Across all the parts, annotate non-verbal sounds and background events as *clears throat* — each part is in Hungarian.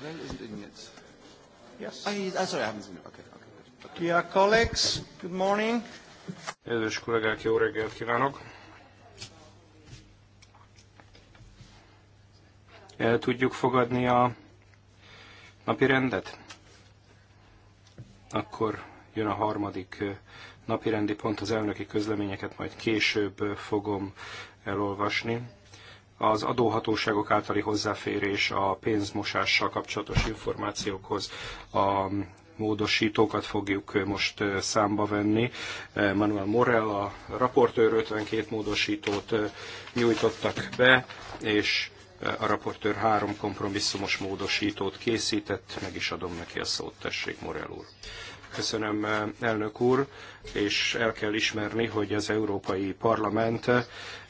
Borrell isn't in yet. Yes. Oh, oh, sorry, I haven't seen him. Okay, okay. Dear colleagues, good morning. Kedves kollégák, jó reggelt kívánok! El tudjuk fogadni a napi rendet? Akkor jön a harmadik napirendi pont, az elnöki közleményeket majd később fogom elolvasni az adóhatóságok általi hozzáférés a pénzmosással kapcsolatos információkhoz a módosítókat fogjuk most számba venni. Manuel Morel, a raportőr 52 módosítót nyújtottak be, és a raportőr három kompromisszumos módosítót készített, meg is adom neki a szót, tessék Morel úr. Köszönöm, elnök úr és el kell ismerni, hogy az Európai Parlament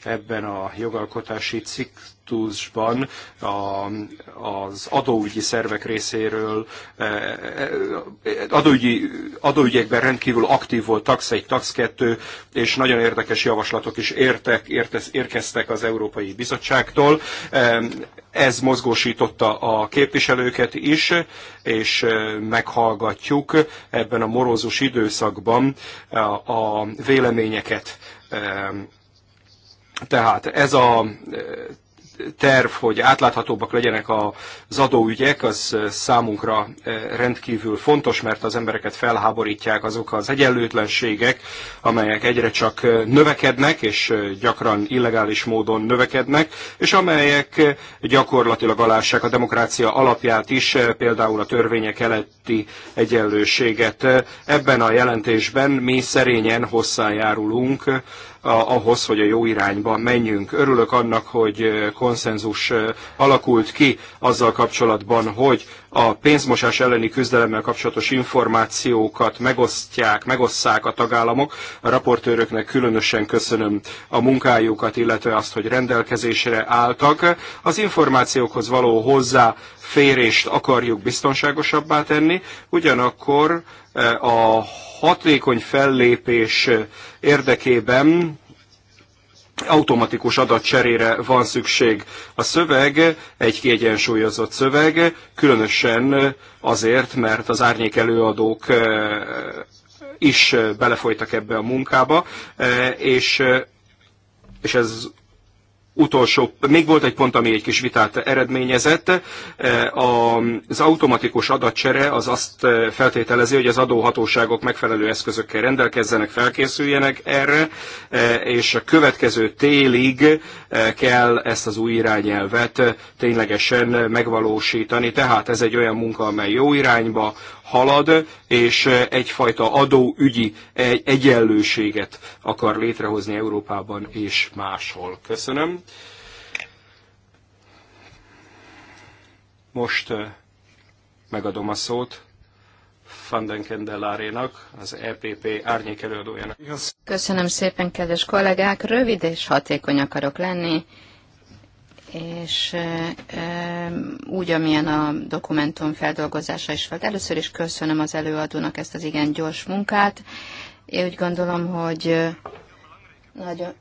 ebben a jogalkotási ciktusban a, az adóügyi szervek részéről e, e, adóügyi, adóügyekben rendkívül aktív volt TAX 1, TAX 2, és nagyon érdekes javaslatok is értek, értez, érkeztek az Európai Bizottságtól. E, ez mozgósította a képviselőket is, és meghallgatjuk ebben a morózus időszakban a véleményeket. Tehát ez a terv, hogy átláthatóbbak legyenek az adóügyek, az eh, számunkra eh, rendkívül fontos, mert az embereket felháborítják azok az egyenlőtlenségek, amelyek egyre csak eh, növekednek, és gyakran illegális módon növekednek, és amelyek gyakorlatilag alássák a demokrácia alapját is, például a törvények eletti egyenlőséget. Ebben a jelentésben mi szerényen hozzájárulunk ahhoz, hogy a jó irányba menjünk. Örülök annak, hogy konszenzus alakult ki azzal kapcsolatban, hogy a pénzmosás elleni küzdelemmel kapcsolatos információkat megosztják, megosszák a tagállamok. A raportőröknek különösen köszönöm a munkájukat, illetve azt, hogy rendelkezésre álltak. Az információkhoz való hozzáférést akarjuk biztonságosabbá tenni, ugyanakkor a hatékony fellépés érdekében automatikus adatcserére van szükség. A szöveg egy kiegyensúlyozott szöveg, különösen azért, mert az árnyék előadók eh, is belefolytak ebbe a munkába, eh, és, eh, és ez utolsó, még volt egy pont, ami egy kis vitát eredményezett. E, az automatikus adatcsere az azt e, feltételezi, hogy az adóhatóságok megfelelő eszközökkel rendelkezzenek, felkészüljenek erre, e, és a következő télig kell ezt az új irányelvet ténylegesen megvalósítani. Tehát ez egy olyan munka, amely jó irányba halad, és egyfajta adóügyi e, egyenlőséget akar létrehozni Európában és máshol. Köszönöm. Most megadom a szót Fandenkendellárénak, az EPP árnyék előadójának. Köszönöm szépen, kedves kollégák! Rövid és hatékony akarok lenni és úgy, amilyen a dokumentum feldolgozása is volt. Először is köszönöm az előadónak ezt az igen gyors munkát. Én úgy gondolom, hogy nagyon,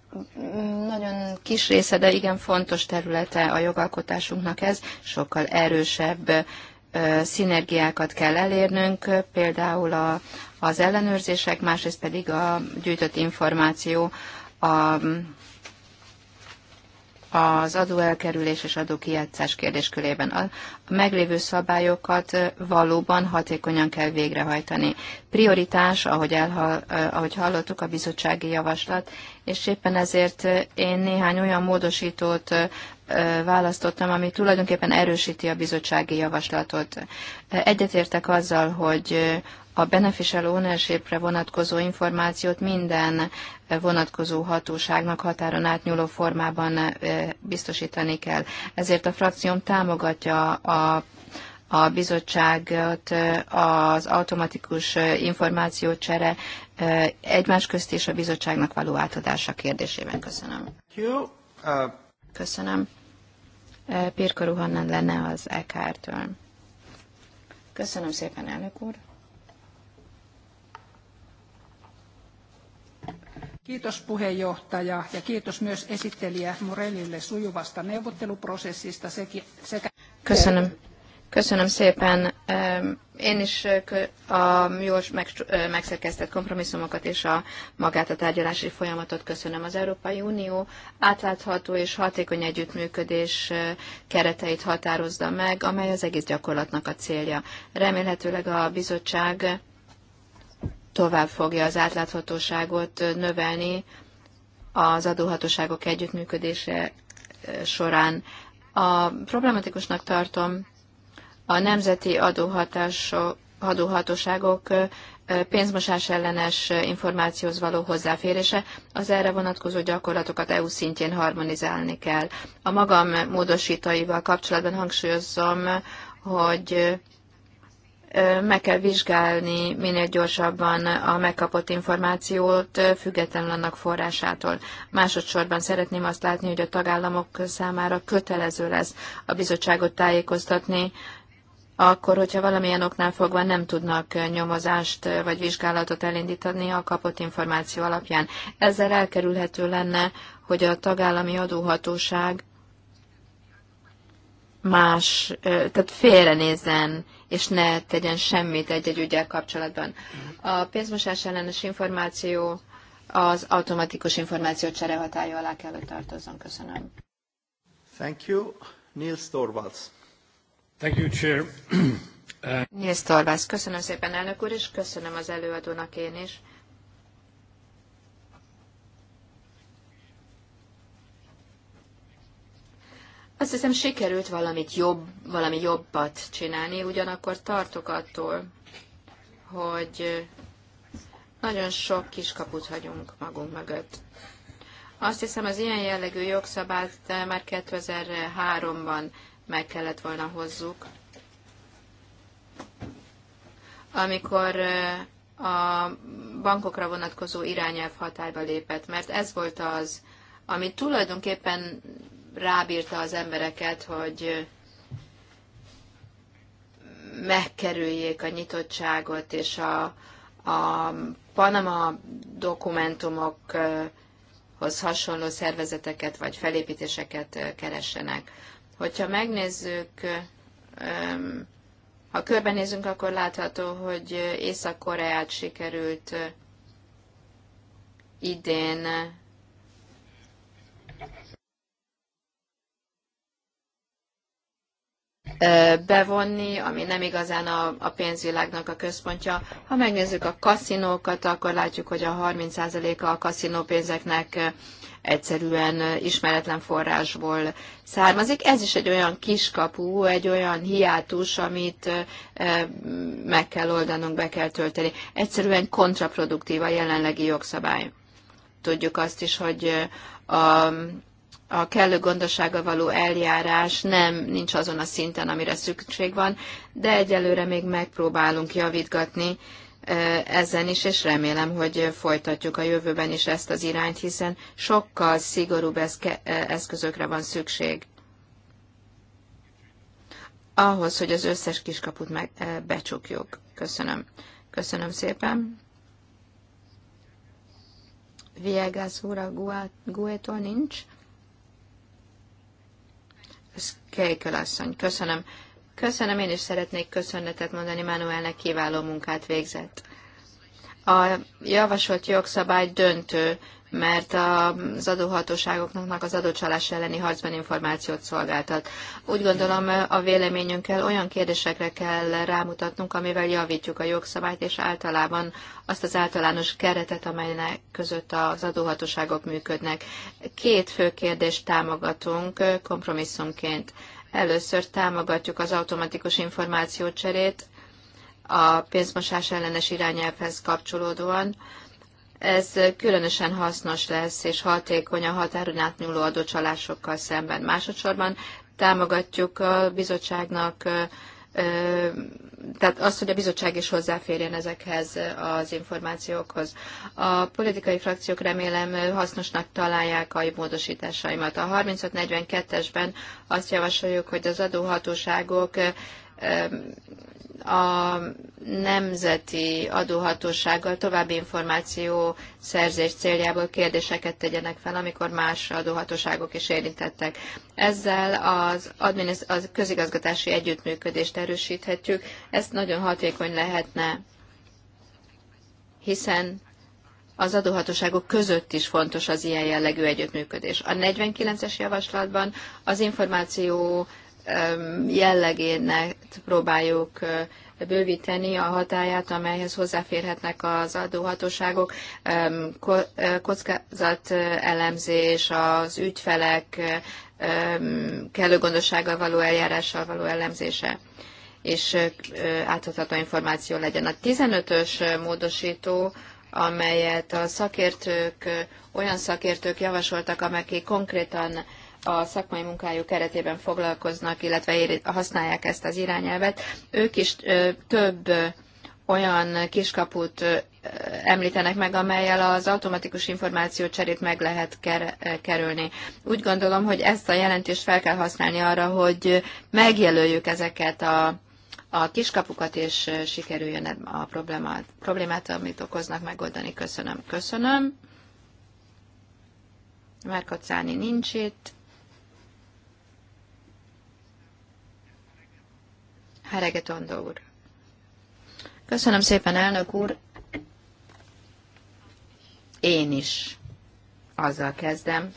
nagyon kis része, de igen fontos területe a jogalkotásunknak ez, sokkal erősebb szinergiákat kell elérnünk, például a, az ellenőrzések, másrészt pedig a gyűjtött információ a az adóelkerülés és adókijátszás kérdéskörében. A meglévő szabályokat valóban hatékonyan kell végrehajtani. Prioritás, ahogy, elhal, ahogy hallottuk, a bizottsági javaslat, és éppen ezért én néhány olyan módosítót választottam, ami tulajdonképpen erősíti a bizottsági javaslatot. Egyetértek azzal, hogy a beneficial ownership vonatkozó információt minden vonatkozó hatóságnak határon átnyúló formában biztosítani kell. Ezért a frakcióm támogatja a a bizottságot az automatikus információcsere egymás közt és a bizottságnak való átadása kérdésében. Köszönöm. Uh, Köszönöm. Pirko Ruhannan lenne az EKR-től. Köszönöm szépen, elnök úr. Kiitos puheenjohtaja ja kiitos myös esittelijä Morellille sujuvasta neuvotteluprosessista sekä... Köszönöm. Köszönöm szépen. Én is a jól megszerkesztett kompromisszumokat és a magát a tárgyalási folyamatot köszönöm. Az Európai Unió átlátható és hatékony együttműködés kereteit határozza meg, amely az egész gyakorlatnak a célja. Remélhetőleg a bizottság tovább fogja az átláthatóságot növelni az adóhatóságok együttműködése eh, során. A problematikusnak tartom a nemzeti adóhatások, adóhatóságok eh, pénzmosás ellenes információhoz való hozzáférése, az erre vonatkozó gyakorlatokat EU szintjén harmonizálni kell. A magam módosítaival kapcsolatban hangsúlyozom, hogy meg kell vizsgálni minél gyorsabban a megkapott információt, függetlenül annak forrásától. Másodszorban szeretném azt látni, hogy a tagállamok számára kötelező lesz a bizottságot tájékoztatni, akkor, hogyha valamilyen oknál fogva nem tudnak nyomozást vagy vizsgálatot elindítani a kapott információ alapján. Ezzel elkerülhető lenne, hogy a tagállami adóhatóság más, tehát félrenézzen és ne tegyen semmit egy-egy ügyel kapcsolatban. A pénzmosás ellenes információ az automatikus információ cserehatája alá kell, hogy tartozzon. Köszönöm. Thank you. Nils Torvalds. Thank you, Chair. Nils Torvalds. Köszönöm szépen, elnök úr, és köszönöm az előadónak én is Azt hiszem sikerült valamit jobb, valami jobbat csinálni, ugyanakkor tartok attól, hogy nagyon sok kiskaput hagyunk magunk mögött. Azt hiszem, az ilyen jellegű jogszabát már 2003-ban meg kellett volna hozzuk, amikor a bankokra vonatkozó irányelv hatályba lépett, mert ez volt az, ami tulajdonképpen rábírta az embereket, hogy megkerüljék a nyitottságot és a, a Panama dokumentumokhoz hasonló szervezeteket vagy felépítéseket keressenek. Hogyha megnézzük, ha körbenézünk, akkor látható, hogy Észak-Koreát sikerült idén bevonni, ami nem igazán a, a pénzvilágnak a központja. Ha megnézzük a kaszinókat, akkor látjuk, hogy a 30%-a a kaszinó pénzeknek egyszerűen ismeretlen forrásból származik. Ez is egy olyan kiskapu, egy olyan hiátus, amit meg kell oldanunk, be kell tölteni. Egyszerűen kontraproduktív a jelenlegi jogszabály. Tudjuk azt is, hogy a, a kellő gondossága való eljárás nem nincs azon a szinten, amire szükség van, de egyelőre még megpróbálunk javítgatni ezen is, és remélem, hogy folytatjuk a jövőben is ezt az irányt, hiszen sokkal szigorúbb eszközökre van szükség ahhoz, hogy az összes kiskaput meg, becsukjuk. Köszönöm. Köszönöm szépen. Viegas úr a Guétól nincs. Kejköl asszony, köszönöm. Köszönöm, én is szeretnék köszönetet mondani Manuelnek, kiváló munkát végzett. A javasolt jogszabály döntő mert az adóhatóságoknak az adócsalás elleni harcban információt szolgáltat. Úgy gondolom, a véleményünkkel olyan kérdésekre kell rámutatnunk, amivel javítjuk a jogszabályt, és általában azt az általános keretet, amelynek között az adóhatóságok működnek. Két fő kérdést támogatunk kompromisszumként. Először támogatjuk az automatikus információcserét a pénzmosás ellenes irányelvhez kapcsolódóan, ez különösen hasznos lesz és hatékony a határon átnyúló adócsalásokkal szemben. Másodszorban támogatjuk a bizottságnak tehát azt, hogy a bizottság is hozzáférjen ezekhez az információkhoz. A politikai frakciók remélem hasznosnak találják a módosításaimat. A 3542-esben azt javasoljuk, hogy az adóhatóságok a nemzeti adóhatósággal további információ szerzés céljából kérdéseket tegyenek fel, amikor más adóhatóságok is érintettek. Ezzel az, adminisz- az közigazgatási együttműködést erősíthetjük. Ez nagyon hatékony lehetne, hiszen az adóhatóságok között is fontos az ilyen jellegű együttműködés. A 49-es javaslatban az információ jellegének próbáljuk bővíteni a hatáját, amelyhez hozzáférhetnek az adóhatóságok, kockázat elemzés, az ügyfelek kellő gondossággal való eljárással való elemzése és átadható információ legyen. A 15-ös módosító, amelyet a szakértők, olyan szakértők javasoltak, amelyek konkrétan a szakmai munkájuk keretében foglalkoznak, illetve használják ezt az irányelvet, ők is több olyan kiskaput említenek meg, amelyel az automatikus információcserét meg lehet kerülni. Úgy gondolom, hogy ezt a jelentést fel kell használni arra, hogy megjelöljük ezeket a, a kiskapukat, és sikerüljön a problémát, problémát, amit okoznak megoldani. Köszönöm. Köszönöm. Márkocáni nincs itt. Heregetondó úr. Köszönöm szépen, elnök úr. Én is azzal kezdem,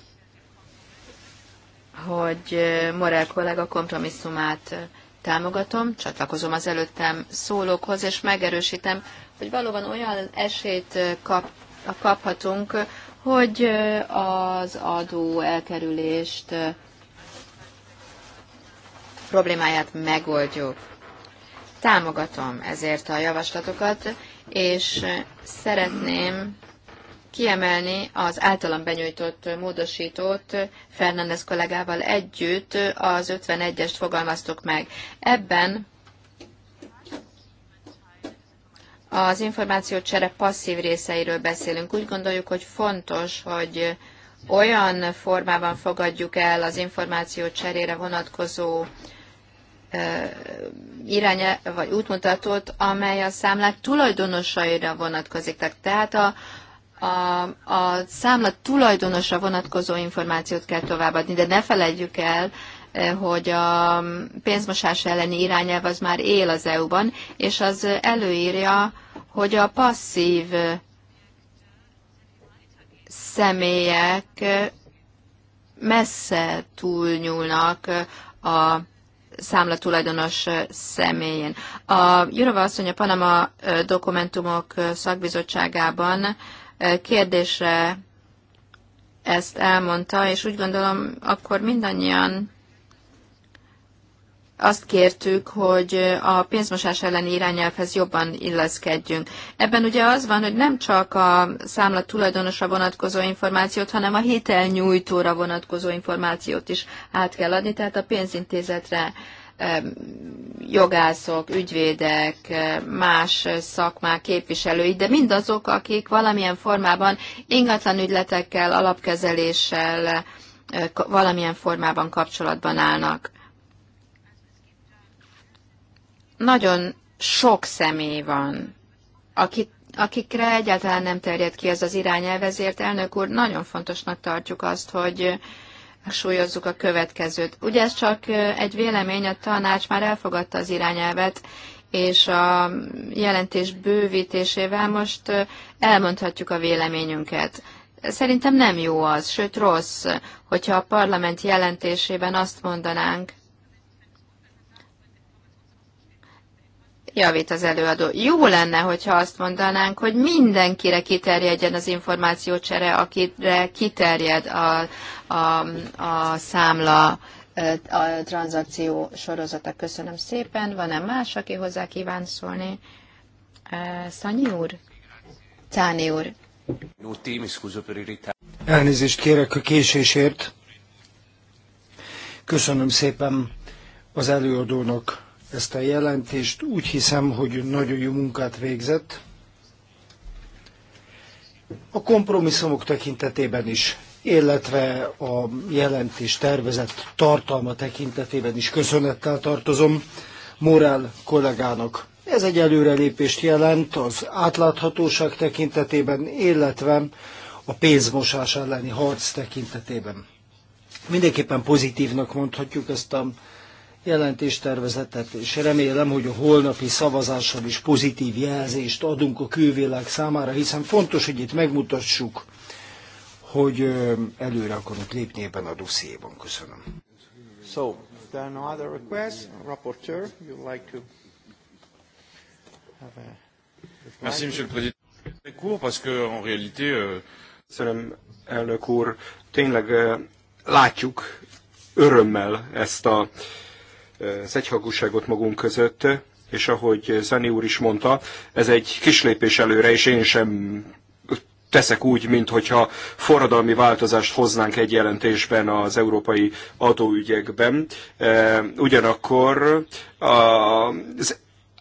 hogy Morel kollega kompromisszumát támogatom, csatlakozom az előttem szólókhoz, és megerősítem, hogy valóban olyan esélyt kap, kaphatunk, hogy az adó elkerülést problémáját megoldjuk. Támogatom ezért a javaslatokat, és szeretném kiemelni az általam benyújtott módosítót Fernández kollégával együtt az 51-est fogalmaztuk meg. Ebben az információcsere passzív részeiről beszélünk. Úgy gondoljuk, hogy fontos, hogy olyan formában fogadjuk el az információ cserére vonatkozó irány vagy útmutatót, amely a számlák tulajdonosaira vonatkozik. Tehát a, a, a számla tulajdonosa vonatkozó információt kell továbbadni, de ne felejtjük el, hogy a pénzmosás elleni irányelv az már él az EU-ban, és az előírja, hogy a passzív személyek messze túlnyúlnak a számlatulajdonos személyén. A Jurova asszony a Panama dokumentumok szakbizottságában kérdésre ezt elmondta, és úgy gondolom, akkor mindannyian azt kértük, hogy a pénzmosás elleni irányelvhez jobban illeszkedjünk. Ebben ugye az van, hogy nem csak a számla tulajdonosra vonatkozó információt, hanem a hitelnyújtóra vonatkozó információt is át kell adni, tehát a pénzintézetre jogászok, ügyvédek, más szakmák képviselői, de mindazok, akik valamilyen formában ingatlan ügyletekkel, alapkezeléssel eh, valamilyen formában kapcsolatban állnak nagyon sok személy van, akit akikre egyáltalán nem terjed ki ez az irányelv, ezért elnök úr, nagyon fontosnak tartjuk azt, hogy súlyozzuk a következőt. Ugye ez csak egy vélemény, a tanács már elfogadta az irányelvet, és a jelentés bővítésével most elmondhatjuk a véleményünket. Szerintem nem jó az, sőt rossz, hogyha a parlament jelentésében azt mondanánk, javít az előadó. Jó lenne, hogyha azt mondanánk, hogy mindenkire kiterjedjen az információcsere, akire kiterjed a, a, a számla a tranzakció sorozata. Köszönöm szépen. Van-e más, aki hozzá kíván szólni? Szanyi úr? Cáni úr. Elnézést kérek a késésért. Köszönöm szépen az előadónak ezt a jelentést. Úgy hiszem, hogy nagyon jó munkát végzett. A kompromisszumok tekintetében is, illetve a jelentés tervezett tartalma tekintetében is köszönettel tartozom Morál kollégának. Ez egy előrelépést jelent az átláthatóság tekintetében, illetve a pénzmosás elleni harc tekintetében. Mindenképpen pozitívnak mondhatjuk ezt a jelentéstervezetet, és remélem, hogy a holnapi szavazással is pozitív jelzést adunk a külvilág számára, hiszen fontos, hogy itt megmutassuk, hogy előre akarunk lépni ebben a dossziéban. Köszönöm. So, there are no other requests. Rapporteur, you'd like to have a... Merci, Monsieur le Président. Très court, parce que, en réalité... Euh, Köszönöm, elnök úr. Tényleg látjuk örömmel ezt a az egyhangúságot magunk között, és ahogy Zani úr is mondta, ez egy kis lépés előre, és én sem teszek úgy, mint forradalmi változást hoznánk egy jelentésben az európai adóügyekben. Ugyanakkor az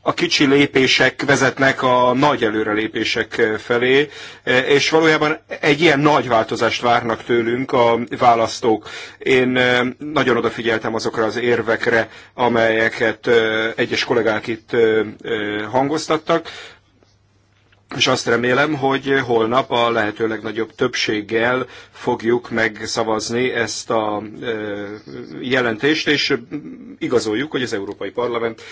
a kicsi lépések vezetnek a nagy előrelépések eh, felé, eh, és valójában egy ilyen nagy változást várnak tőlünk a választók. Én eh, nagyon odafigyeltem azokra az érvekre, amelyeket egyes kollégák itt hangoztattak és azt remélem, hogy holnap a lehető legnagyobb többséggel fogjuk megszavazni ezt a jelentést, és igazoljuk, hogy az Európai Parlament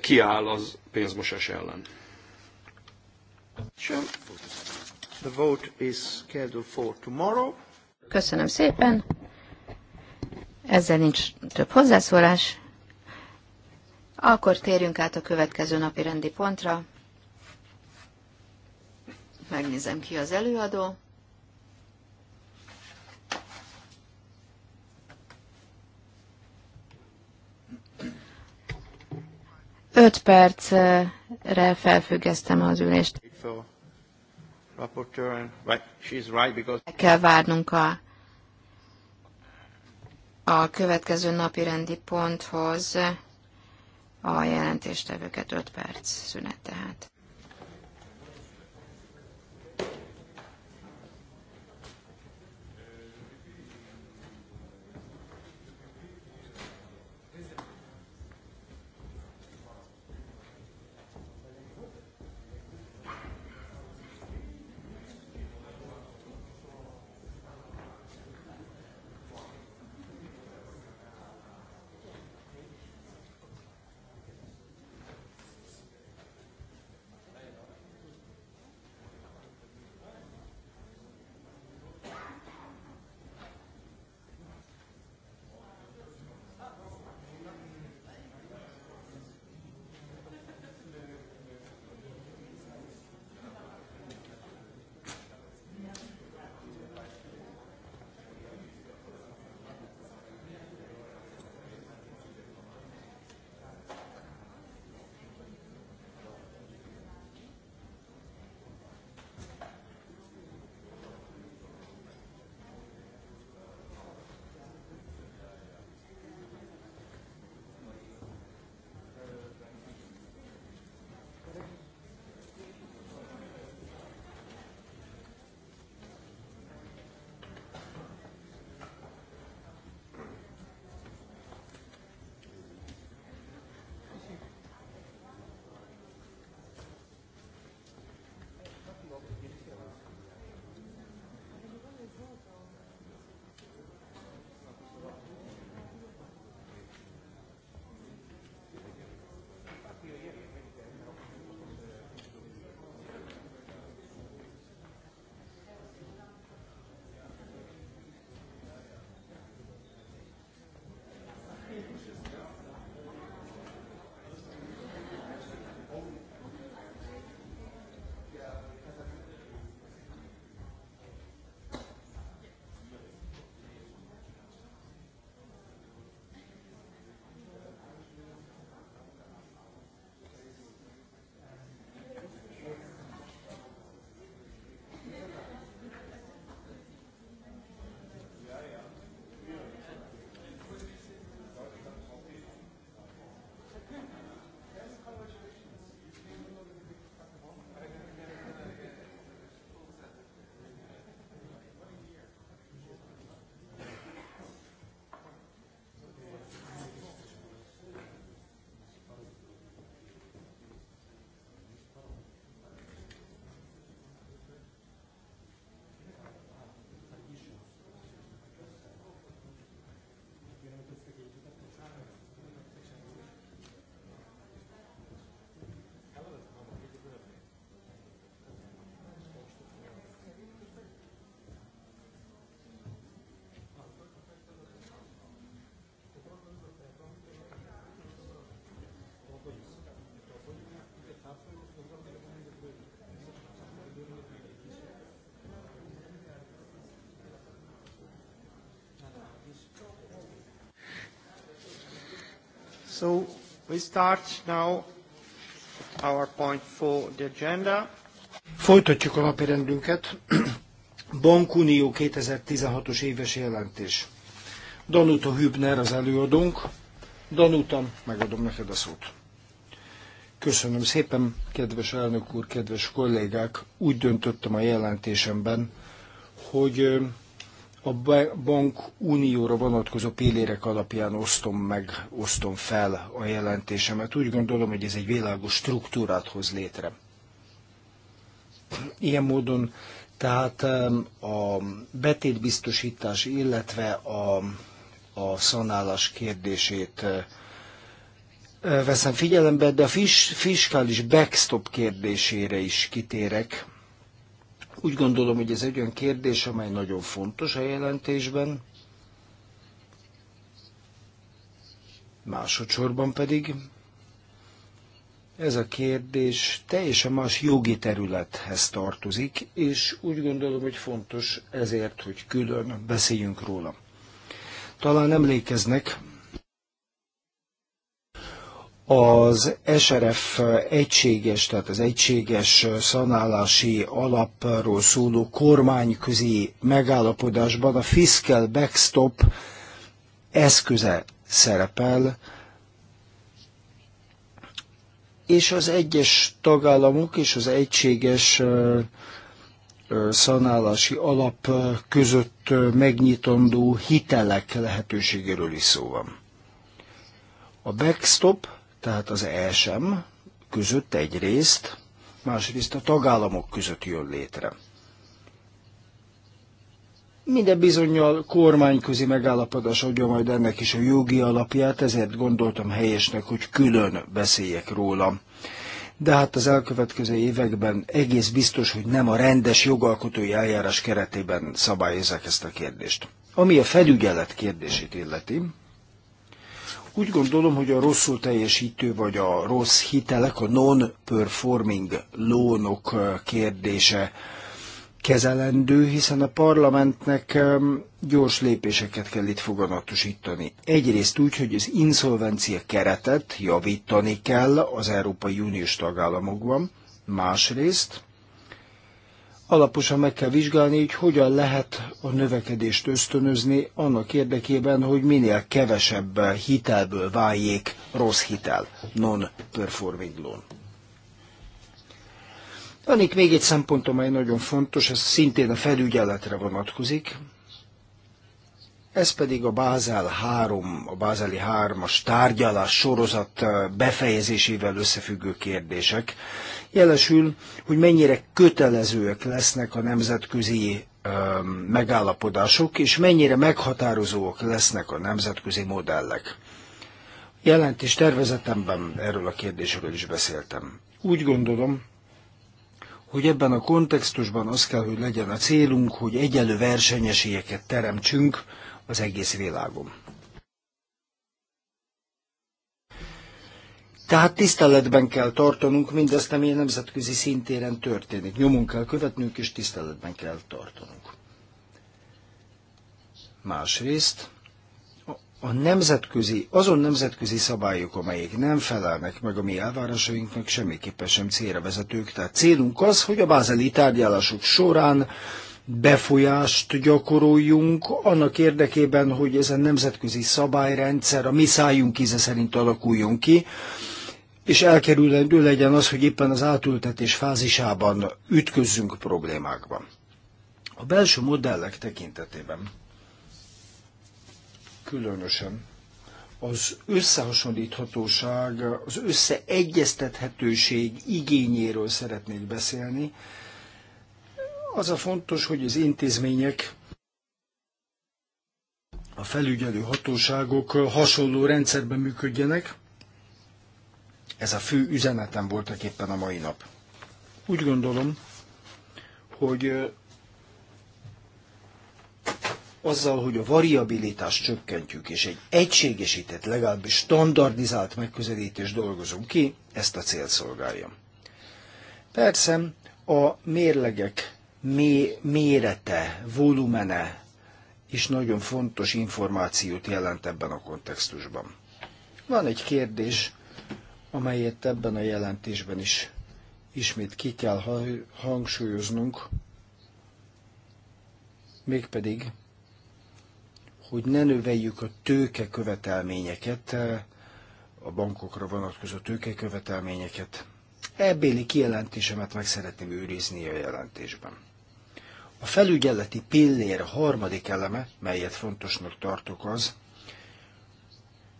kiáll az pénzmosás ellen. The vote is scheduled for tomorrow. Köszönöm szépen. Ezzel nincs több hozzászólás. Akkor térjünk át a következő napi rendi pontra. Megnézem ki az előadó. Öt percre felfüggesztem az ülést. Meg kell várnunk a, a következő napi rendi ponthoz a jelentéstevőket öt perc szünet tehát. So we start now our point for the agenda. Folytatjuk a napirendünket. *clears throat* Bankunió 2016-os éves jelentés. Danuta Hübner az előadónk. Danuta, megadom neked a szót. Köszönöm szépen, kedves elnök úr, kedves kollégák! Úgy döntöttem a jelentésemben, hogy a bank unióra vonatkozó pillérek alapján osztom meg, osztom fel a jelentésemet. Úgy gondolom, hogy ez egy világos struktúrát hoz létre. Ilyen módon tehát a betétbiztosítás, illetve a, a szanálás kérdését eh, veszem figyelembe, de a fiskális backstop kérdésére is kitérek, úgy gondolom, hogy ez egy olyan kérdés, amely nagyon fontos a jelentésben. Másodszorban pedig ez a kérdés teljesen más jogi területhez tartozik, és úgy gondolom, hogy fontos ezért, hogy külön beszéljünk róla. Talán emlékeznek, az SRF egységes, tehát az egységes szanálási alapról szóló kormányközi megállapodásban a fiscal backstop eszköze szerepel, és az egyes tagállamok és az egységes szanálási alap között megnyitandó hitelek lehetőségéről is szó van. A backstop tehát az ESM között egyrészt, másrészt a tagállamok között jön létre. Minden bizonyal kormányközi megállapodás adja majd ennek is a jogi alapját, ezért gondoltam helyesnek, hogy külön beszéljek róla. De hát az elkövetkező években egész biztos, hogy nem a rendes jogalkotói eljárás keretében szabályozzák ezt a kérdést. Ami a felügyelet kérdését illeti, úgy gondolom, hogy a rosszul teljesítő vagy a rossz hitelek, a non-performing lónok kérdése kezelendő, hiszen a parlamentnek gyors lépéseket kell itt foganatosítani. Egyrészt úgy, hogy az inszolvencia keretet javítani kell az Európai Uniós tagállamokban, másrészt alaposan meg kell vizsgálni, hogy hogyan lehet a növekedést ösztönözni annak érdekében, hogy minél kevesebb hitelből váljék rossz hitel, non-performing loan. Annik még egy szempont, amely nagyon fontos, ez szintén a felügyeletre vonatkozik. Ez pedig a Bázel 3, a Bázeli 3-as tárgyalás sorozat befejezésével összefüggő kérdések jelesül, hogy mennyire kötelezőek lesznek a nemzetközi megállapodások, és mennyire meghatározóak lesznek a nemzetközi modellek. Jelentés tervezetemben erről a kérdésről is beszéltem. Úgy gondolom, hogy ebben a kontextusban az kell, hogy legyen a célunk, hogy egyelő versenyesélyeket teremtsünk az egész világon. Tehát tiszteletben kell tartanunk mindazt, ami a nemzetközi szintéren történik. Nyomon kell követnünk, és tiszteletben kell tartanunk. Másrészt, a nemzetközi, azon nemzetközi szabályok, amelyek nem felelnek meg a mi elvárásainknak, semmiképpen sem célra vezetők. Tehát célunk az, hogy a bázeli tárgyalások során befolyást gyakoroljunk annak érdekében, hogy ez a nemzetközi szabályrendszer a mi szájunk íze szerint alakuljon ki, és elkerülendő legyen az, hogy éppen az átültetés fázisában ütközzünk problémákban. A belső modellek tekintetében különösen az összehasonlíthatóság, az összeegyeztethetőség igényéről szeretnék beszélni. Az a fontos, hogy az intézmények, a felügyelő hatóságok hasonló rendszerben működjenek, ez a fő üzenetem voltak éppen a mai nap. Úgy gondolom, hogy azzal, hogy a variabilitást csökkentjük, és egy egységesített, legalábbis standardizált megközelítést dolgozunk ki, ezt a célt szolgálja. Persze a mérlegek mé- mérete, volumene is nagyon fontos információt jelent ebben a kontextusban. Van egy kérdés, amelyet ebben a jelentésben is ismét ki kell hangsúlyoznunk, mégpedig, hogy ne növeljük a tőke követelményeket, a bankokra vonatkozó tőke követelményeket. Ebbéli kijelentésemet meg szeretném őrizni a jelentésben. A felügyeleti pillér harmadik eleme, melyet fontosnak tartok az,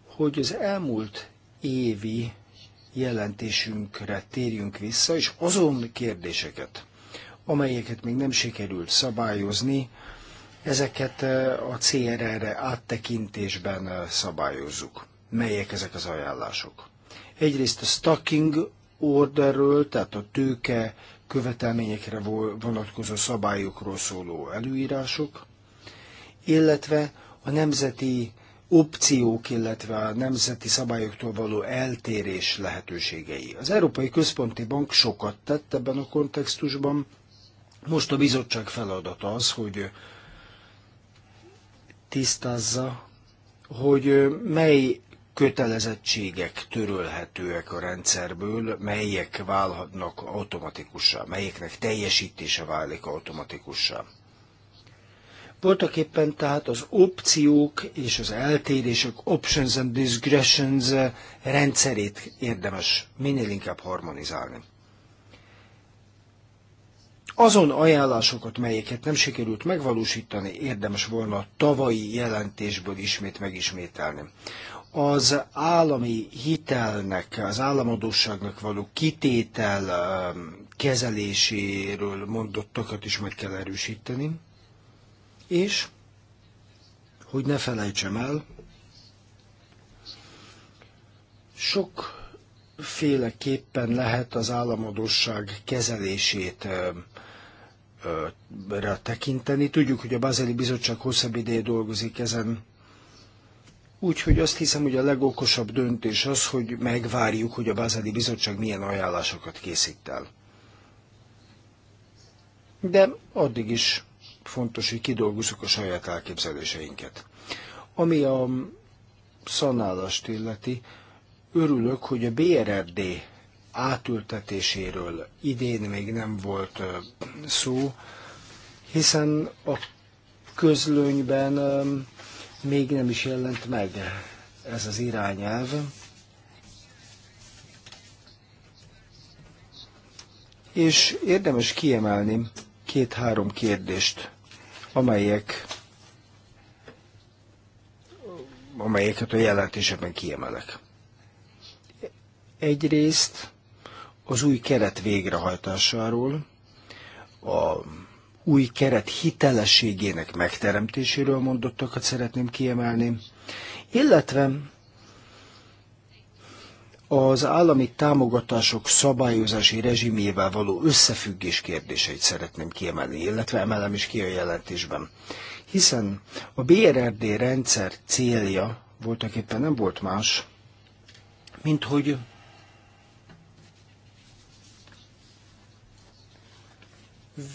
hogy az elmúlt évi jelentésünkre térjünk vissza, és azon kérdéseket, amelyeket még nem sikerült szabályozni, ezeket e, a CRR-re áttekintésben e, szabályozzuk. Melyek ezek az ajánlások? Egyrészt a stocking orderről, tehát a tőke követelményekre vonatkozó szabályokról szóló előírások, illetve a nemzeti opciók, illetve a nemzeti szabályoktól való eltérés lehetőségei. Az Európai Központi Bank sokat tett ebben a kontextusban. Most a bizottság feladata az, hogy tisztázza, hogy mely kötelezettségek törölhetőek a rendszerből, melyek válhatnak automatikussá, melyeknek teljesítése válik automatikussá. Voltak éppen tehát az opciók és az eltérések, options and digressions eh, rendszerét érdemes minél inkább harmonizálni. Azon ajánlásokat, melyeket nem sikerült megvalósítani, érdemes volna a tavalyi jelentésből ismét megismételni. Az állami hitelnek, az államadóságnak való kitétel eh, kezeléséről mondottakat is meg kell erősíteni. És, hogy ne felejtsem el, sok féleképpen lehet az államadóság kezelését tekinteni. Tudjuk, hogy a bazeli Bizottság hosszabb ideje dolgozik ezen. Úgyhogy azt hiszem, hogy a legokosabb döntés az, hogy megvárjuk, hogy a bazeli Bizottság milyen ajánlásokat készít el. De addig is fontos, hogy kidolgozzuk a saját elképzeléseinket. Ami a szanálást illeti, örülök, hogy a BRRD átültetéséről idén még nem volt szó, hiszen a közlönyben még nem is jelent meg ez az irányelv. És érdemes kiemelni két-három kérdést, amelyek amelyeket a jelentésekben kiemelek. Egyrészt az új keret végrehajtásáról, a új keret hitelességének megteremtéséről mondottakat szeretném kiemelni, illetve az állami támogatások szabályozási rezsimével való összefüggés kérdéseit szeretném kiemelni, illetve emelem is ki a jelentésben. Hiszen a BRRD rendszer célja voltak éppen nem volt más, mint hogy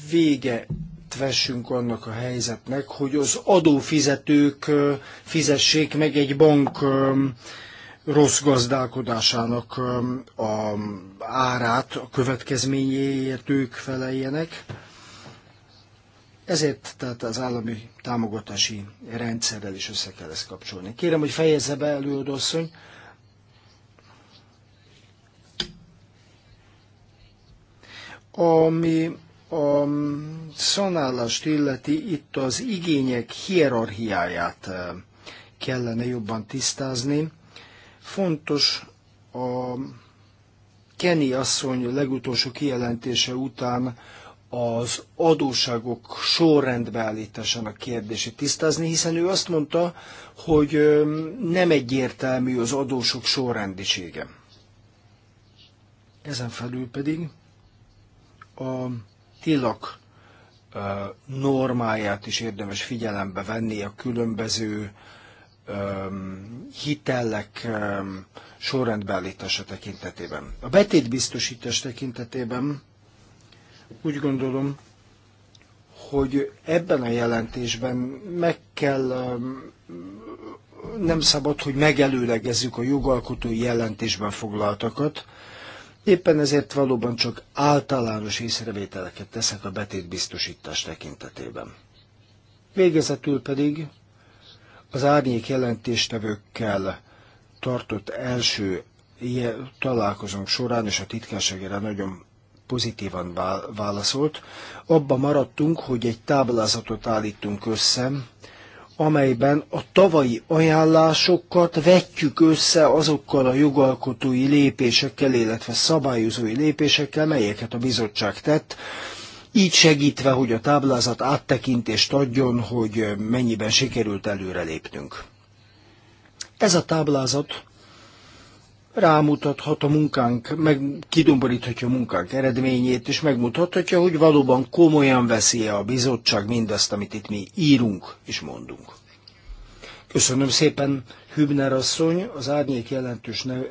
vége vessünk annak a helyzetnek, hogy az adófizetők fizessék meg egy bank rossz gazdálkodásának a árát, a következményéért ők feleljenek. Ezért tehát az állami támogatási rendszerrel is össze kell ezt kapcsolni. Kérem, hogy fejezze be előadóasszony. Ami a szanálást illeti, itt az igények hierarchiáját kellene jobban tisztázni Fontos a Kenny asszony legutolsó kijelentése után az adóságok sorrendbe kérdését tisztázni, hiszen ő azt mondta, hogy nem egyértelmű az adósok sorrendisége. Ezen felül pedig a tilak normáját is érdemes figyelembe venni a különböző hitelek sorrendbeállítása tekintetében. A betétbiztosítás tekintetében úgy gondolom, hogy ebben a jelentésben meg kell, nem szabad, hogy megelőlegezzük a jogalkotói jelentésben foglaltakat. Éppen ezért valóban csak általános észrevételeket teszek a betétbiztosítás tekintetében. Végezetül pedig az árnyék jelentéstevőkkel tartott első találkozónk során, és a titkárságére nagyon pozitívan válaszolt, abba maradtunk, hogy egy táblázatot állítunk össze, amelyben a tavalyi ajánlásokat vetjük össze azokkal a jogalkotói lépésekkel, illetve szabályozói lépésekkel, melyeket a bizottság tett, így segítve, hogy a táblázat áttekintést adjon, hogy mennyiben sikerült előrelépnünk. Ez a táblázat rámutathat a munkánk, meg kidomboríthatja a munkánk eredményét, és megmutathatja, hogy valóban komolyan veszi a bizottság mindazt, amit itt mi írunk és mondunk. Köszönöm szépen, Hübner asszony, az árnyék jelentős neve,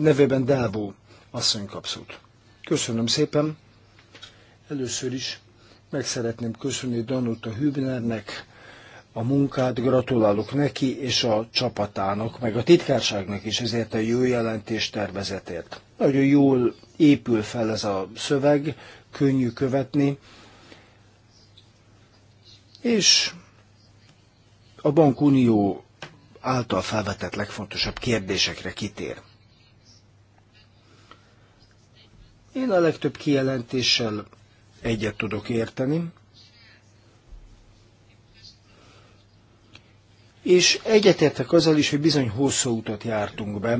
nevében Delvó asszony kapszót. Köszönöm szépen. Először is meg szeretném köszönni Danuta Hübnernek a munkát, gratulálok neki és a csapatának, meg a titkárságnak is ezért a jó jelentés tervezetért. Nagyon jól épül fel ez a szöveg, könnyű követni, és a bankunió által felvetett legfontosabb kérdésekre kitér. Én a legtöbb kijelentéssel egyet tudok érteni, és egyetértek azzal is, hogy bizony hosszú utat jártunk be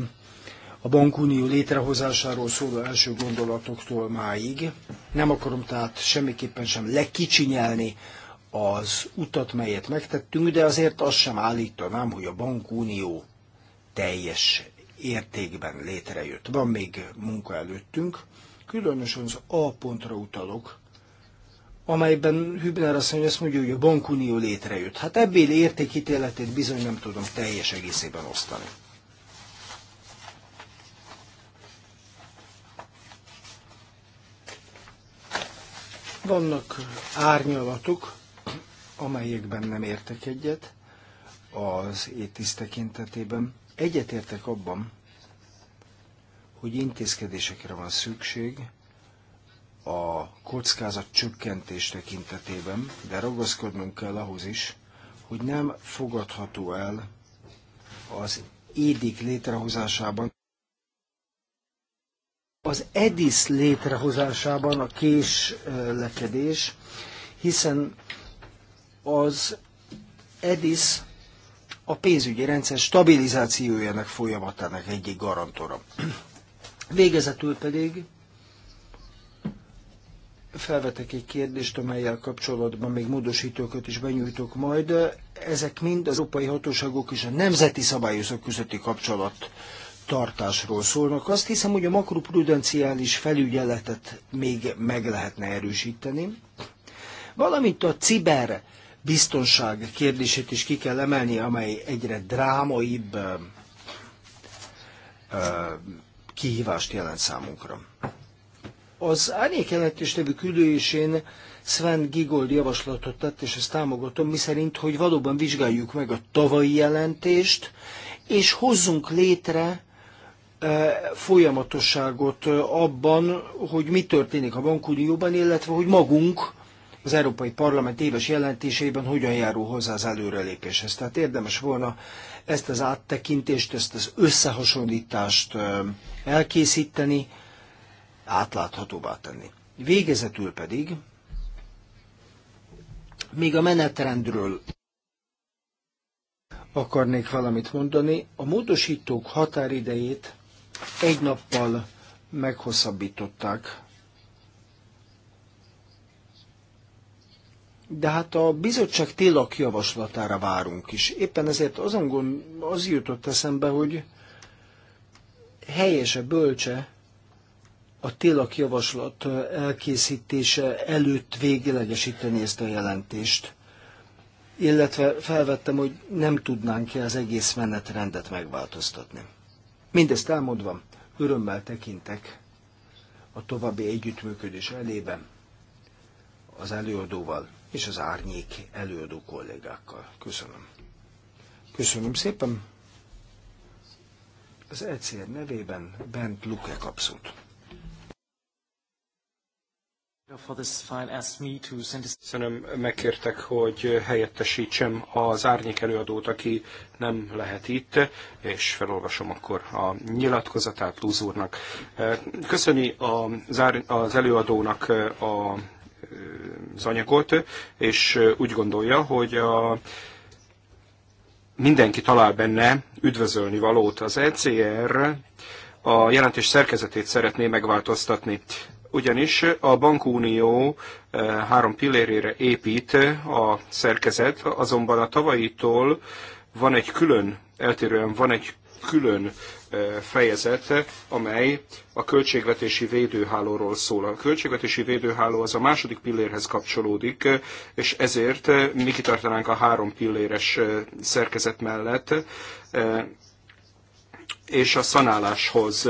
a bankunió létrehozásáról szóló első gondolatoktól máig. Nem akarom tehát semmiképpen sem lekicsinyelni az utat, melyet megtettünk, de azért azt sem állítanám, hogy a bankunió teljes értékben létrejött. Van még munka előttünk, különösen az A pontra utalok, amelyben Hübner asszony azt mondja, hogy a bankunió létrejött. Hát ebből értékítéletét bizony nem tudom teljes egészében osztani. Vannak árnyalatok, amelyekben nem értek egyet az étisz tekintetében. Egyetértek abban, hogy intézkedésekre van szükség a kockázat csökkentés tekintetében, de ragaszkodnunk kell ahhoz is, hogy nem fogadható el az édik létrehozásában, az EDIS létrehozásában a késlekedés, hiszen az EDIS a pénzügyi rendszer stabilizációjának folyamatának egyik garantora. Végezetül pedig felvetek egy kérdést, amelyel kapcsolatban még módosítókat is benyújtok majd. Ezek mind az európai hatóságok és a nemzeti szabályozók közötti kapcsolat tartásról szólnak. Azt hiszem, hogy a makroprudenciális felügyeletet még meg lehetne erősíteni, valamint a ciber biztonság kérdését is ki kell emelni, amely egyre drámaibb kihívást jelent számunkra. Az árnyék nevű küldőjésén Sven Gigold javaslatot tett, és ezt támogatom, miszerint, hogy valóban vizsgáljuk meg a tavalyi jelentést, és hozzunk létre e, folyamatosságot abban, hogy mi történik a bankunióban, illetve hogy magunk az Európai Parlament éves jelentésében hogyan járul hozzá az előrelépéshez. Tehát érdemes volna ezt az áttekintést, ezt az összehasonlítást elkészíteni, átláthatóvá tenni. Végezetül pedig, még a menetrendről akarnék valamit mondani. A módosítók határidejét egy nappal meghosszabbították. de hát a bizottság tilak javaslatára várunk is. Éppen ezért azon gond, az jutott eszembe, hogy helyese, bölcse a tilak javaslat elkészítése előtt véglegesíteni ezt a jelentést. Illetve felvettem, hogy nem tudnánk-e az egész menetrendet megváltoztatni. Mindezt elmondva, örömmel tekintek a további együttműködés elében az előadóval és az árnyék előadó kollégákkal. Köszönöm. Köszönöm szépen. Az ECR nevében Bent Luke kapszót. Köszönöm, megkértek, hogy helyettesítsem az árnyék előadót, aki nem lehet itt, és felolvasom akkor a nyilatkozatát Lúz úrnak. Köszöni az, ár, az előadónak a az anyagot, és úgy gondolja, hogy a, mindenki talál benne üdvözölni valót. Az ECR a jelentés szerkezetét szeretné megváltoztatni ugyanis a bankunió három pillérére épít a szerkezet, azonban a tavalyitól van egy külön, eltérően van egy külön eh, fejezet, amely a költségvetési védőhálóról szól. A költségvetési védőháló az a második pillérhez kapcsolódik, és ezért eh, mi kitartanánk a három pilléres eh, szerkezet mellett, és a szanáláshoz,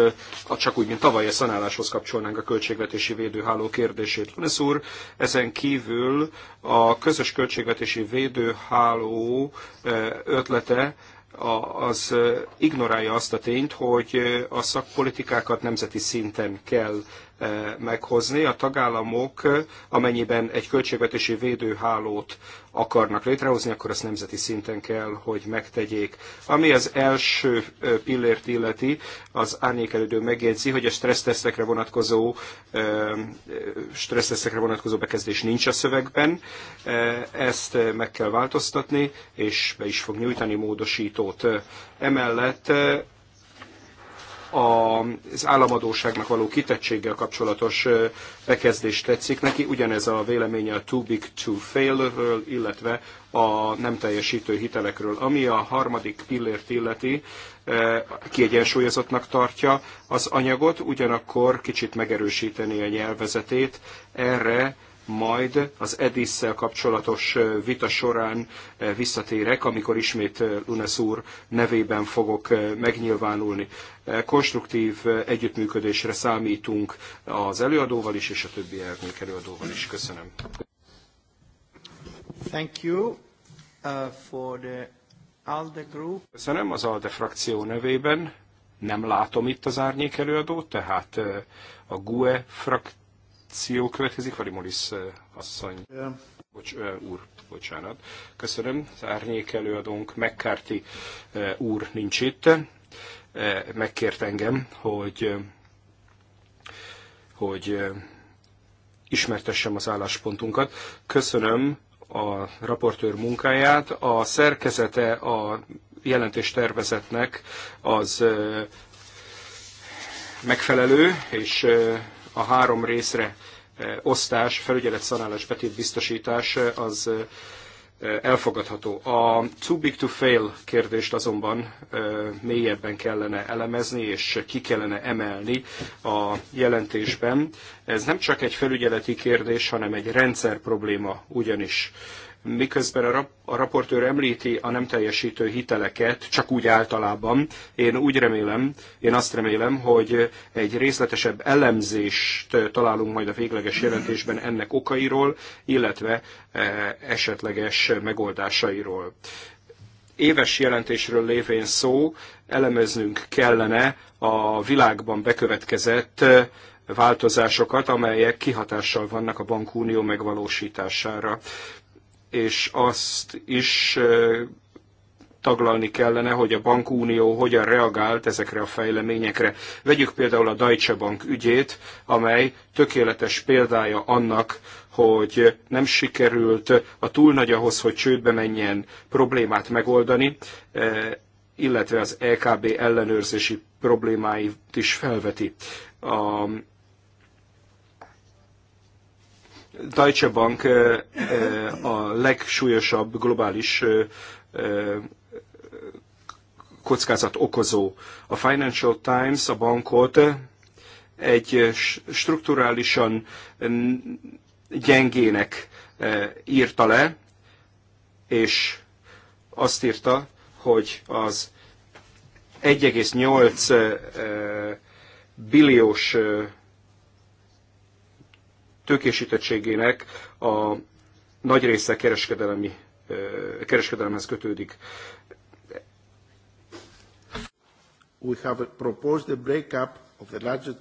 csak úgy, mint tavaly a szanáláshoz kapcsolnánk a költségvetési védőháló kérdését. Lunes úr, ezen kívül a közös költségvetési védőháló ötlete az ignorálja azt a tényt, hogy a szakpolitikákat nemzeti szinten kell meghozni. A tagállamok, amennyiben egy költségvetési védőhálót akarnak létrehozni, akkor ezt nemzeti szinten kell, hogy megtegyék. Ami az első pillért illeti, az árnyékelődő megjegyzi, hogy a stressztesztekre vonatkozó, stressztesztekre vonatkozó bekezdés nincs a szövegben. Ezt meg kell változtatni, és be is fog nyújtani módosítót. Emellett az államadóságnak való kitettséggel kapcsolatos bekezdés tetszik neki, ugyanez a véleménye a too big to fail-ről, illetve a nem teljesítő hitelekről. Ami a harmadik pillért illeti, kiegyensúlyozottnak tartja az anyagot, ugyanakkor kicsit megerősíteni a nyelvezetét. Erre majd az EDIS-szel kapcsolatos vita során visszatérek, amikor ismét Lunes úr nevében fogok megnyilvánulni. Konstruktív együttműködésre számítunk az előadóval is, és a többi elvnék előadóval is. Köszönöm. Thank you uh, for the ALDE group. Köszönöm az ALDE frakció nevében. Nem látom itt az árnyék előadót, tehát a GUE frakció reakció következik. Varimolis asszony, bocs, úr, bocsánat. Köszönöm. Az árnyék előadónk McCarthy úr nincs itt. Megkért engem, hogy, hogy ismertessem az álláspontunkat. Köszönöm a raportőr munkáját. A szerkezete a jelentés tervezetnek az megfelelő, és a három részre eh, osztás, felügyelet, szanálás, biztosítás eh, az eh, elfogadható. A too big to fail kérdést azonban mélyebben kellene elemezni, és ki kellene emelni a jelentésben. Ez nem csak egy felügyeleti kérdés, hanem egy rendszer probléma ugyanis miközben a, rap, a raportőr említi a nem teljesítő hiteleket, csak úgy általában, én úgy remélem, én azt remélem, hogy egy részletesebb elemzést találunk majd a végleges jelentésben ennek okairól, illetve e, esetleges megoldásairól. Éves jelentésről lévén szó, elemeznünk kellene a világban bekövetkezett változásokat, amelyek kihatással vannak a bankunió megvalósítására és azt is taglalni kellene, hogy a bankunió hogyan reagált ezekre a fejleményekre. Vegyük például a Deutsche Bank ügyét, amely tökéletes példája annak, hogy nem sikerült a túl nagy ahhoz, hogy csődbe menjen problémát megoldani, illetve az EKB ellenőrzési problémáit is felveti. A Deutsche Bank a legsúlyosabb globális kockázat okozó. A Financial Times a bankot egy strukturálisan gyengének írta le, és azt írta, hogy az 1,8 billiós tőkésítettségének a nagy része kereskedelemi, kereskedelemhez kötődik. We have proposed the breakup of the largest...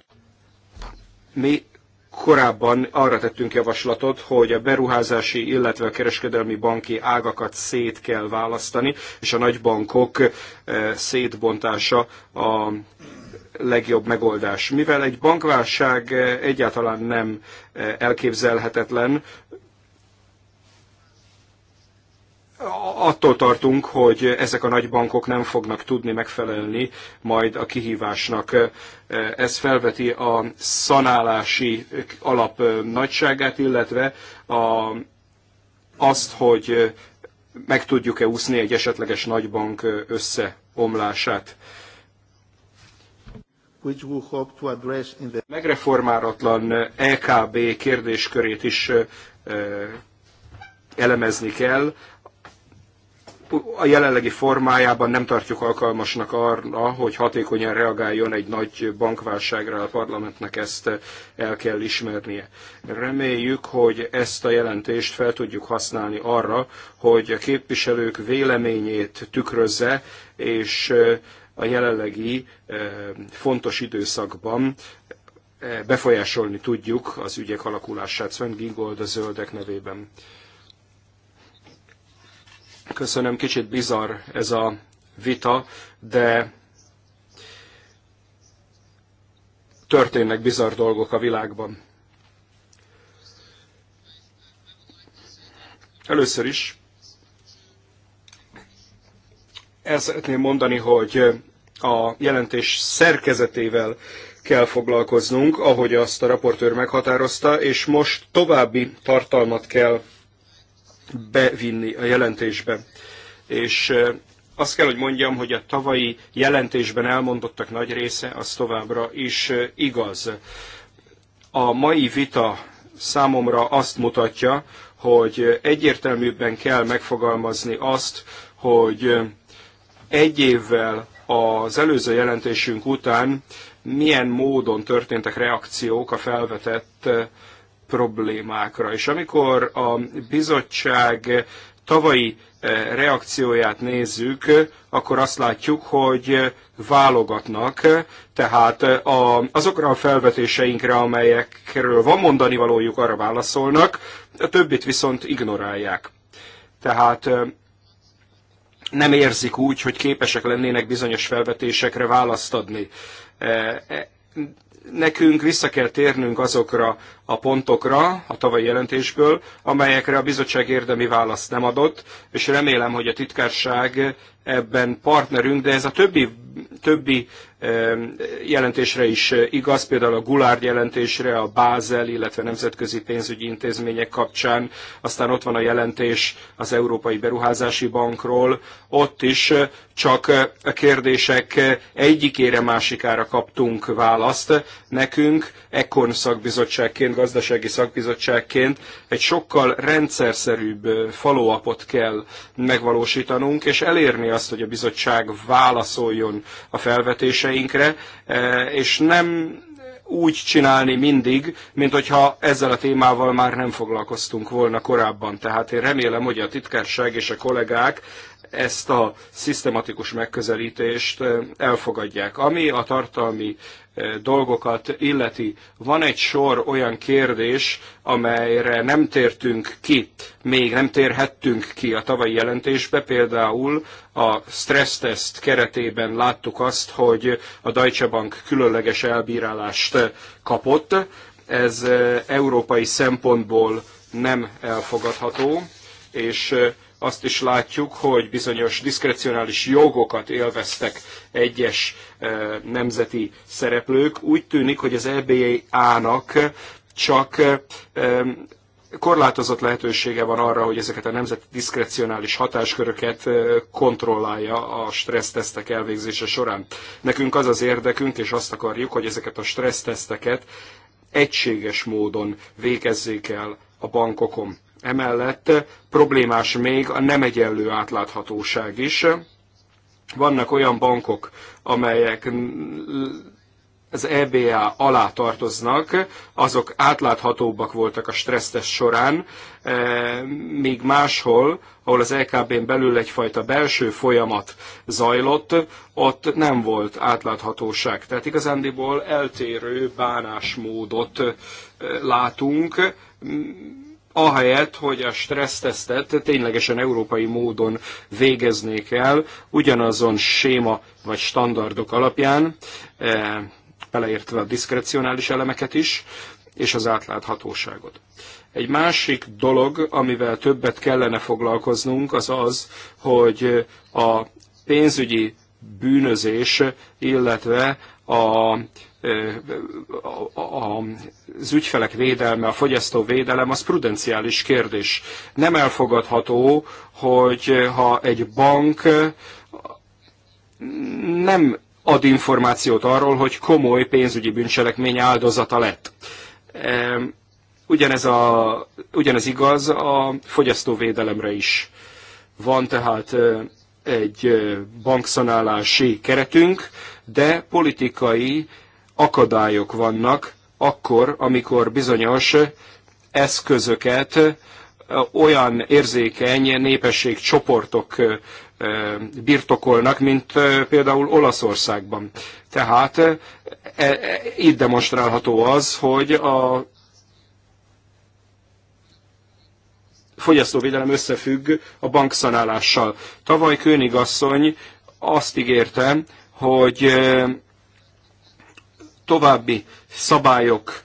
Mi korábban arra tettünk javaslatot, hogy a beruházási, illetve a kereskedelmi banki ágakat szét kell választani, és a nagybankok szétbontása a legjobb megoldás. Mivel egy bankválság eh, egyáltalán nem eh, elképzelhetetlen, attól tartunk, hogy ezek a nagy bankok nem fognak tudni megfelelni majd a kihívásnak. Eh, ez felveti a szanálási alap nagyságát, illetve a, azt, hogy meg tudjuk-e úszni egy esetleges nagybank összeomlását which Megreformálatlan EKB kérdéskörét is elemezni kell. A jelenlegi formájában nem tartjuk alkalmasnak arra, hogy hatékonyan reagáljon egy nagy bankválságra, a parlamentnek ezt el kell ismernie. Reméljük, hogy ezt a jelentést fel tudjuk használni arra, hogy a képviselők véleményét tükrözze, és a jelenlegi eh, fontos időszakban eh, befolyásolni tudjuk az ügyek alakulását. Sven Gingold a zöldek nevében. Köszönöm, kicsit bizarr ez a vita, de történnek bizarr dolgok a világban. Először is el szeretném mondani, hogy a jelentés szerkezetével kell foglalkoznunk, ahogy azt a raportőr meghatározta, és most további tartalmat kell bevinni a jelentésbe. És azt kell, hogy mondjam, hogy a tavalyi jelentésben elmondottak nagy része, az továbbra is igaz. A mai vita számomra azt mutatja, hogy egyértelműbben kell megfogalmazni azt, hogy egy évvel az előző jelentésünk után milyen módon történtek reakciók a felvetett eh, problémákra. És amikor a bizottság tavalyi eh, reakcióját nézzük, akkor azt látjuk, hogy eh, válogatnak, tehát a, azokra a felvetéseinkre, amelyekről van mondani valójuk, arra válaszolnak, a többit viszont ignorálják. Tehát nem érzik úgy, hogy képesek lennének bizonyos felvetésekre választ adni e, e, nekünk vissza kell térnünk azokra a pontokra a tavalyi jelentésből, amelyekre a bizottság érdemi választ nem adott, és remélem, hogy a titkárság ebben partnerünk, de ez a többi, többi eh, jelentésre is igaz, például a Gulár jelentésre, a Bázel, illetve nemzetközi pénzügyi intézmények kapcsán, aztán ott van a jelentés az Európai Beruházási Bankról, ott is eh, csak eh, a kérdések egyikére másikára kaptunk választ nekünk, Ekon szakbizottságként, gazdasági szakbizottságként egy sokkal rendszerszerűbb falóapot kell megvalósítanunk, és elérni azt, hogy a bizottság válaszoljon a felvetéseinkre, és nem úgy csinálni mindig, mint hogyha ezzel a témával már nem foglalkoztunk volna korábban. Tehát én remélem, hogy a titkárság és a kollégák ezt a szisztematikus megközelítést elfogadják. Ami a tartalmi dolgokat illeti, van egy sor olyan kérdés, amelyre nem tértünk ki, még nem térhettünk ki a tavalyi jelentésbe, például a stresszteszt keretében láttuk azt, hogy a Deutsche Bank különleges elbírálást kapott, ez európai szempontból nem elfogadható, és azt is látjuk, hogy bizonyos diszkrecionális jogokat élveztek egyes eh, nemzeti szereplők. Úgy tűnik, hogy az EBA-nak csak eh, korlátozott lehetősége van arra, hogy ezeket a nemzeti diszkrecionális hatásköröket eh, kontrollálja a stressztesztek elvégzése során. Nekünk az az érdekünk, és azt akarjuk, hogy ezeket a stresszteszteket egységes módon végezzék el a bankokon. Emellett problémás még a nem egyenlő átláthatóság is. Vannak olyan bankok, amelyek az EBA alá tartoznak, azok átláthatóbbak voltak a stressztest során, e, míg máshol, ahol az LKB-n e belül egyfajta belső folyamat zajlott, ott nem volt átláthatóság. Tehát igazándiból eltérő bánásmódot e, látunk, ahelyett, hogy a stressztesztet ténylegesen európai módon végeznék el, ugyanazon séma vagy standardok alapján, eh, beleértve a diszkrecionális elemeket is, és az átláthatóságot. Egy másik dolog, amivel többet kellene foglalkoznunk, az az, hogy a pénzügyi bűnözés, illetve a az ügyfelek védelme, a fogyasztó védelem, az prudenciális kérdés. Nem elfogadható, hogy ha egy bank nem ad információt arról, hogy komoly pénzügyi bűncselekmény áldozata lett. Ugyanez, a, ugyanez igaz a fogyasztóvédelemre is. Van tehát egy bankszanálási keretünk, de politikai akadályok vannak akkor, amikor bizonyos eszközöket olyan érzékeny csoportok birtokolnak, mint például Olaszországban. Tehát e, e, itt demonstrálható az, hogy a fogyasztóvédelem összefügg a bankszanálással. Tavaly Kőnigasszony azt ígérte, hogy további szabályok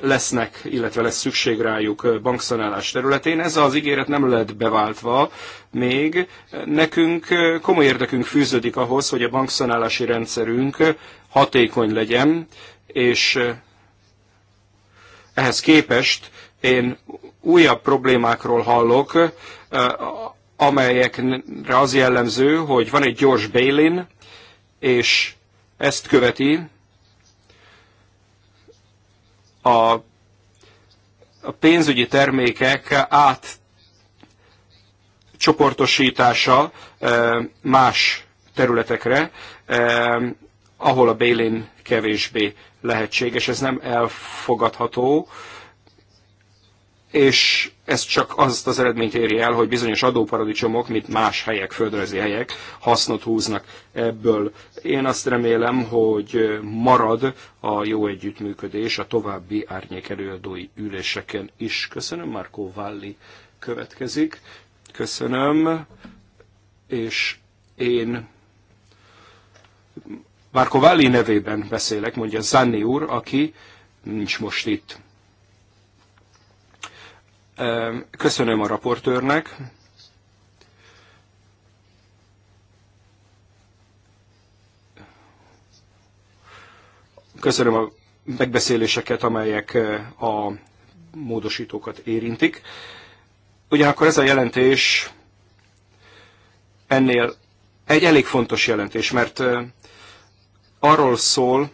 lesznek, illetve lesz szükség rájuk bankszanálás területén. Ez az ígéret nem lett beváltva még. Nekünk komoly érdekünk fűződik ahhoz, hogy a bankszanálási rendszerünk hatékony legyen, és ehhez képest én újabb problémákról hallok, amelyekre az jellemző, hogy van egy gyors bail és ezt követi a, a pénzügyi termékek át csoportosítása más területekre, ahol a bélén kevésbé lehetséges. Ez nem elfogadható, és ez csak azt az eredményt éri el, hogy bizonyos adóparadicsomok, mint más helyek, földrajzi helyek hasznot húznak ebből. Én azt remélem, hogy marad a jó együttműködés a további árnyékelőadói üléseken is. Köszönöm, Markó Valli következik. Köszönöm, és én Marco Valli nevében beszélek, mondja Zanni úr, aki nincs most itt. Köszönöm a raportőrnek. Köszönöm a megbeszéléseket, amelyek a módosítókat érintik. Ugyanakkor ez a jelentés ennél egy elég fontos jelentés, mert arról szól,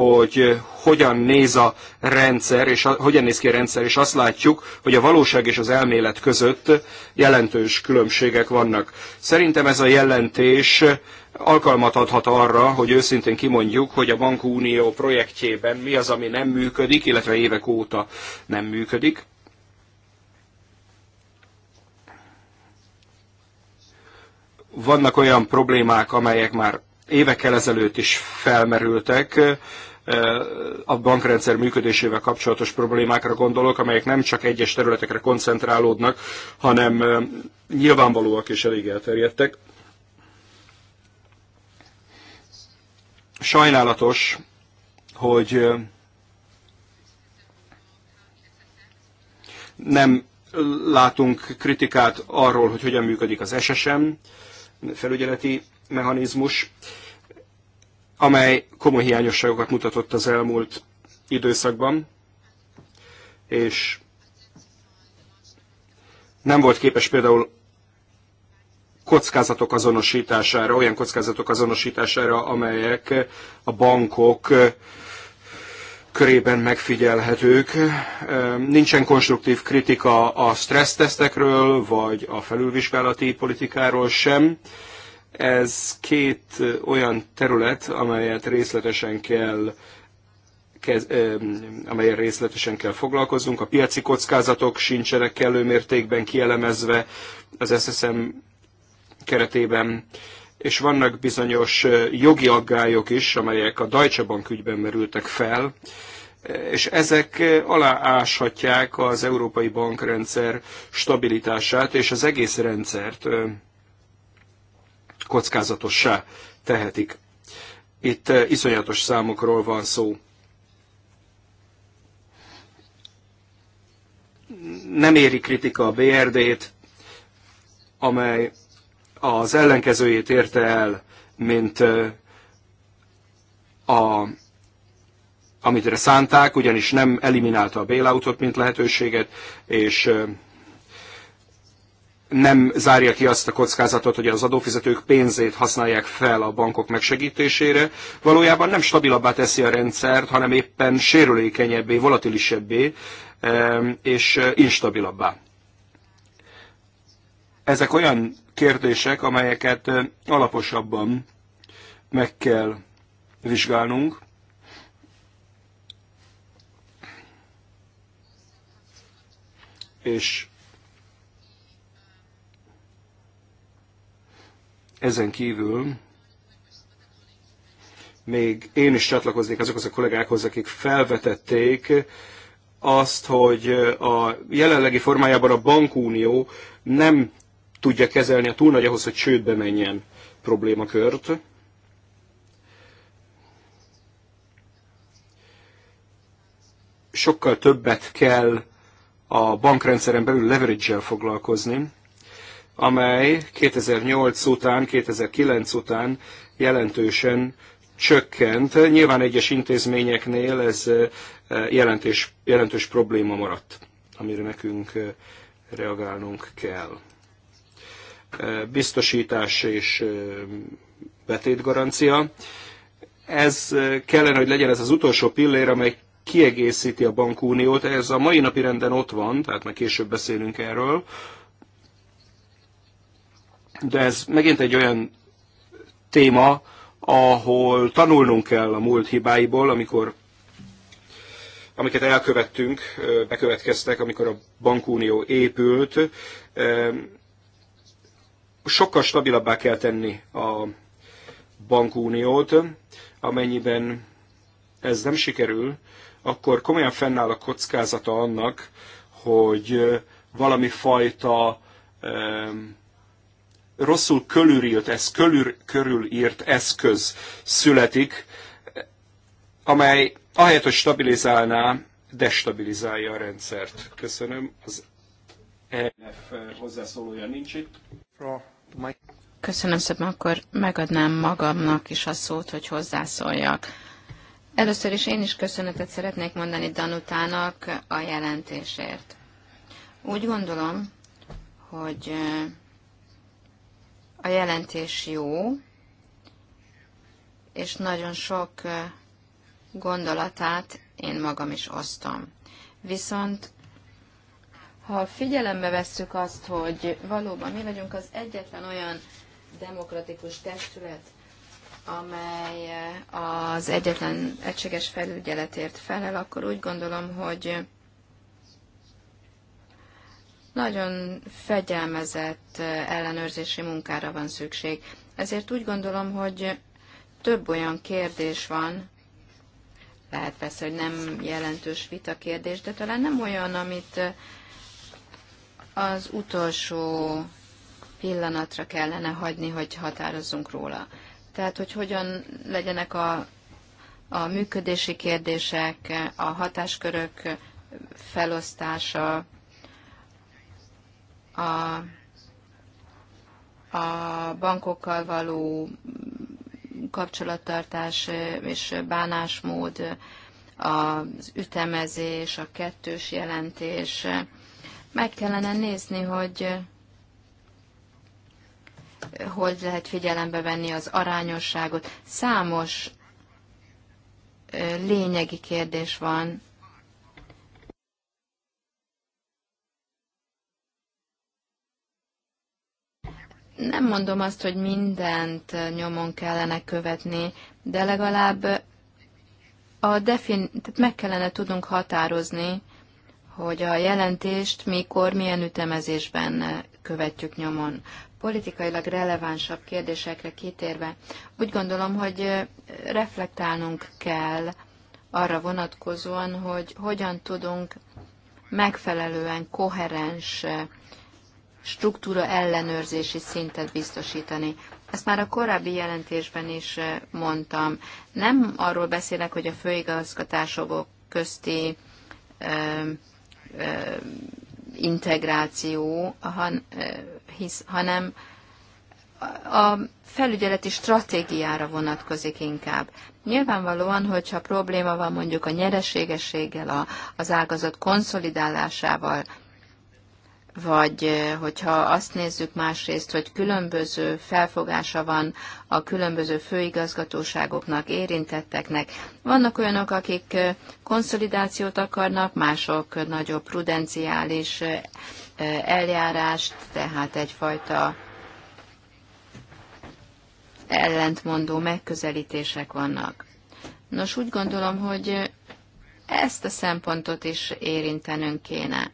hogy eh, hogyan néz a rendszer, és a, hogyan néz ki a rendszer, és azt látjuk, hogy a valóság és az elmélet között jelentős különbségek vannak. Szerintem ez a jelentés eh, alkalmat adhat arra, hogy őszintén kimondjuk, hogy a bankunió projektjében mi az, ami nem működik, illetve évek óta nem működik. Vannak olyan problémák, amelyek már évekkel ezelőtt is felmerültek, eh, a bankrendszer működésével kapcsolatos problémákra gondolok, amelyek nem csak egyes területekre koncentrálódnak, hanem nyilvánvalóak és elég elterjedtek. Sajnálatos, hogy nem látunk kritikát arról, hogy hogyan működik az SSM, felügyeleti mechanizmus amely komoly hiányosságokat mutatott az elmúlt időszakban, és nem volt képes például kockázatok azonosítására, olyan kockázatok azonosítására, amelyek a bankok körében megfigyelhetők. Nincsen konstruktív kritika a stressztesztekről, vagy a felülvizsgálati politikáról sem. Ez két olyan terület, amelyet részletesen kell kez, amelyen részletesen kell foglalkoznunk. A piaci kockázatok sincsenek kellő mértékben kielemezve az SSM keretében, és vannak bizonyos jogi aggályok is, amelyek a Deutsche Bank ügyben merültek fel, és ezek alááshatják az európai bankrendszer stabilitását és az egész rendszert kockázatossá tehetik. Itt eh, iszonyatos számokról van szó. Nem éri kritika a BRD-t, amely az ellenkezőjét érte el, mint eh, a, amitre szánták, ugyanis nem eliminálta a bailoutot, mint lehetőséget, és eh, nem zárja ki azt a kockázatot, hogy az adófizetők pénzét használják fel a bankok megsegítésére, valójában nem stabilabbá teszi a rendszert, hanem éppen sérülékenyebbé, volatilisebbé és instabilabbá. Ezek olyan kérdések, amelyeket alaposabban meg kell vizsgálnunk. És Ezen kívül még én is csatlakoznék azokhoz a kollégákhoz, akik felvetették azt, hogy a jelenlegi formájában a bankunió nem tudja kezelni a túl nagy ahhoz, hogy csődbe menjen problémakört. Sokkal többet kell a bankrendszeren belül leverage-el foglalkozni amely 2008 után, 2009 után jelentősen csökkent. Nyilván egyes intézményeknél ez eh, jelentős, jelentős probléma maradt, amire nekünk eh, reagálnunk kell. Eh, biztosítás és betétgarancia. Ez kellene, hogy legyen ez az utolsó pillér, amely kiegészíti a bankuniót. Ez a mai napi renden ott van, tehát majd később beszélünk erről, de ez megint egy olyan téma, ahol tanulnunk kell a múlt hibáiból, amikor amiket elkövettünk, bekövetkeztek, amikor a bankunió épült. Sokkal stabilabbá kell tenni a bankuniót, amennyiben ez nem sikerül, akkor komolyan fennáll a kockázata annak, hogy valami fajta rosszul körülírt, ez, körül, körülírt eszköz születik, amely ahelyett, hogy stabilizálná, destabilizálja a rendszert. Köszönöm. Az ENF hozzászólója nincs itt. Köszönöm szépen, akkor megadnám magamnak is a szót, hogy hozzászóljak. Először is én is köszönetet szeretnék mondani Danutának a jelentésért. Úgy gondolom, hogy a jelentés jó, és nagyon sok gondolatát én magam is osztom. Viszont ha figyelembe vesszük azt, hogy valóban mi vagyunk az egyetlen olyan demokratikus testület, amely az egyetlen egységes felügyeletért felel, akkor úgy gondolom, hogy nagyon fegyelmezett eh, ellenőrzési munkára van szükség. Ezért úgy gondolom, hogy több olyan kérdés van, lehet persze, hogy nem jelentős vita kérdés, de talán nem olyan, amit eh, az utolsó pillanatra kellene hagyni, hogy határozzunk róla. Tehát, hogy hogyan legyenek a, a működési kérdések, a hatáskörök felosztása, a, a bankokkal való kapcsolattartás és bánásmód, az ütemezés, a kettős jelentés. Meg kellene nézni, hogy hogy lehet figyelembe venni az arányosságot. Számos lényegi kérdés van, Nem mondom azt, hogy mindent nyomon kellene követni, de legalább a defin- tehát meg kellene tudnunk határozni, hogy a jelentést mikor, milyen ütemezésben követjük nyomon. Politikailag relevánsabb kérdésekre kitérve, úgy gondolom, hogy reflektálnunk kell arra vonatkozóan, hogy hogyan tudunk megfelelően koherens struktúra ellenőrzési szintet biztosítani. Ezt már a korábbi jelentésben is eh, mondtam. Nem arról beszélek, hogy a főigazgatások közti ö, eh, ö, eh, integráció, han, ö, hisz, hanem a felügyeleti stratégiára vonatkozik inkább. Nyilvánvalóan, hogyha probléma van mondjuk a nyereségességgel, a, az ágazat konszolidálásával, vagy hogyha azt nézzük másrészt, hogy különböző felfogása van a különböző főigazgatóságoknak, érintetteknek. Vannak olyanok, akik konszolidációt akarnak, mások nagyobb prudenciális eljárást, tehát egyfajta ellentmondó megközelítések vannak. Nos, úgy gondolom, hogy ezt a szempontot is érintenünk kéne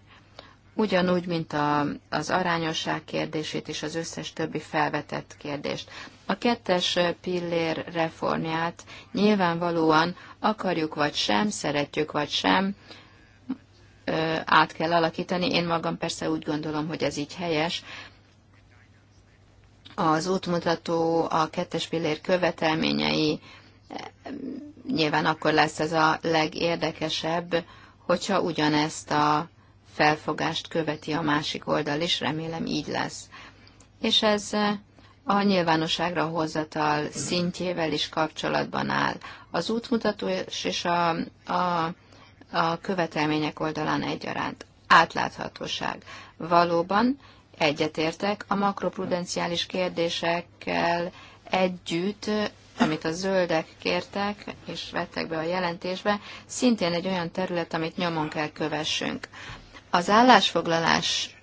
ugyanúgy, mint a, az arányosság kérdését és az összes többi felvetett kérdést. A kettes pillér reformját nyilvánvalóan akarjuk vagy sem, szeretjük vagy sem, át kell alakítani. Én magam persze úgy gondolom, hogy ez így helyes. Az útmutató, a kettes pillér követelményei, nyilván akkor lesz ez a legérdekesebb, hogyha ugyanezt a felfogást követi a másik oldal és remélem így lesz. És ez a nyilvánosságra hozatal szintjével is kapcsolatban áll. Az útmutató és a, a, a követelmények oldalán egyaránt. Átláthatóság. Valóban egyetértek a makroprudenciális kérdésekkel együtt, amit a zöldek kértek és vettek be a jelentésbe, szintén egy olyan terület, amit nyomon kell kövessünk. Az állásfoglalás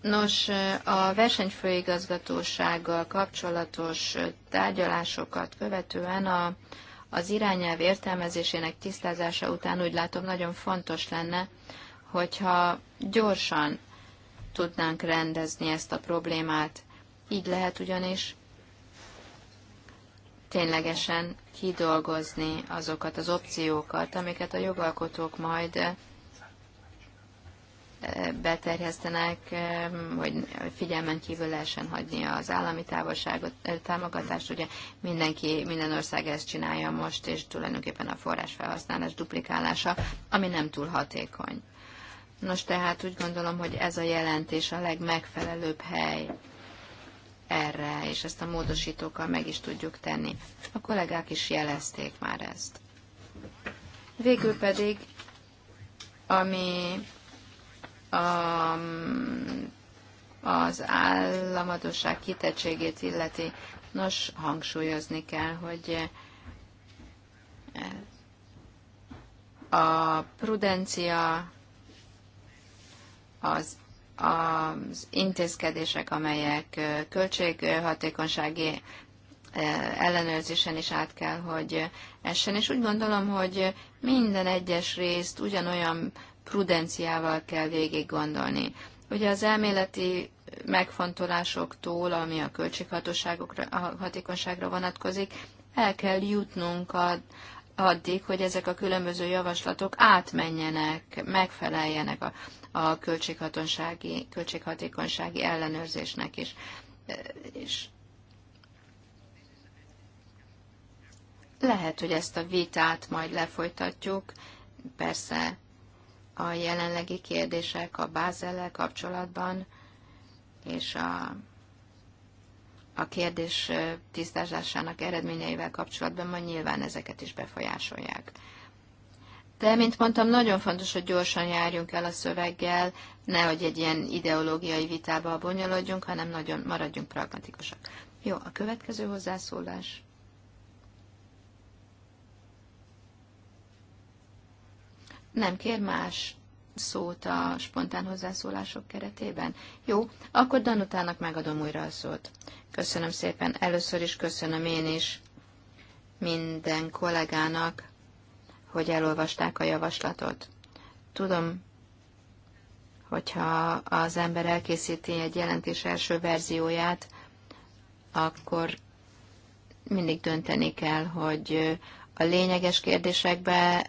Nos, a versenyfőigazgatósággal kapcsolatos tárgyalásokat követően a, az irányelv értelmezésének tisztázása után úgy látom nagyon fontos lenne, hogyha gyorsan tudnánk rendezni ezt a problémát. Így lehet ugyanis ténylegesen kidolgozni azokat az opciókat, amiket a jogalkotók majd eh, beterjesztenek, eh, hogy figyelmen kívül lehessen hagyni az állami távolságot, eh, támogatást. Ugye mindenki, minden ország ezt csinálja most, és tulajdonképpen a forrás felhasználás duplikálása, ami nem túl hatékony. Nos, tehát úgy gondolom, hogy ez a jelentés a legmegfelelőbb hely erre, és ezt a módosítókkal meg is tudjuk tenni. A kollégák is jelezték már ezt. Végül pedig, ami a, az államadóság kitettségét illeti, nos, hangsúlyozni kell, hogy a prudencia az az intézkedések, amelyek költséghatékonysági ellenőrzésen is át kell, hogy essen. És úgy gondolom, hogy minden egyes részt ugyanolyan prudenciával kell végig gondolni. Ugye az elméleti megfontolásoktól, ami a költséghatóságokra, a hatékonyságra vonatkozik, el kell jutnunk a, addig, hogy ezek a különböző javaslatok átmenjenek, megfeleljenek a, a költséghatonsági, költséghatékonysági ellenőrzésnek is. E, és lehet, hogy ezt a vitát majd lefolytatjuk, persze a jelenlegi kérdések a Bázellel kapcsolatban, és a a kérdés tisztázásának eredményeivel kapcsolatban majd nyilván ezeket is befolyásolják. De, mint mondtam, nagyon fontos, hogy gyorsan járjunk el a szöveggel, nehogy egy ilyen ideológiai vitába bonyolodjunk, hanem nagyon maradjunk pragmatikusak. Jó, a következő hozzászólás. Nem kér más szót a spontán hozzászólások keretében? Jó, akkor Danutának megadom újra a szót. Köszönöm szépen. Először is köszönöm én is minden kollégának, hogy elolvasták a javaslatot. Tudom, hogyha az ember elkészíti egy jelentés első verzióját, akkor mindig dönteni kell, hogy a lényeges kérdésekbe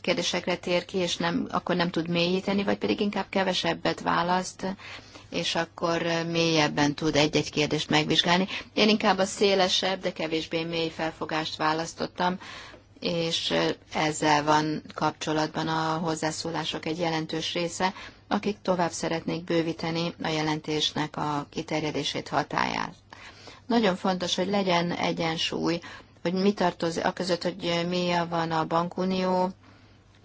kérdésekre tér ki, és nem, akkor nem tud mélyíteni, vagy pedig inkább kevesebbet választ, és akkor mélyebben tud egy-egy kérdést megvizsgálni. Én inkább a szélesebb, de kevésbé mély felfogást választottam, és ezzel van kapcsolatban a hozzászólások egy jelentős része, akik tovább szeretnék bővíteni a jelentésnek a kiterjedését hatáját. Nagyon fontos, hogy legyen egyensúly hogy mi tartozik, a között, hogy mi van a bankunió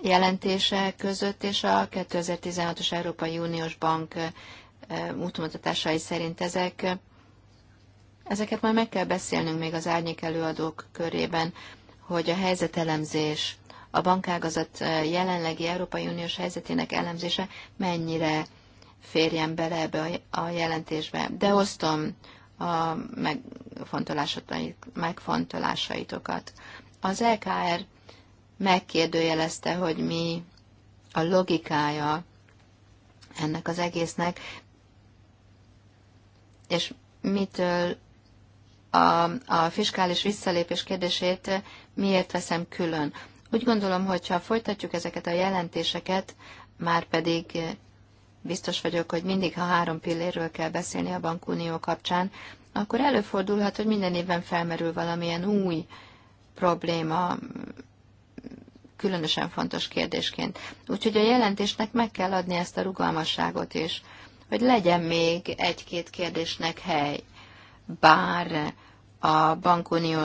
jelentése között, és a 2016-os Európai Uniós Bank útmutatásai szerint ezek, ezeket majd meg kell beszélnünk még az árnyék előadók körében, hogy a helyzetelemzés, a bankágazat jelenlegi Európai Uniós helyzetének elemzése mennyire férjen bele ebbe a jelentésbe. De osztom a megfontolásaitokat. Az LKR e megkérdőjelezte, hogy mi a logikája ennek az egésznek, és mitől a, a fiskális visszalépés kérdését miért veszem külön. Úgy gondolom, hogy ha folytatjuk ezeket a jelentéseket, már pedig biztos vagyok, hogy mindig, ha három pillérről kell beszélni a bankunió kapcsán, akkor előfordulhat, hogy minden évben felmerül valamilyen új probléma, különösen fontos kérdésként. Úgyhogy a jelentésnek meg kell adni ezt a rugalmasságot is, hogy legyen még egy-két kérdésnek hely, bár a bankunió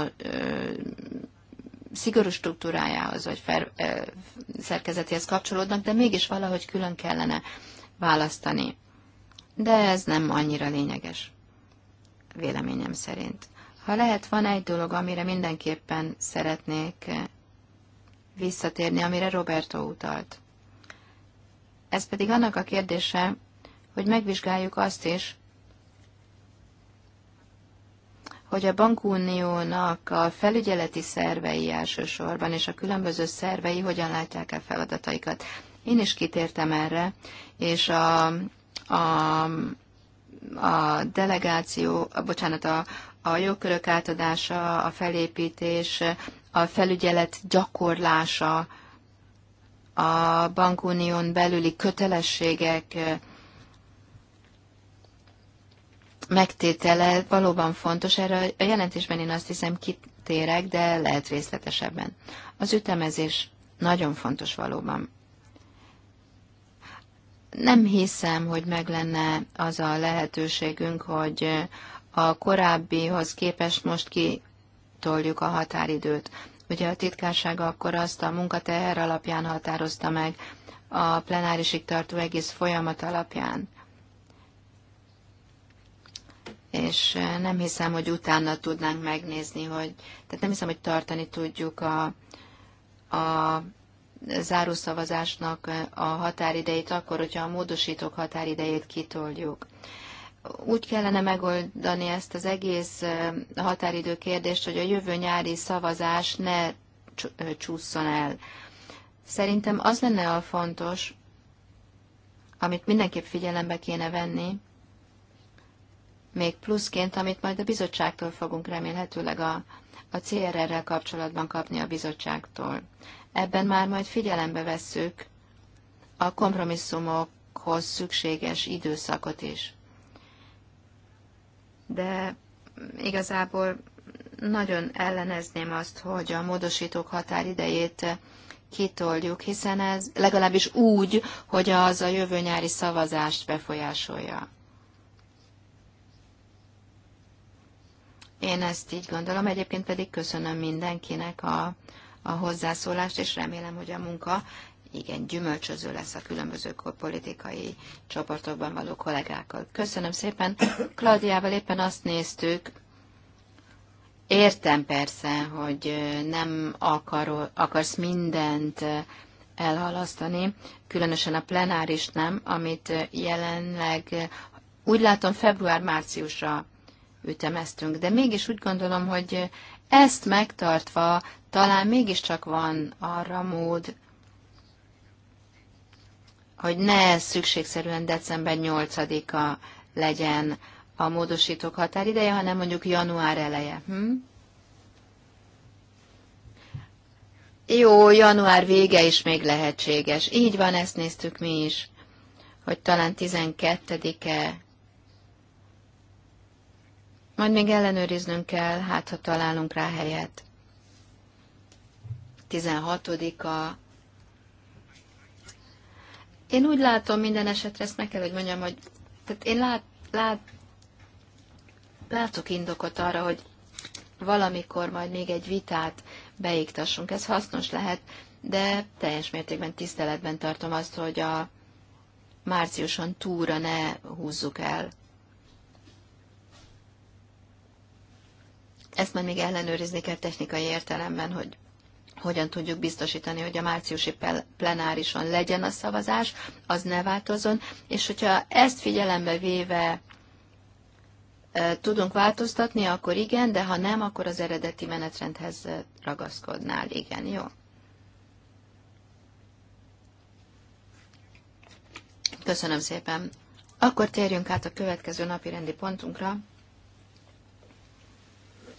szigorú struktúrájához vagy fel, ö, szerkezetéhez kapcsolódnak, de mégis valahogy külön kellene választani. De ez nem annyira lényeges, véleményem szerint. Ha lehet, van egy dolog, amire mindenképpen szeretnék visszatérni, amire Roberto utalt. Ez pedig annak a kérdése, hogy megvizsgáljuk azt is, hogy a bankuniónak a felügyeleti szervei elsősorban, és a különböző szervei hogyan látják el feladataikat. Én is kitértem erre, és a, a, a delegáció, bocsánat, a, a jogkörök átadása, a felépítés, a felügyelet gyakorlása, a bankunión belüli kötelességek megtétele valóban fontos. Erre a jelentésben én azt hiszem kitérek, de lehet részletesebben. Az ütemezés nagyon fontos valóban. Nem hiszem, hogy meg lenne az a lehetőségünk, hogy a korábbihoz képest most kitoljuk a határidőt. Ugye a titkársága akkor azt a munkateher alapján határozta meg, a plenárisig tartó egész folyamat alapján. És nem hiszem, hogy utána tudnánk megnézni, hogy, tehát nem hiszem, hogy tartani tudjuk a, a zárószavazásnak a határidejét akkor, hogyha a módosítók határidejét kitoljuk. Úgy kellene megoldani ezt az egész eh, határidő kérdést, hogy a jövő nyári szavazás ne eh, csúszson el. Szerintem az lenne a fontos, amit mindenképp figyelembe kéne venni, még pluszként, amit majd a bizottságtól fogunk remélhetőleg a, a CRR-rel kapcsolatban kapni a bizottságtól. Ebben már majd figyelembe vesszük a kompromisszumokhoz szükséges időszakot is. De igazából nagyon ellenezném azt, hogy a módosítók határidejét kitoljuk, hiszen ez legalábbis úgy, hogy az a jövő nyári szavazást befolyásolja. Én ezt így gondolom, egyébként pedig köszönöm mindenkinek a, a hozzászólást, és remélem, hogy a munka igen gyümölcsöző lesz a különböző politikai csoportokban való kollégákkal. Köszönöm szépen. Klaudiával éppen azt néztük, Értem persze, hogy nem akar, akarsz mindent elhalasztani, különösen a plenáris nem, amit jelenleg úgy látom február-márciusra ütemeztünk, de mégis úgy gondolom, hogy ezt megtartva talán mégiscsak van arra mód, hogy ne szükségszerűen december 8-a legyen a módosítók határideje, hanem mondjuk január eleje. Hm? Jó, január vége is még lehetséges. Így van, ezt néztük mi is, hogy talán 12-e majd még ellenőriznünk kell, hát ha találunk rá helyet. 16 -a. Én úgy látom minden esetre, ezt meg kell, hogy mondjam, hogy tehát én lát, lát, látok indokot arra, hogy valamikor majd még egy vitát beiktassunk. Ez hasznos lehet, de teljes mértékben tiszteletben tartom azt, hogy a márciuson túra ne húzzuk el. Ezt majd még ellenőrizni kell technikai értelemben, hogy hogyan tudjuk biztosítani, hogy a márciusi plenárison legyen a szavazás, az ne változon, és hogyha ezt figyelembe véve tudunk változtatni, akkor igen, de ha nem, akkor az eredeti menetrendhez ragaszkodnál. Igen, jó. Köszönöm szépen. Akkor térjünk át a következő napi rendi pontunkra.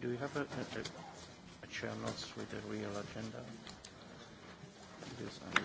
do we have a, a, a chair notes with a real agenda? This, I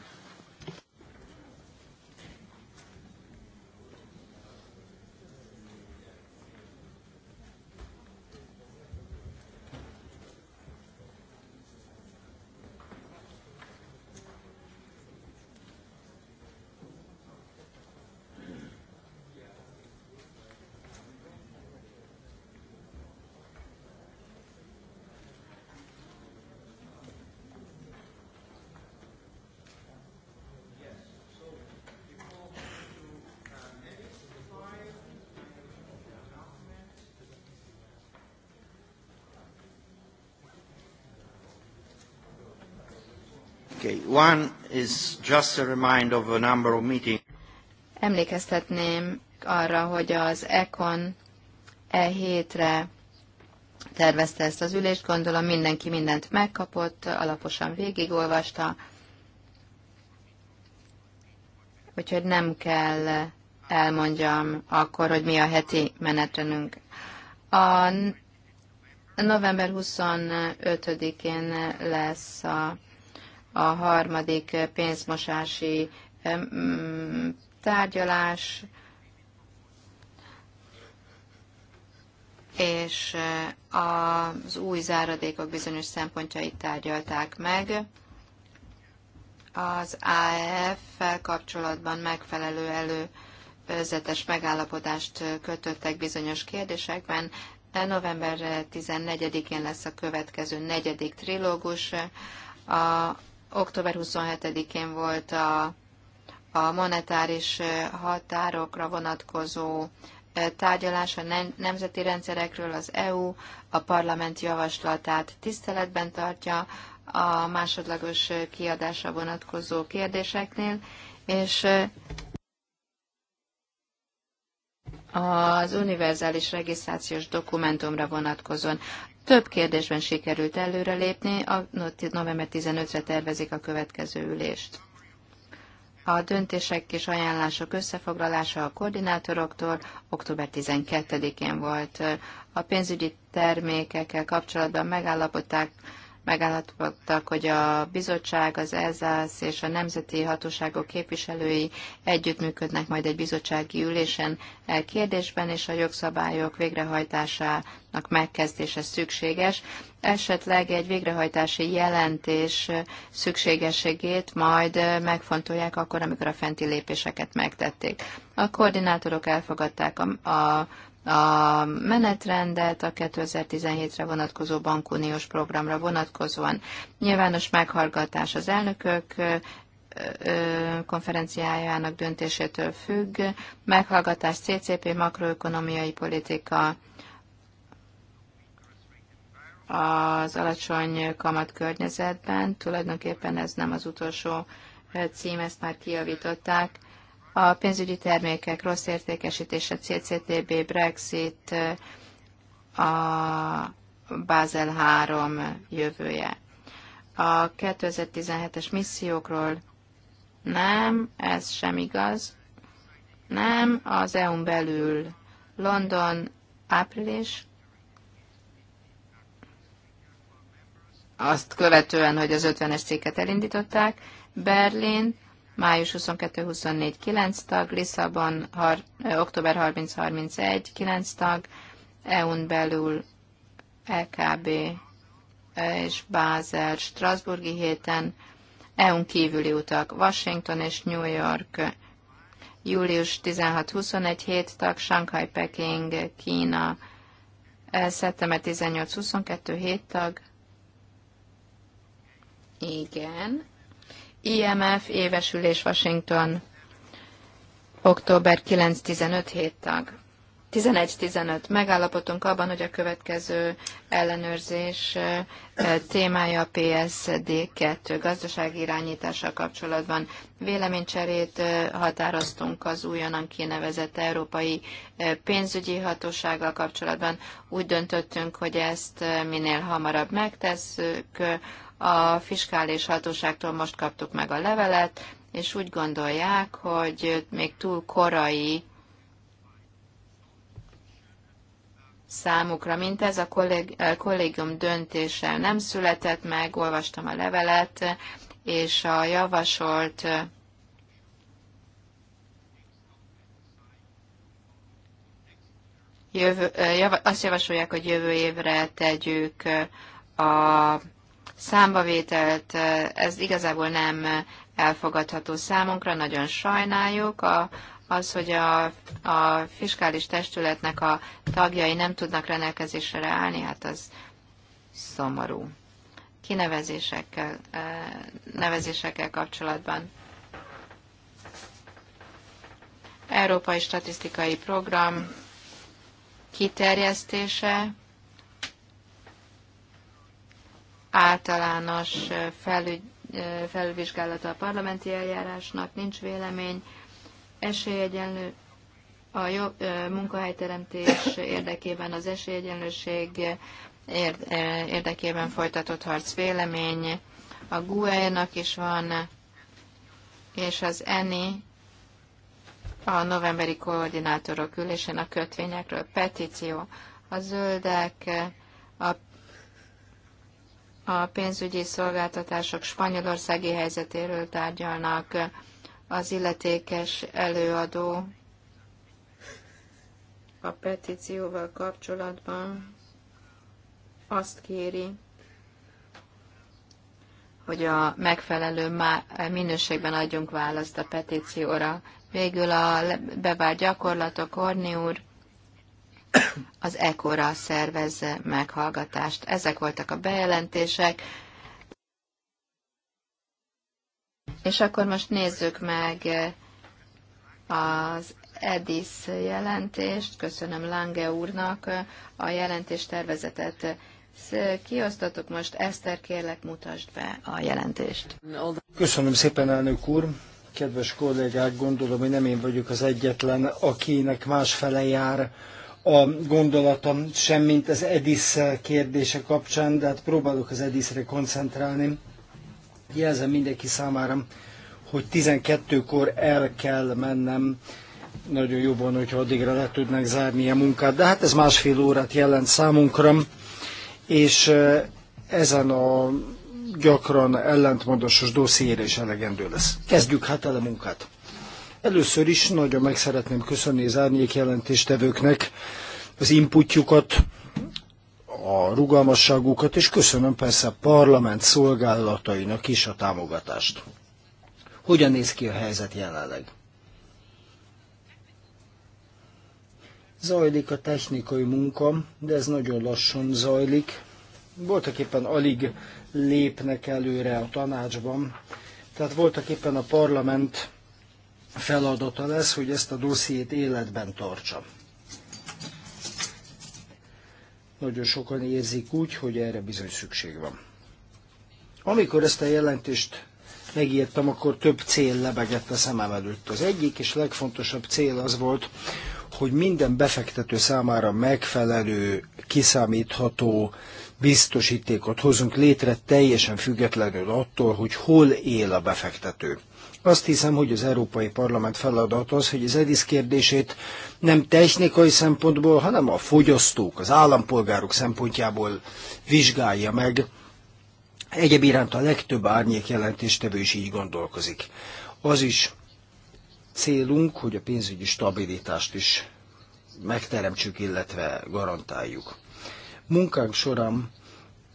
Okay, one is just a of a number of meetings. Emlékeztetném arra, hogy az ECON e hétre tervezte ezt az ülést, gondolom mindenki mindent megkapott, alaposan végigolvasta, úgyhogy nem kell elmondjam akkor, hogy mi a heti menetrenünk. A november 25-én lesz a a harmadik pénzmosási mm, tárgyalás, és eh, az új záradékok bizonyos szempontjait tárgyalták meg. Az aef felkapcsolatban kapcsolatban megfelelő előzetes megállapodást kötöttek bizonyos kérdésekben. E, november 14-én eh, lesz a következő negyedik trilógus. A Október 27-én volt a, a monetáris határokra vonatkozó tárgyalás a nemzeti rendszerekről az EU a parlament javaslatát tiszteletben tartja a másodlagos kiadásra vonatkozó kérdéseknél, és az univerzális regisztrációs dokumentumra vonatkozóan. Több kérdésben sikerült előrelépni, a november 15-re tervezik a következő ülést. A döntések és ajánlások összefoglalása a koordinátoroktól október 12-én volt. A pénzügyi termékekkel kapcsolatban megállapodták, megállapodtak, hogy a bizottság, az ELSZÁSZ és a nemzeti hatóságok képviselői együttműködnek majd egy bizottsági ülésen e kérdésben, és a jogszabályok végrehajtásának megkezdése szükséges. Esetleg egy végrehajtási jelentés szükségességét majd megfontolják akkor, amikor a fenti lépéseket megtették. A koordinátorok elfogadták a, a a menetrendet a 2017-re vonatkozó bankuniós programra vonatkozóan. Nyilvános meghallgatás az elnökök konferenciájának döntésétől függ, meghallgatás CCP makroökonomiai politika, az alacsony kamat környezetben, tulajdonképpen ez nem az utolsó cím, ezt már kiavították a pénzügyi termékek rossz értékesítése, CCTB, Brexit, a Basel 3 jövője. A 2017-es missziókról nem, ez sem igaz. Nem, az EU-n belül London, április, azt követően, hogy az 50-es cikket elindították, Berlin, május 22-24 9 tag, Lisszabon har, október 30-31 9 tag, EU-n belül LKB e és Bázel, Strasburgi héten, EU-n kívüli utak, Washington és New York, július 16-21 hét tag, Shanghai, Peking, Kína, szeptember 18-22 hét tag, igen, IMF évesülés Washington, október 9-15 hét tag. 11-15. Megállapodtunk abban, hogy a következő ellenőrzés témája a PSD2 gazdasági irányítással kapcsolatban. Véleménycserét határoztunk az újonnan kinevezett Európai Pénzügyi Hatósággal kapcsolatban. Úgy döntöttünk, hogy ezt minél hamarabb megtesszük, a fiskális hatóságtól most kaptuk meg a levelet, és úgy gondolják, hogy még túl korai számukra, mint ez a eh, kollégium döntése nem született meg, olvastam a levelet, és a javasolt eh, jövő, eh, azt javasolják, hogy jövő évre tegyük a számbavételt, ez igazából nem elfogadható számunkra, nagyon sajnáljuk. A, az, hogy a, a fiskális testületnek a tagjai nem tudnak rendelkezésre állni, hát az szomorú. Kinevezésekkel, eh, nevezésekkel kapcsolatban. Európai Statisztikai Program kiterjesztése, általános felügy, felvizsgálata a parlamenti eljárásnak, nincs vélemény, esélyegyenlő, a jó munkahelyteremtés érdekében az esélyegyenlőség érdekében folytatott harc vélemény, a GUE-nak is van, és az ENI a novemberi koordinátorok ülésén a kötvényekről petíció. A zöldek a a pénzügyi szolgáltatások spanyolországi helyzetéről tárgyalnak az illetékes előadó a petícióval kapcsolatban azt kéri, hogy a megfelelő minőségben adjunk választ a petícióra. Végül a bevált gyakorlatok, Orni úr, az ECO-ra szervez meghallgatást. Ezek voltak a bejelentések. És akkor most nézzük meg eh, az EDIS jelentést. Köszönöm Lange úrnak a jelentést tervezetet. Kiosztatok most, Eszter, kérlek mutasd be a jelentést. Köszönöm szépen, elnök úr. Kedves kollégák, gondolom, hogy nem én vagyok az egyetlen, akinek más fele jár a gondolatom sem, mint az EDIS kérdése kapcsán, de hát próbálok az EDIS-re koncentrálni. Jelzem mindenki számára, hogy 12-kor el kell mennem. Nagyon jó volna, hogyha addigra le tudnánk zárni a munkát, de hát ez másfél órát jelent számunkra, és eh, ezen a gyakran ellentmondásos dossziére is elegendő lesz. Kezdjük hát el a munkát. Először is nagyon meg szeretném köszönni az árnyék jelentéstevőknek az inputjukat, a rugalmasságukat, és köszönöm persze a parlament szolgálatainak is a támogatást. Hogyan néz ki a helyzet jelenleg? Zajlik a technikai munka, de ez nagyon lassan zajlik. Voltak éppen alig lépnek előre a tanácsban, tehát voltak éppen a parlament feladata lesz, hogy ezt a dossziét életben tartsa. Nagyon sokan érzik úgy, hogy erre bizony szükség van. Amikor ezt a jelentést megírtam, akkor több cél lebegett a szemem előtt. Az egyik és legfontosabb cél az volt, hogy minden befektető számára megfelelő, kiszámítható biztosítékot hozunk létre, teljesen függetlenül attól, hogy hol él a befektető. Azt hiszem, hogy az Európai Parlament feladat az, hogy az EDIS kérdését nem technikai szempontból, hanem a fogyasztók, az állampolgárok szempontjából vizsgálja meg. Egyéb iránt a legtöbb árnyék jelentéstevő is így gondolkozik. Az is célunk, hogy a pénzügyi stabilitást is megteremtsük, illetve garantáljuk. Munkánk során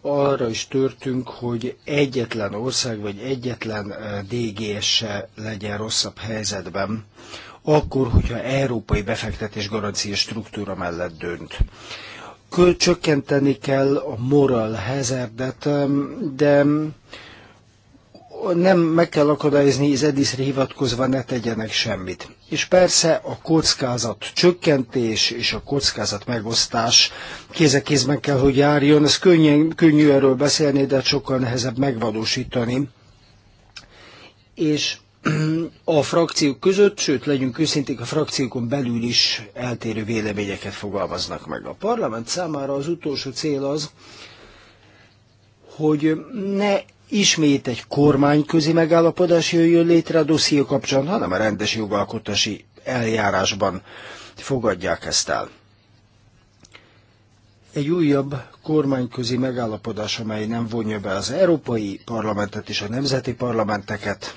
arra is törtünk, hogy egyetlen ország vagy egyetlen DGS se legyen rosszabb helyzetben, akkor, hogyha európai befektetés garancia struktúra mellett dönt. Csökkenteni kell a moral hazardet, de nem meg kell akadályozni, az Edisre hivatkozva ne tegyenek semmit. És persze a kockázat csökkentés és a kockázat megosztás kézek kézben kell, hogy járjon. Ez könnyen, könnyű erről beszélni, de sokkal nehezebb megvalósítani. És a frakciók között, sőt, legyünk őszinték, a frakciókon belül is eltérő véleményeket fogalmaznak meg. A parlament számára az utolsó cél az, hogy ne ismét egy kormányközi megállapodás jöjjön létre a dosszió kapcsán, hanem a rendes jogalkotási eljárásban fogadják ezt el. Egy újabb kormányközi megállapodás, amely nem vonja be az Európai Parlamentet és a nemzeti parlamenteket,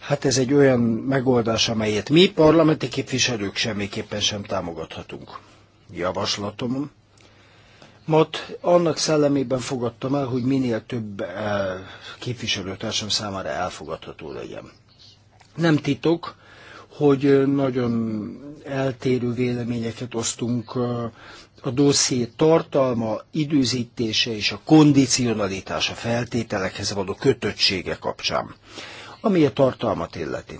hát ez egy olyan megoldás, amelyet mi parlamenti képviselők semmiképpen sem támogathatunk. Javaslatom, Mat annak szellemében fogadtam el, hogy minél több eh, képviselőtársam számára elfogadható legyen. Nem titok, hogy eh, nagyon eltérő véleményeket osztunk eh, a dosszié tartalma, időzítése és a kondicionalitása feltételekhez való kötöttsége kapcsán, ami a tartalmat illeti.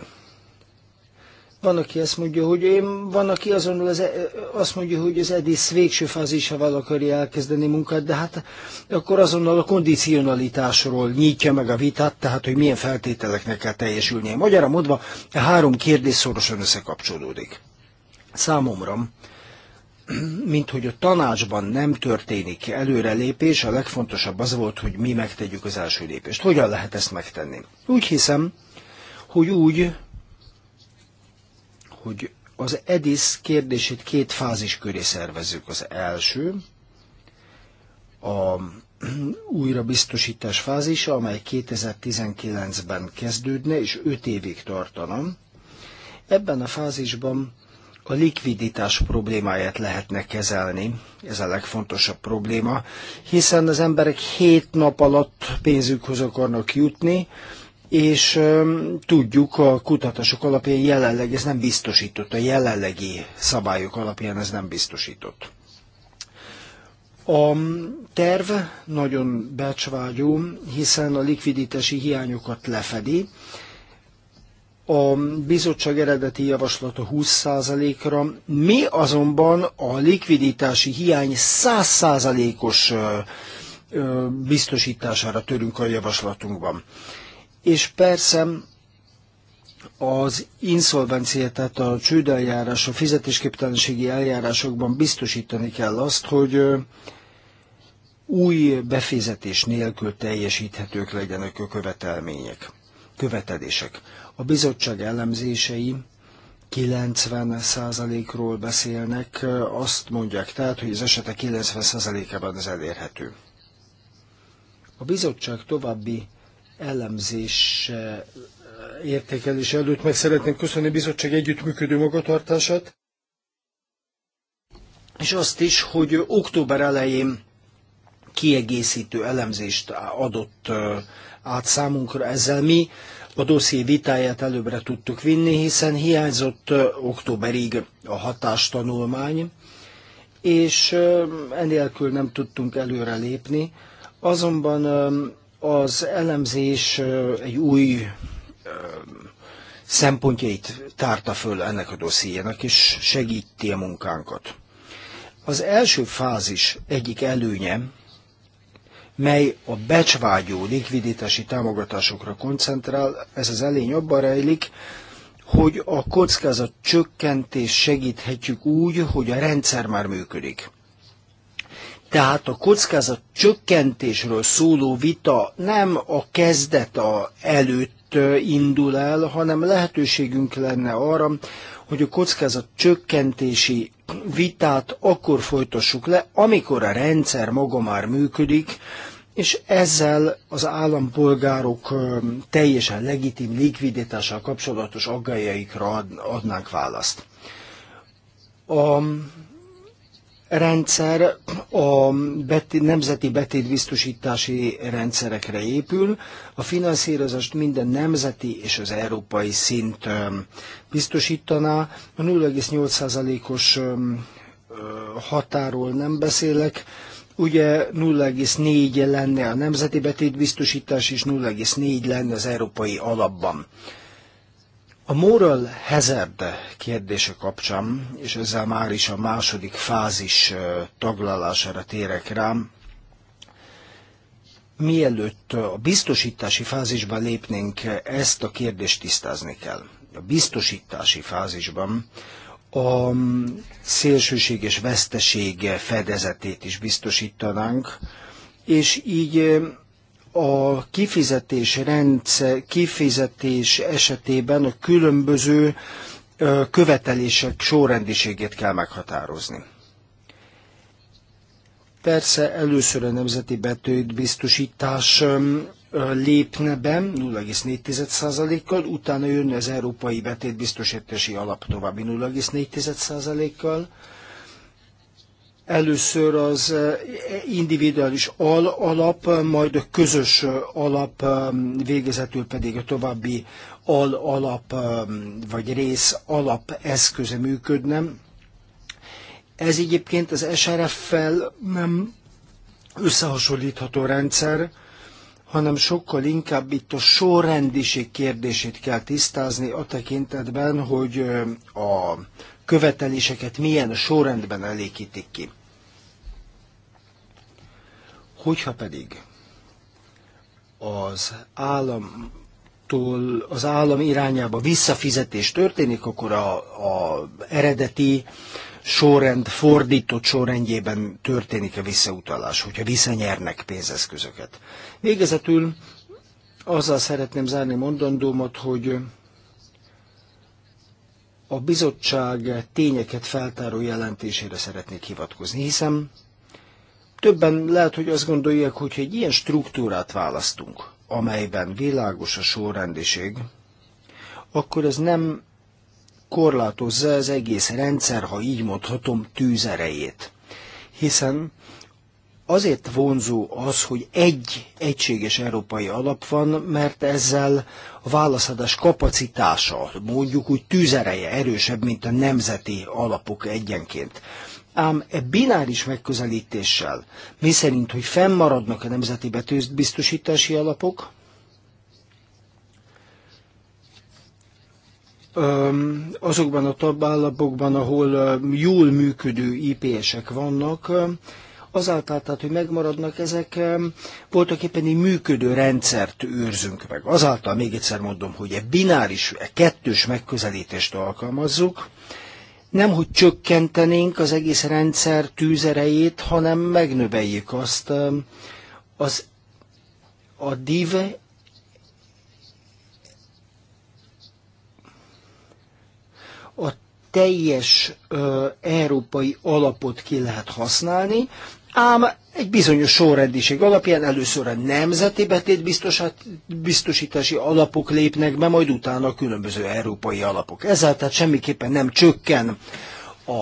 Van, aki azt mondja, hogy én, van, aki azonul az, e, azt mondja, hogy az edész végső fázisával akarja elkezdeni munkát, de hát akkor azonnal a kondicionalitásról nyitja meg a vitát, tehát hogy milyen feltételeknek kell teljesülnie. Magyarra mondva, a három kérdés szorosan összekapcsolódik. Számomra, mint hogy a tanácsban nem történik előrelépés, a legfontosabb az volt, hogy mi megtegyük az első lépést. Hogyan lehet ezt megtenni? Úgy hiszem, hogy úgy, hogy az EDIS kérdését két fázis köré szervezzük. Az első, a *clears throat* újrabiztosítás fázisa, amely 2019-ben kezdődne és 5 évig tartana. Ebben a fázisban a likviditás problémáját lehetne kezelni, ez a legfontosabb probléma, hiszen az emberek 7 nap alatt pénzükhöz akarnak jutni, és tudjuk, a kutatások alapján jelenleg ez nem biztosított, a jelenlegi szabályok alapján ez nem biztosított. A terv nagyon becsvágyó, hiszen a likviditási hiányokat lefedi. A bizottság eredeti javaslata 20%-ra, mi azonban a likviditási hiány 100%-os biztosítására törünk a javaslatunkban és persze az inszolvencia, tehát a csődeljárás, a fizetésképtelenségi eljárásokban biztosítani kell azt, hogy új befizetés nélkül teljesíthetők legyenek a követelmények, követelések. A bizottság elemzései 90%-ról beszélnek, azt mondják tehát, hogy az esetek 90%-ában ez elérhető. A bizottság további elemzés eh, értékelés előtt meg szeretném köszönni a bizottság együttműködő magatartását, és azt is, hogy október elején kiegészítő elemzést adott eh, át számunkra ezzel mi, a dosszié vitáját előbbre tudtuk vinni, hiszen hiányzott eh, októberig a hatástanulmány, és enélkül nem tudtunk előre lépni. Azonban az elemzés egy új szempontjait tárta föl ennek a dossziénak, és segíti a munkánkat. Az első fázis egyik előnye, mely a becsvágyó likviditási támogatásokra koncentrál, ez az elény abban rejlik, hogy a kockázat csökkentés segíthetjük úgy, hogy a rendszer már működik. Tehát a kockázat csökkentésről szóló vita nem a kezdet a előtt indul el, hanem lehetőségünk lenne arra, hogy a kockázat csökkentési vitát akkor folytassuk le, amikor a rendszer maga már működik, és ezzel az állampolgárok teljesen legitim likviditással kapcsolatos aggájaikra adnánk választ. A rendszer a nemzeti betétbiztosítási rendszerekre épül. A finanszírozást minden nemzeti és az európai szint biztosítaná. A 0,8%-os határól nem beszélek. Ugye 0,4 lenne a nemzeti betétbiztosítás, és 0,4 lenne az európai alapban. A moral hazard kérdése kapcsán, és ezzel már is a második fázis taglalására térek rám, mielőtt a biztosítási fázisba lépnénk, ezt a kérdést tisztázni kell. A biztosítási fázisban a szélsőséges veszteség fedezetét is biztosítanánk, és így a kifizetés rendszer, kifizetés esetében a különböző követelések sorrendiségét kell meghatározni. Persze először a nemzeti biztosítás lépne be 0,4%-kal, utána jön az Európai Betétbiztosítási Alap további 0,4%-kal, Először az eh, individuális al alap, majd a közös eh, alap, eh, végezetül pedig a további al alap vagy rész alap eszköze működne. Ez egyébként az SRF-fel nem összehasonlítható rendszer, hanem sokkal inkább itt a sorrendiség kérdését kell tisztázni a tekintetben, hogy a követeléseket milyen sorrendben elégítik ki. Hogyha pedig az állam az állam irányába visszafizetés történik, akkor a, a eredeti sorrend fordított sorrendjében történik a visszautalás, hogyha visszanyernek pénzeszközöket. Végezetül azzal szeretném zárni mondandómat, hogy a bizottság tényeket feltáró jelentésére szeretnék hivatkozni, hiszen többen lehet, hogy azt gondolják, hogy egy ilyen struktúrát választunk, amelyben világos a sorrendiség, akkor ez nem korlátozza az egész rendszer, ha így mondhatom, tűzerejét. Hiszen azért vonzó az, hogy egy egységes európai alap van, mert ezzel a válaszadás kapacitása, mondjuk úgy tűzereje erősebb, mint a nemzeti alapok egyenként. Ám e bináris megközelítéssel, mi szerint, hogy fennmaradnak a nemzeti biztosítási alapok, azokban a tagállapokban, ahol jól működő IPS-ek vannak, azáltal, tehát, hogy megmaradnak ezek, voltak éppen egy működő rendszert őrzünk meg. Azáltal még egyszer mondom, hogy egy bináris, egy kettős megközelítést alkalmazzuk, nem hogy csökkentenénk az egész rendszer tűzerejét, hanem megnöveljük azt. Az, a div a teljes uh, európai alapot ki lehet használni, ám egy bizonyos sorrendiség alapján először a nemzeti biztosítási alapok lépnek be, majd utána a különböző európai alapok. Ezzel tehát semmiképpen nem csökken a,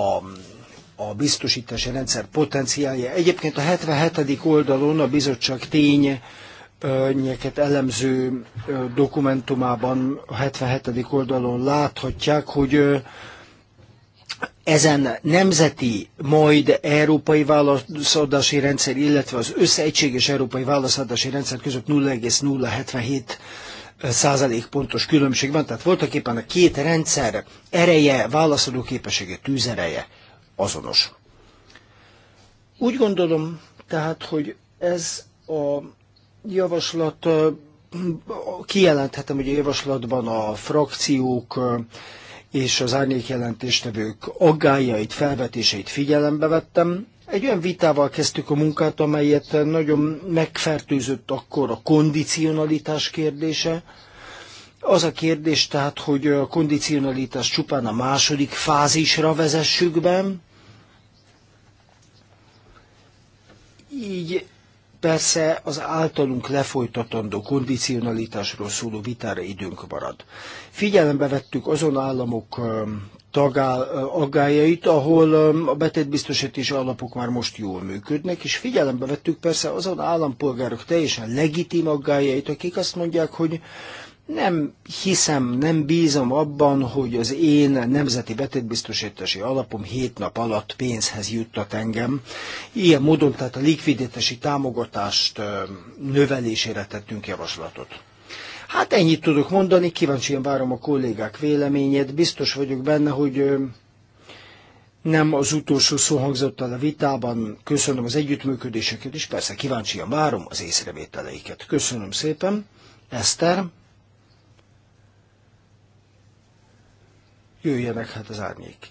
a biztosítási rendszer potenciálja. Egyébként a 77. oldalon a bizottság tény nyeket elemző dokumentumában a 77. oldalon láthatják, hogy ezen nemzeti, majd európai válaszadási rendszer, illetve az összeegységes európai válaszadási rendszer között 0,077 százalék pontos különbség van, tehát voltak éppen a két rendszer ereje, válaszadó képessége, tűzereje azonos. Úgy gondolom tehát, hogy ez a javaslat, kijelenthetem, hogy a javaslatban a frakciók és az árnyék jelentéstevők aggájait, felvetéseit figyelembe vettem. Egy olyan vitával kezdtük a munkát, amelyet nagyon megfertőzött akkor a kondicionalitás kérdése. Az a kérdés tehát, hogy a kondicionalitás csupán a második fázisra vezessük be, így persze az általunk lefolytatandó kondicionalitásról szóló vitára időnk marad. Figyelembe vettük azon államok tagál, aggájait, ahol a betétbiztosítási alapok már most jól működnek, és figyelembe vettük persze azon állampolgárok teljesen legitim aggájait, akik azt mondják, hogy nem hiszem, nem bízom abban, hogy az én nemzeti betétbiztosítási alapom hét nap alatt pénzhez juttat engem. Ilyen módon tehát a likviditási támogatást növelésére tettünk javaslatot. Hát ennyit tudok mondani, kíváncsian várom a kollégák véleményét, biztos vagyok benne, hogy nem az utolsó szó hangzott el a vitában. Köszönöm az együttműködéseket, és persze kíváncsian várom az észrevételeiket. Köszönöm szépen. Eszter? Jöjjenek hát az árnyék.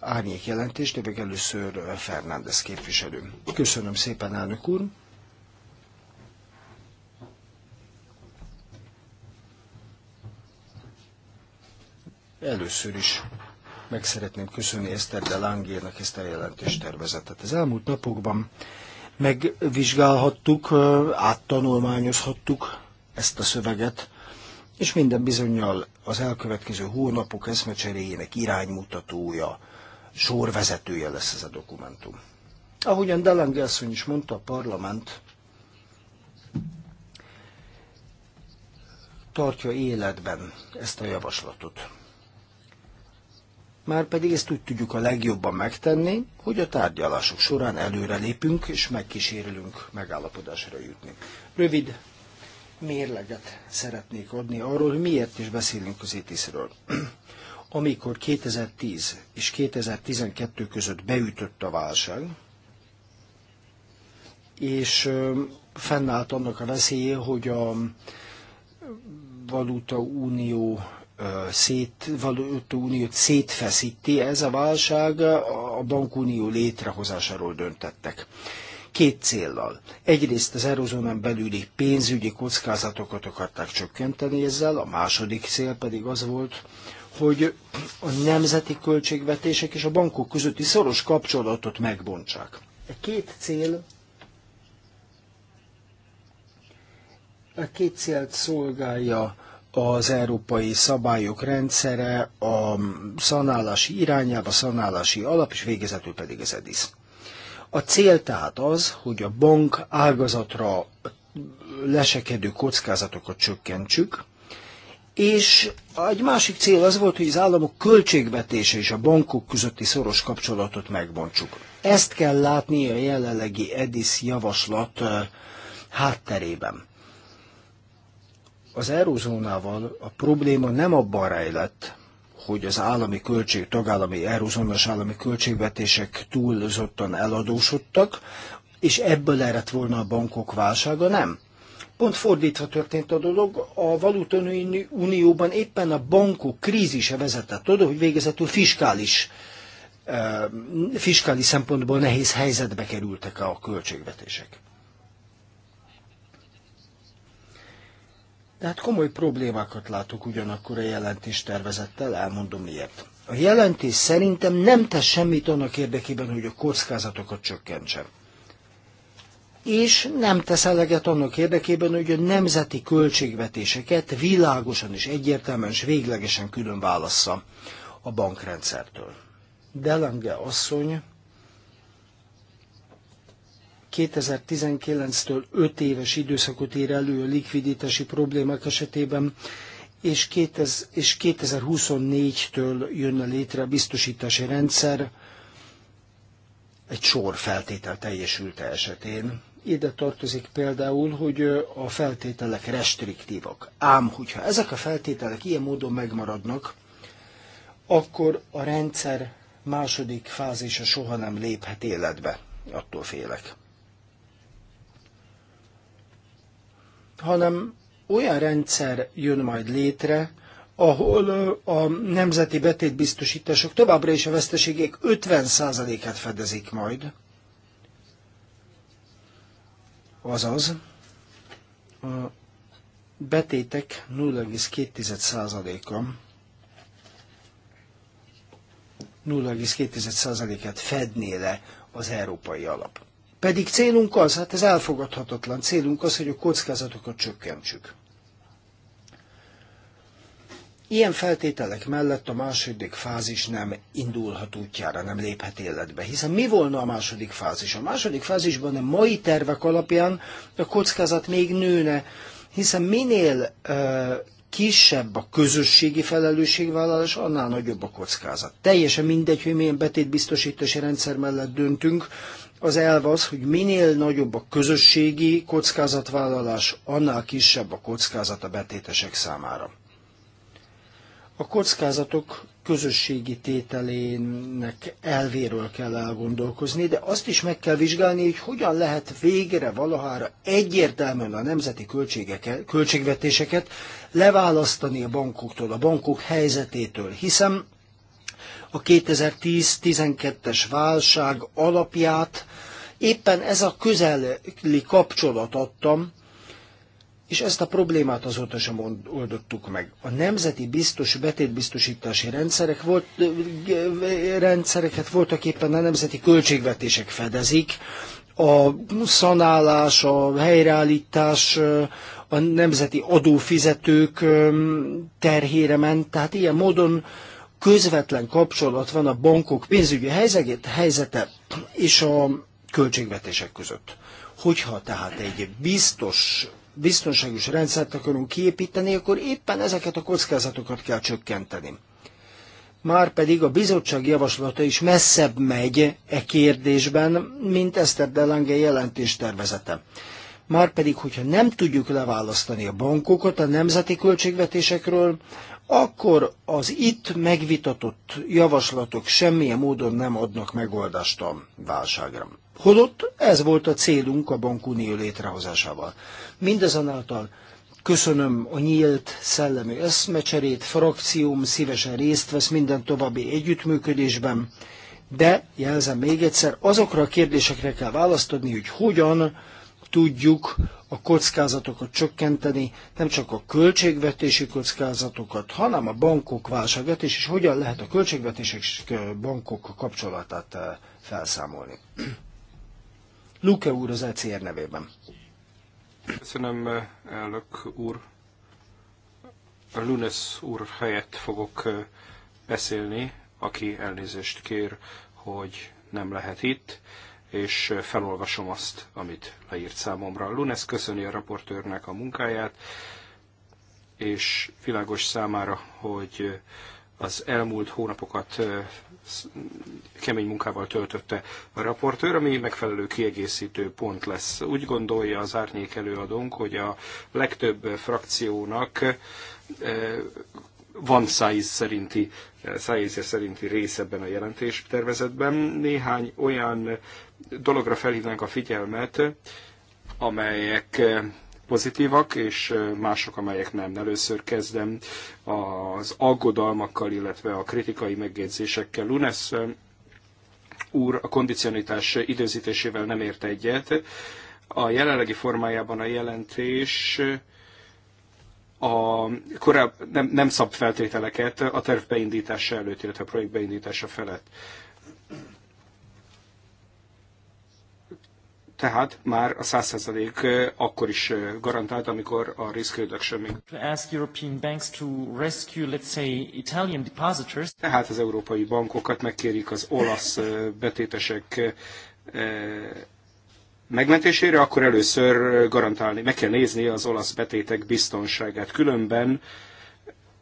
Árnyék jelentést, de meg először Fernández képviselő. Köszönöm szépen, elnök úr. Először is meg szeretném köszönni Eszter de Lángérnek ezt a jelentéstervezetet. Az elmúlt napokban megvizsgálhattuk, áttanulmányozhattuk ezt a szöveget, és minden bizonyal az elkövetkező hónapok eszmecseréjének iránymutatója, sorvezetője lesz ez a dokumentum. Ahogyan Delange asszony is mondta, a parlament tartja életben ezt a javaslatot. Márpedig ezt úgy tudjuk a legjobban megtenni, hogy a tárgyalások során előrelépünk és megkísérülünk megállapodásra jutni. Rövid mérleget szeretnék adni arról, hogy miért is beszélünk az etis ről *clears throat* Amikor 2010 és 2012 között beütött a válság, és fennállt annak a veszélye, hogy a valuta unió szét, valuta uniót szétfeszíti ez a válság, a bankunió létrehozásáról döntettek két céllal. Egyrészt az eurozónán belüli pénzügyi kockázatokat akarták csökkenteni ezzel, a második cél pedig az volt, hogy a nemzeti költségvetések és a bankok közötti szoros kapcsolatot megbontsák. A e két cél a e két célt szolgálja az európai szabályok rendszere, a szanálási irányába, szanálási alap, és végezetül pedig az EDISZ. A cél tehát az, hogy a bank ágazatra lesekedő kockázatokat csökkentsük, és egy másik cél az volt, hogy az államok költségvetése és a bankok közötti szoros kapcsolatot megbontsuk. Ezt kell látni a jelenlegi EDIS javaslat hátterében. Az eurozónával a probléma nem abban rejlett, hogy az állami költség, tagállami eurozónás állami költségvetések túlzottan eladósodtak, és ebből eredt volna a bankok válsága, nem. Pont fordítva történt a dolog, a valutani unióban éppen a bankok krízise vezetett oda, hogy végezetül fiskális, eh, fiskális szempontból nehéz helyzetbe kerültek a költségvetések. De hát komoly problémákat látok ugyanakkor a jelentés tervezettel, elmondom miért. A jelentés szerintem nem tesz semmit annak érdekében, hogy a kockázatokat csökkentse. És nem tesz eleget annak érdekében, hogy a nemzeti költségvetéseket világosan és egyértelműen és véglegesen külön válassza a bankrendszertől. Delange asszony 2019-től 5 éves időszakot ér elő a likviditási problémák esetében, és, 2000, és 2024-től jönne létre a biztosítási rendszer egy sor feltétel teljesülte esetén. Ide tartozik például, hogy a feltételek restriktívak. Ám, hogyha ezek a feltételek ilyen módon megmaradnak, akkor a rendszer második fázisa soha nem léphet életbe. Attól félek. hanem olyan rendszer jön majd létre, ahol a nemzeti betétbiztosítások továbbra is a veszteségek 50%-át fedezik majd. Azaz, a betétek 0,2%-a 0,2%-át fedné le az európai alap. Pedig célunk az, hát ez elfogadhatatlan, célunk az, hogy a kockázatokat csökkentsük. Ilyen feltételek mellett a második fázis nem indulhat útjára, nem léphet életbe. Hiszen mi volna a második fázis? A második fázisban a mai tervek alapján a kockázat még nőne, hiszen minél uh, kisebb a közösségi felelősségvállalás, annál nagyobb a kockázat. Teljesen mindegy, hogy milyen betétbiztosítási rendszer mellett döntünk, az elv az, hogy minél nagyobb a közösségi kockázatvállalás, annál kisebb a kockázat a betétesek számára. A kockázatok közösségi tételének elvéről kell elgondolkozni, de azt is meg kell vizsgálni, hogy hogyan lehet végre valahára egyértelműen a nemzeti költségvetéseket leválasztani a bankoktól, a bankok helyzetétől, hiszen a 2010-12-es válság alapját éppen ez a közeli kapcsolat adtam, és ezt a problémát azóta sem oldottuk meg. A nemzeti biztos betétbiztosítási rendszerek volt, rendszereket voltak éppen a nemzeti költségvetések fedezik, a szanálás, a helyreállítás, a nemzeti adófizetők terhére ment, tehát ilyen módon közvetlen kapcsolat van a bankok pénzügyi helyzetét, helyzete és a költségvetések között. Hogyha tehát egy biztos, biztonságos rendszert akarunk kiépíteni, akkor éppen ezeket a kockázatokat kell csökkenteni. Márpedig a bizottság javaslata is messzebb megy e kérdésben, mint Eszter Delange jelentés tervezete. Márpedig, hogyha nem tudjuk leválasztani a bankokat a nemzeti költségvetésekről, akkor az itt megvitatott javaslatok semmilyen módon nem adnak megoldást a válságra. Holott ez volt a célunk a bankunió létrehozásával. Mindezonáltal köszönöm a nyílt szellemű eszmecserét, frakcióm szívesen részt vesz minden további együttműködésben, de jelzem még egyszer, azokra a kérdésekre kell választodni, hogy hogyan tudjuk a kockázatokat csökkenteni, nem csak a költségvetési kockázatokat, hanem a bankok válságát is, és hogyan lehet a költségvetés és bankok kapcsolatát eh, felszámolni. *clears throat* Luke úr az ECR nevében. Köszönöm, eh, elnök úr. A Lunes úr helyett fogok eh, beszélni, aki elnézést kér, hogy nem lehet itt és felolvasom azt, amit leírt számomra. Lunes köszöni a raportőrnek a munkáját, és világos számára, hogy az elmúlt hónapokat kemény munkával töltötte a raportőr, ami megfelelő kiegészítő pont lesz. Úgy gondolja az árnyék előadónk, hogy a legtöbb frakciónak van size szerinti, size szerinti rész ebben a jelentés tervezetben. Néhány olyan dologra felhívnánk a figyelmet, amelyek pozitívak, és mások, amelyek nem. Először kezdem az aggodalmakkal, illetve a kritikai megjegyzésekkel. Lunes úr a kondicionitás időzítésével nem ért egyet. A jelenlegi formájában a jelentés a korábban nem, nem szab feltételeket a terv beindítása előtt, illetve a projekt beindítása felett. tehát már a 100% akkor is garantált, amikor a risk reduction még. Tehát az európai bankokat megkérik az olasz betétesek megmentésére, akkor először garantálni, meg kell nézni az olasz betétek biztonságát. Különben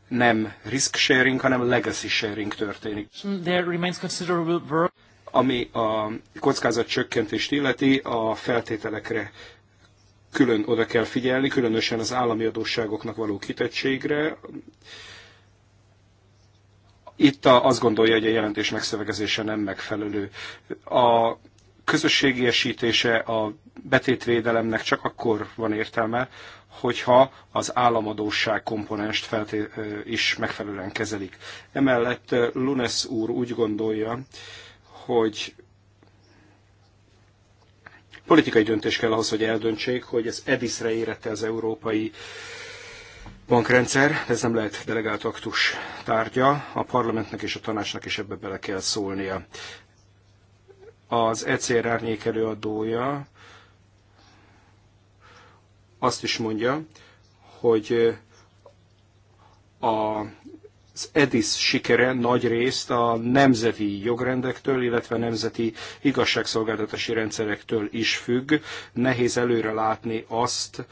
nem risk sharing, hanem legacy sharing történik. There remains considerable work ami a kockázat csökkentést illeti, a feltételekre külön oda kell figyelni, különösen az állami adósságoknak való kitettségre. Itt a, azt gondolja, hogy a jelentés megszövegezése nem megfelelő. A közösségi esítése a betétvédelemnek csak akkor van értelme, hogyha az államadóság komponenst felté- is megfelelően kezelik. Emellett Lunes úr úgy gondolja, hogy politikai döntés kell ahhoz, hogy eldöntsék, hogy ez Edisre érette az európai bankrendszer, ez nem lehet delegált aktus tárgya, a parlamentnek és a tanácsnak is ebbe bele kell szólnia. Az ECR árnyék előadója azt is mondja, hogy a az EDIS sikere nagy részt a nemzeti jogrendektől, illetve a nemzeti igazságszolgáltatási rendszerektől is függ. Nehéz előre látni azt,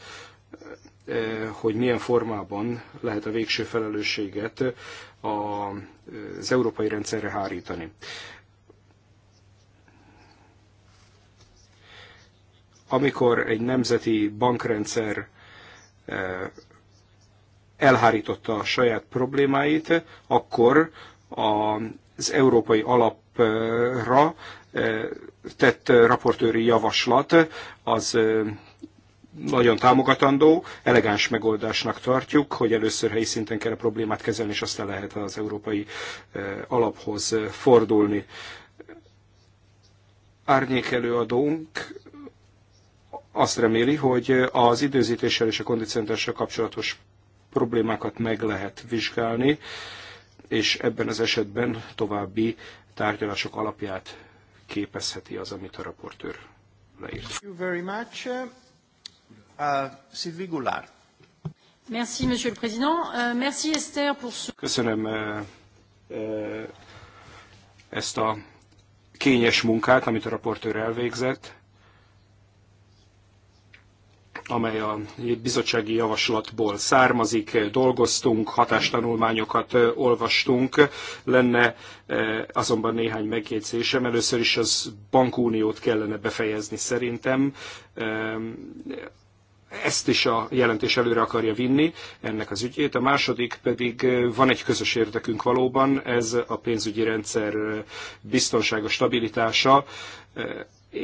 eh, hogy milyen formában lehet a végső felelősséget az európai rendszerre hárítani. Amikor egy nemzeti bankrendszer eh, elhárította a saját problémáit, akkor az európai alapra eh, tett raportőri javaslat az eh, nagyon támogatandó, elegáns megoldásnak tartjuk, hogy először helyi szinten kell a problémát kezelni, és aztán lehet az európai eh, alaphoz fordulni. Árnyék előadónk azt reméli, hogy az időzítéssel és a kondicentással kapcsolatos problémákat meg lehet vizsgálni, és ebben az esetben további tárgyalások alapját képezheti az, amit a raportőr leírt. Thank you very much. Uh, Merci, Monsieur le Président. Uh, merci, Esther, pour ce... Köszönöm uh, uh, ezt a kényes munkát, amit a raportőr elvégzett amely a bizottsági javaslatból származik, dolgoztunk, hatástanulmányokat olvastunk. Lenne azonban néhány megjegyzésem. Először is az bankuniót kellene befejezni szerintem ezt is a jelentés előre akarja vinni, ennek az ügyét. A második pedig van egy közös érdekünk valóban, ez a pénzügyi rendszer biztonsága, stabilitása.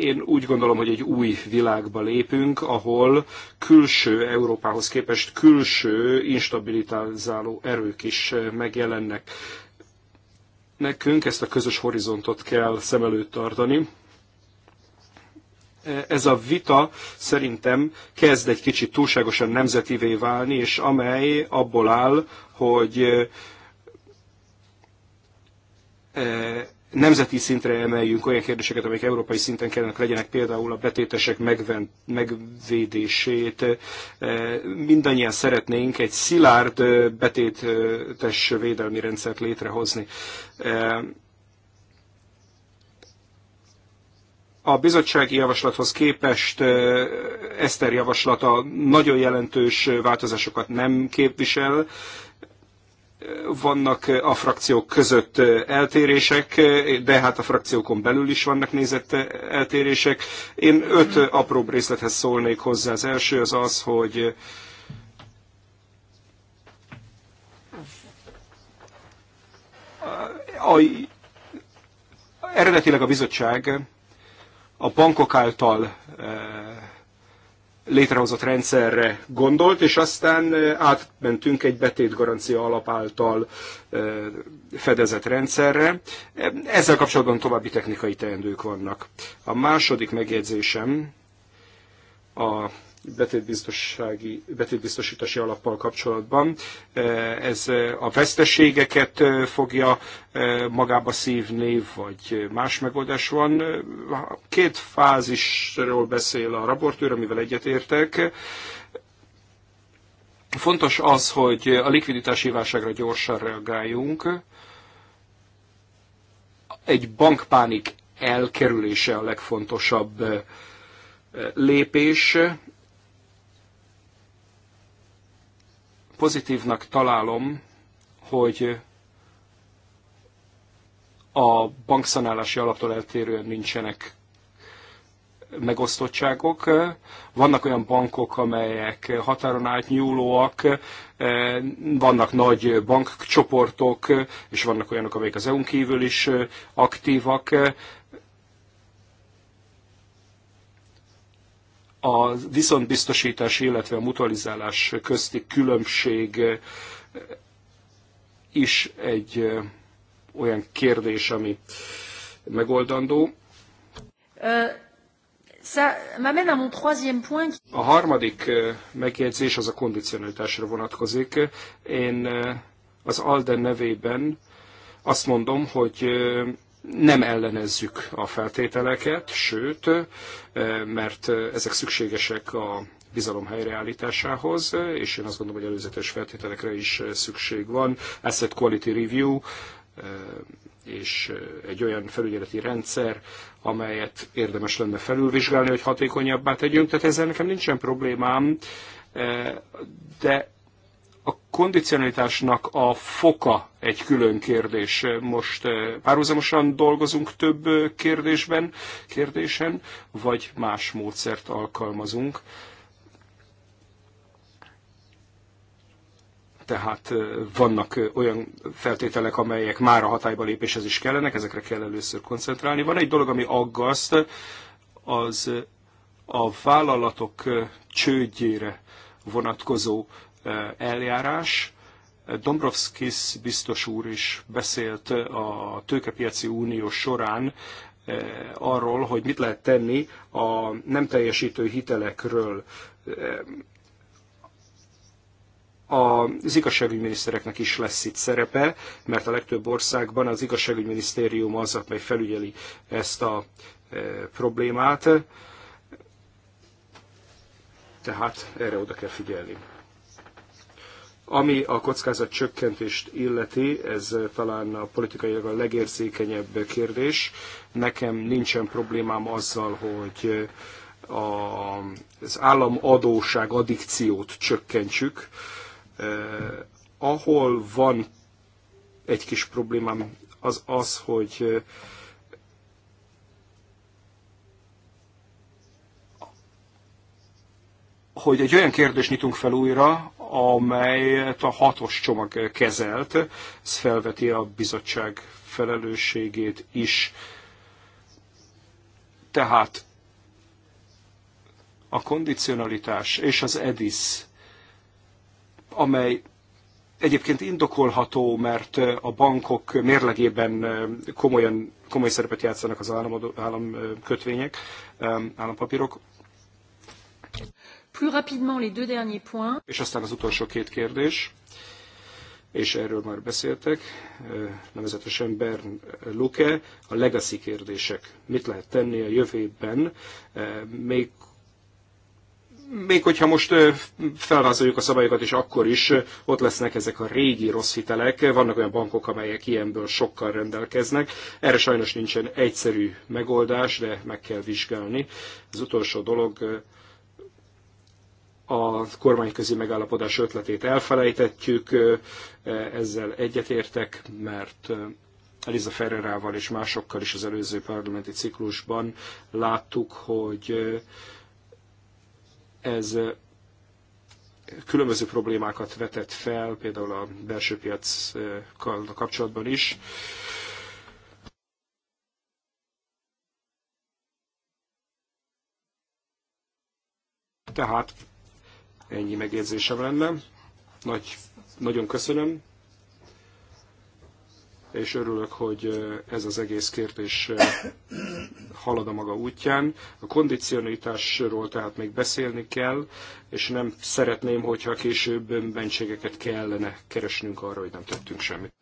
Én úgy gondolom, hogy egy új világba lépünk, ahol külső Európához képest külső instabilitázáló erők is eh, megjelennek. Nekünk ezt a közös horizontot kell szem előtt tartani, eh, ez a vita szerintem kezd egy kicsit túlságosan nemzetivé válni, és amely abból áll, hogy eh, nemzeti szintre emeljünk olyan kérdéseket, amelyek európai szinten kellene legyenek, például a betétesek megven, megvédését. E, mindannyian szeretnénk egy szilárd e, betétes védelmi rendszert létrehozni. E, a bizottsági javaslathoz képest Eszter javaslata nagyon jelentős változásokat nem képvisel, vannak eh, a frakciók között eh, eltérések, eh, de hát a frakciókon belül is vannak nézett eltérések. Én öt apróbb részlethez szólnék hozzá. Az első az az, hogy a, eredetileg a bizottság a bankok által létrehozott rendszerre gondolt, és aztán átmentünk egy betétgarancia alap által fedezett rendszerre. Ezzel kapcsolatban további technikai teendők vannak. A második megjegyzésem a betétbiztossági, betétbiztosítási alappal kapcsolatban. E, ez a veszteségeket e, fogja e, magába szívni, vagy más megoldás van. Két fázisról beszél a raportőr, amivel egyetértek. Fontos az, hogy a likviditási válságra gyorsan reagáljunk. Egy bankpánik elkerülése a legfontosabb lépés, pozitívnak találom, hogy a bankszanálási alaptól eltérően nincsenek megosztottságok. Vannak olyan bankok, amelyek határon átnyúlóak, vannak nagy bankcsoportok, és vannak olyanok, amelyek az EU-n kívül is aktívak. a viszontbiztosítás, illetve a mutualizálás közti különbség eh, is egy eh, olyan kérdés, ami megoldandó. A harmadik eh, megjegyzés az a kondicionalitásra vonatkozik. Én az Alden nevében azt mondom, hogy nem ellenezzük a feltételeket, sőt, eh, mert ezek szükségesek a bizalom helyreállításához, és én azt gondolom, hogy előzetes feltételekre is szükség van. Asset Quality Review, eh, és egy olyan felügyeleti rendszer, amelyet érdemes lenne felülvizsgálni, hogy hatékonyabbá tegyünk. Tehát ezzel nekem nincsen problémám, eh, de a kondicionalitásnak a foka egy külön kérdés. Most eh, párhuzamosan dolgozunk több eh, kérdésben, kérdésen, vagy más módszert alkalmazunk. tehát eh, vannak olyan feltételek, amelyek már a hatályba lépéshez is kellenek, ezekre kell először koncentrálni. Van egy dolog, ami aggaszt, az a vállalatok csődjére vonatkozó eljárás. Dombrovskis biztos úr is beszélt a tőkepiaci unió során arról, hogy mit lehet tenni a nem teljesítő hitelekről. Az igazságügyminisztereknek is lesz itt szerepe, mert a legtöbb országban az igazságügyminisztérium az, amely felügyeli ezt a problémát. Tehát erre oda kell figyelni. Ami a kockázat csökkentést illeti, ez talán a politikailag a legérzékenyebb kérdés. Nekem nincsen problémám azzal, hogy a, az államadóság addikciót csökkentsük. Ahol van egy kis problémám, az az, hogy hogy egy olyan kérdést nyitunk fel újra, amelyet a hatos csomag kezelt. Ez felveti a bizottság felelősségét is. Tehát a kondicionalitás és az EDIS, amely egyébként indokolható, mert a bankok mérlegében komolyan, komoly szerepet játszanak az állam, államkötvények, um, állampapírok, plus rapidement les deux derniers points. És aztán az utolsó két kérdés, és erről már beszéltek, nevezetesen Bern Luke, a legacy kérdések. Mit lehet tenni a jövőben, még még hogyha most felvázoljuk a szabályokat, és akkor is ott lesznek ezek a régi rossz hitelek. Vannak olyan bankok, amelyek ilyenből sokkal rendelkeznek. Erre sajnos nincsen egyszerű megoldás, de meg kell vizsgálni. Az utolsó dolog a kormányközi megállapodás ötletét elfelejtetjük, ezzel egyetértek, mert Eliza Ferrerával és másokkal is az előző parlamenti ciklusban láttuk, hogy ez különböző problémákat vetett fel, például a belső piacsal kapcsolatban is. Tehát Ennyi megjegyzésem lenne. Nagy, nagyon köszönöm, és örülök, hogy eh, ez az egész kérdés eh, halad a maga útján. A kondicionításról tehát még beszélni kell, és nem szeretném, hogyha később bentségeket kellene keresnünk arra, hogy nem tettünk semmit.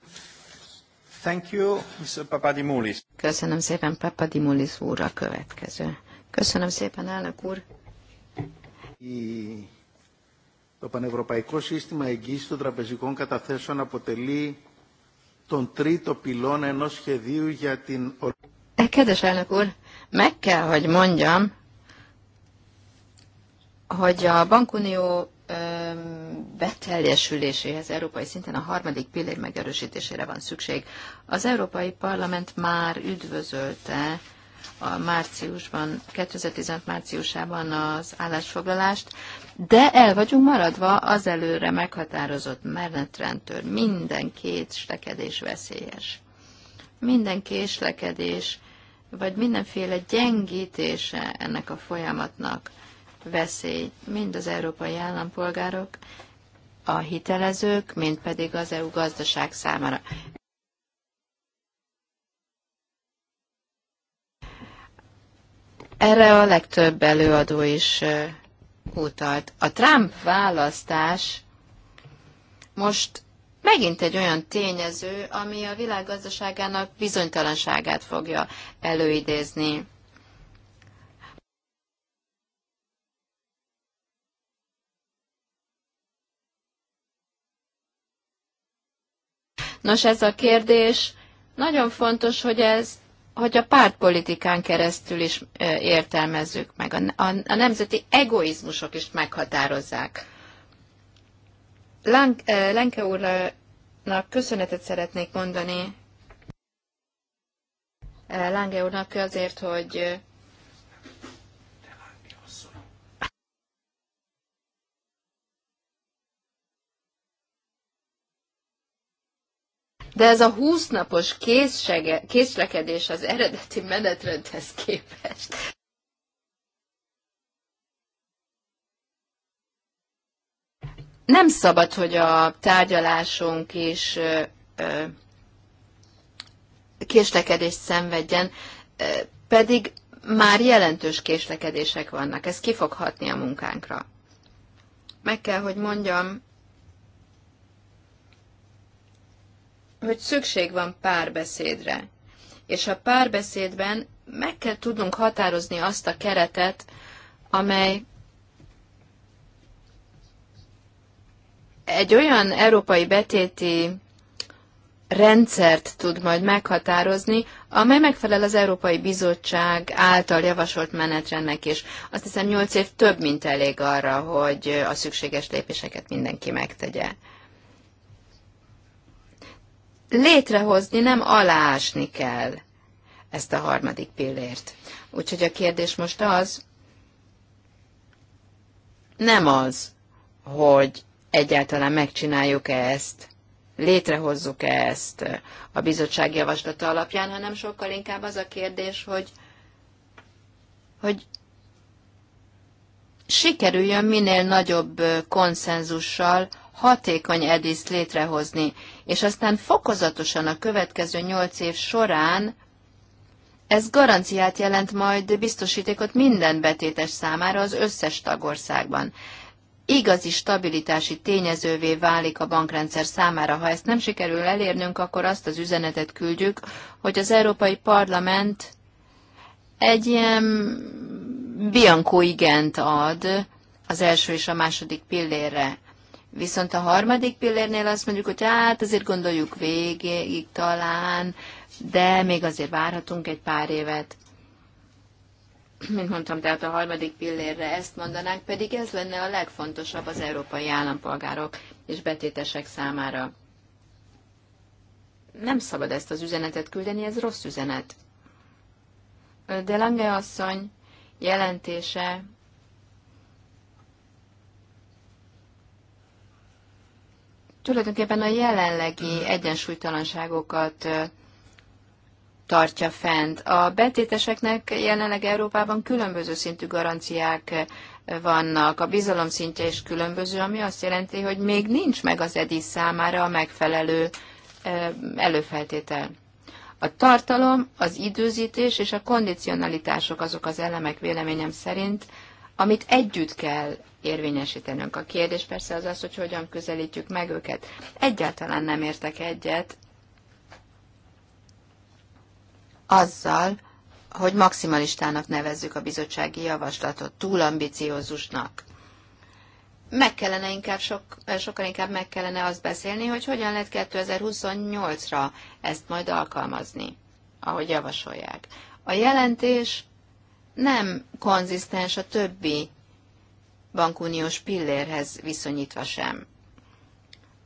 Thank you, Mr. Papadimulis. Köszönöm szépen, Papadimulis úr a következő. Köszönöm szépen, elnök úr. I... Το Πανευρωπαϊκό Σύστημα Εγγύηση των Τραπεζικών Καταθέσεων αποτελεί τον τρίτο πυλώνα ενό σχεδίου για την... Kedves elnök úr, meg kell, hogy mondjam, hogy a bankunió beteljesüléséhez európai szinten a harmadik pillér megerősítésére van szükség. Az Európai Parlament már üdvözölte a márciusban, 2015 márciusában az állásfoglalást, de el vagyunk maradva az előre meghatározott menetrendtől. Minden késlekedés veszélyes. Minden késlekedés, vagy mindenféle gyengítése ennek a folyamatnak veszély, mind az európai állampolgárok, a hitelezők, mind pedig az EU gazdaság számára. Erre a legtöbb előadó is utalt. A Trump választás most megint egy olyan tényező, ami a világ gazdaságának bizonytalanságát fogja előidézni. Nos, ez a kérdés nagyon fontos, hogy ez hogy a pártpolitikán keresztül is értelmezzük meg. A, a, a nemzeti egoizmusok is meghatározzák. Lank, Lenke úrnak köszönetet szeretnék mondani. Lange úrnak azért, hogy de ez a 20 napos készsege, készlekedés az eredeti menetrendhez képest. Nem szabad, hogy a tárgyalásunk is késlekedést szenvedjen, pedig már jelentős késlekedések vannak, ez kifoghatni a munkánkra. Meg kell, hogy mondjam, hogy szükség van párbeszédre. És a párbeszédben meg kell tudnunk határozni azt a keretet, amely egy olyan európai betéti rendszert tud majd meghatározni, amely megfelel az Európai Bizottság által javasolt menetrendnek is. Azt hiszem 8 év több, mint elég arra, hogy a szükséges lépéseket mindenki megtegye létrehozni, nem aláásni kell ezt a harmadik pillért. Úgyhogy a kérdés most az, nem az, hogy egyáltalán megcsináljuk-e ezt, létrehozzuk-e ezt a bizottság javaslata alapján, hanem sokkal inkább az a kérdés, hogy, hogy sikerüljön minél nagyobb konszenzussal hatékony edészt létrehozni, és aztán fokozatosan a következő nyolc év során ez garanciát jelent majd biztosítékot minden betétes számára az összes tagországban. Igazi stabilitási tényezővé válik a bankrendszer számára. Ha ezt nem sikerül elérnünk, akkor azt az üzenetet küldjük, hogy az Európai Parlament egy ilyen bianco igent ad az első és a második pillérre. Viszont a harmadik pillérnél azt mondjuk, hogy hát azért gondoljuk végig talán, de még azért várhatunk egy pár évet. Mint mondtam, tehát a harmadik pillérre ezt mondanánk, pedig ez lenne a legfontosabb az európai állampolgárok és betétesek számára. Nem szabad ezt az üzenetet küldeni, ez rossz üzenet. De Lange asszony jelentése tulajdonképpen a jelenlegi egyensúlytalanságokat tartja fent. A betéteseknek jelenleg Európában különböző szintű garanciák vannak. A bizalom szintje is különböző, ami azt jelenti, hogy még nincs meg az EDI számára a megfelelő előfeltétel. A tartalom, az időzítés és a kondicionalitások azok az elemek véleményem szerint, amit együtt kell érvényesítenünk. A kérdés persze az az, hogy hogyan közelítjük meg őket. Egyáltalán nem értek egyet azzal, hogy maximalistának nevezzük a bizottsági javaslatot, túl ambiciózusnak. Meg kellene inkább, sok, sokkal inkább meg kellene azt beszélni, hogy hogyan lehet 2028-ra ezt majd alkalmazni, ahogy javasolják. A jelentés nem konzisztens a többi bankuniós pillérhez viszonyítva sem.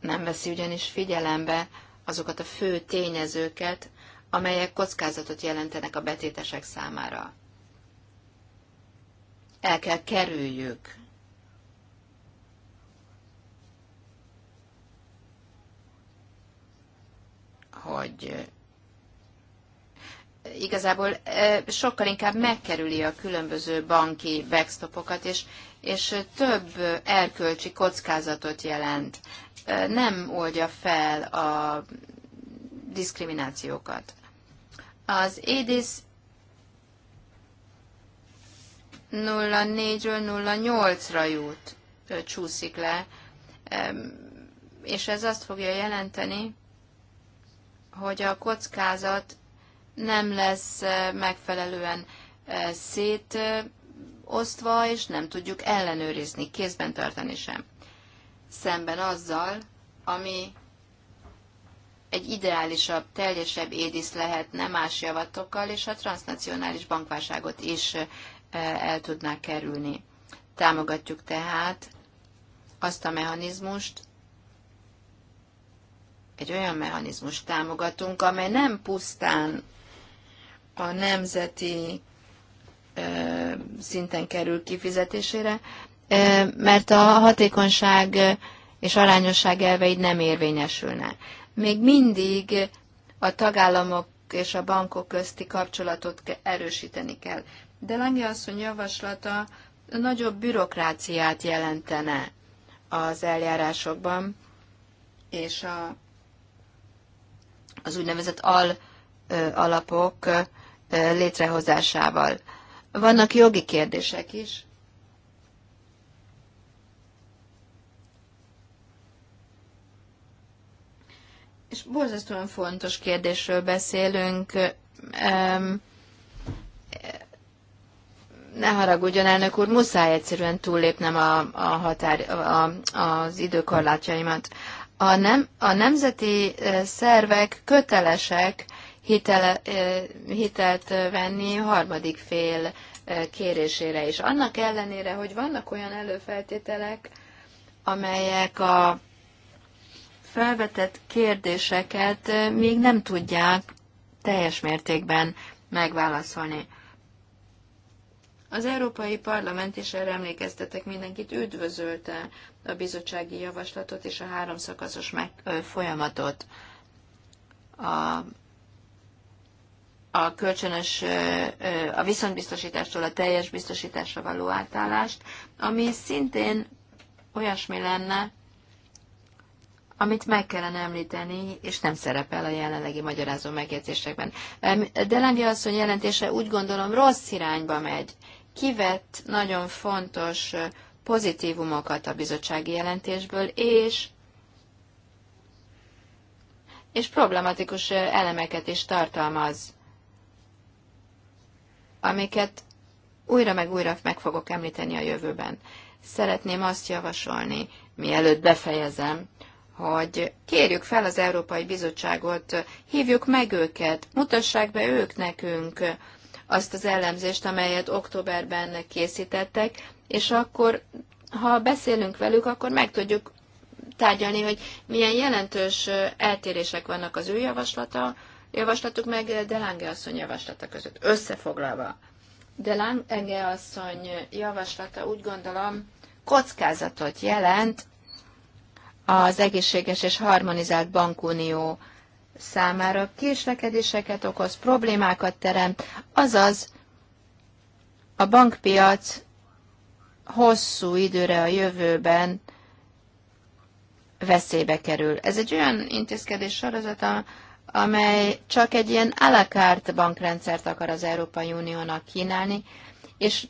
Nem veszi ugyanis figyelembe azokat a fő tényezőket, amelyek kockázatot jelentenek a betétesek számára. El kell kerüljük hogy eh, igazából eh, sokkal inkább megkerüli a különböző banki backstopokat, és és több erkölcsi kockázatot jelent. Nem oldja fel a diszkriminációkat. Az EDIS 04-ről 08-ra jut, csúszik le, és ez azt fogja jelenteni, hogy a kockázat nem lesz megfelelően szét osztva, és nem tudjuk ellenőrizni, kézben tartani sem. Szemben azzal, ami egy ideálisabb, teljesebb édisz lehetne más javatokkal, és a transnacionális bankválságot is el tudná kerülni. Támogatjuk tehát azt a mechanizmust, egy olyan mechanizmust támogatunk, amely nem pusztán a nemzeti szinten kerül kifizetésére, mert a hatékonyság és arányosság elveid nem érvényesülne. Még mindig a tagállamok és a bankok közti kapcsolatot erősíteni kell. De Lange asszony javaslata nagyobb bürokráciát jelentene az eljárásokban, és a, az úgynevezett al alapok létrehozásával. Vannak jogi kérdések is. És borzasztóan fontos kérdésről beszélünk. Ne haragudjon, elnök úr, muszáj egyszerűen túllépnem a, a határ, a, az időkorlátjaimat. A, nem, a nemzeti eh, szervek kötelesek hitele, hitelt venni harmadik fél kérésére is. Annak ellenére, hogy vannak olyan előfeltételek, amelyek a felvetett kérdéseket még nem tudják teljes mértékben megválaszolni. Az Európai Parlament, is erre emlékeztetek mindenkit, üdvözölte a bizottsági javaslatot és a háromszakaszos meg, ö, folyamatot. A a kölcsönös, a viszonybiztosítástól a teljes biztosításra való átállást, ami szintén olyasmi lenne, amit meg kellene említeni, és nem szerepel a jelenlegi magyarázó megjegyzésekben. De Langi asszony jelentése úgy gondolom rossz irányba megy. Kivett nagyon fontos pozitívumokat a bizottsági jelentésből, és és problematikus elemeket is tartalmaz amiket újra meg újra meg fogok említeni a jövőben. Szeretném azt javasolni, mielőtt befejezem, hogy kérjük fel az Európai Bizottságot, hívjuk meg őket, mutassák be ők nekünk azt az elemzést, amelyet októberben készítettek, és akkor, ha beszélünk velük, akkor meg tudjuk tárgyalni, hogy milyen jelentős eltérések vannak az ő javaslata, javaslatuk, meg Delange asszony javaslata között. Összefoglalva, Delange asszony javaslata úgy gondolom kockázatot jelent az egészséges és harmonizált bankunió számára késlekedéseket okoz, problémákat teremt, azaz a bankpiac hosszú időre a jövőben veszélybe kerül. Ez egy olyan intézkedés sorozata, amely csak egy ilyen alakárt bankrendszert akar az Európai Uniónak kínálni, és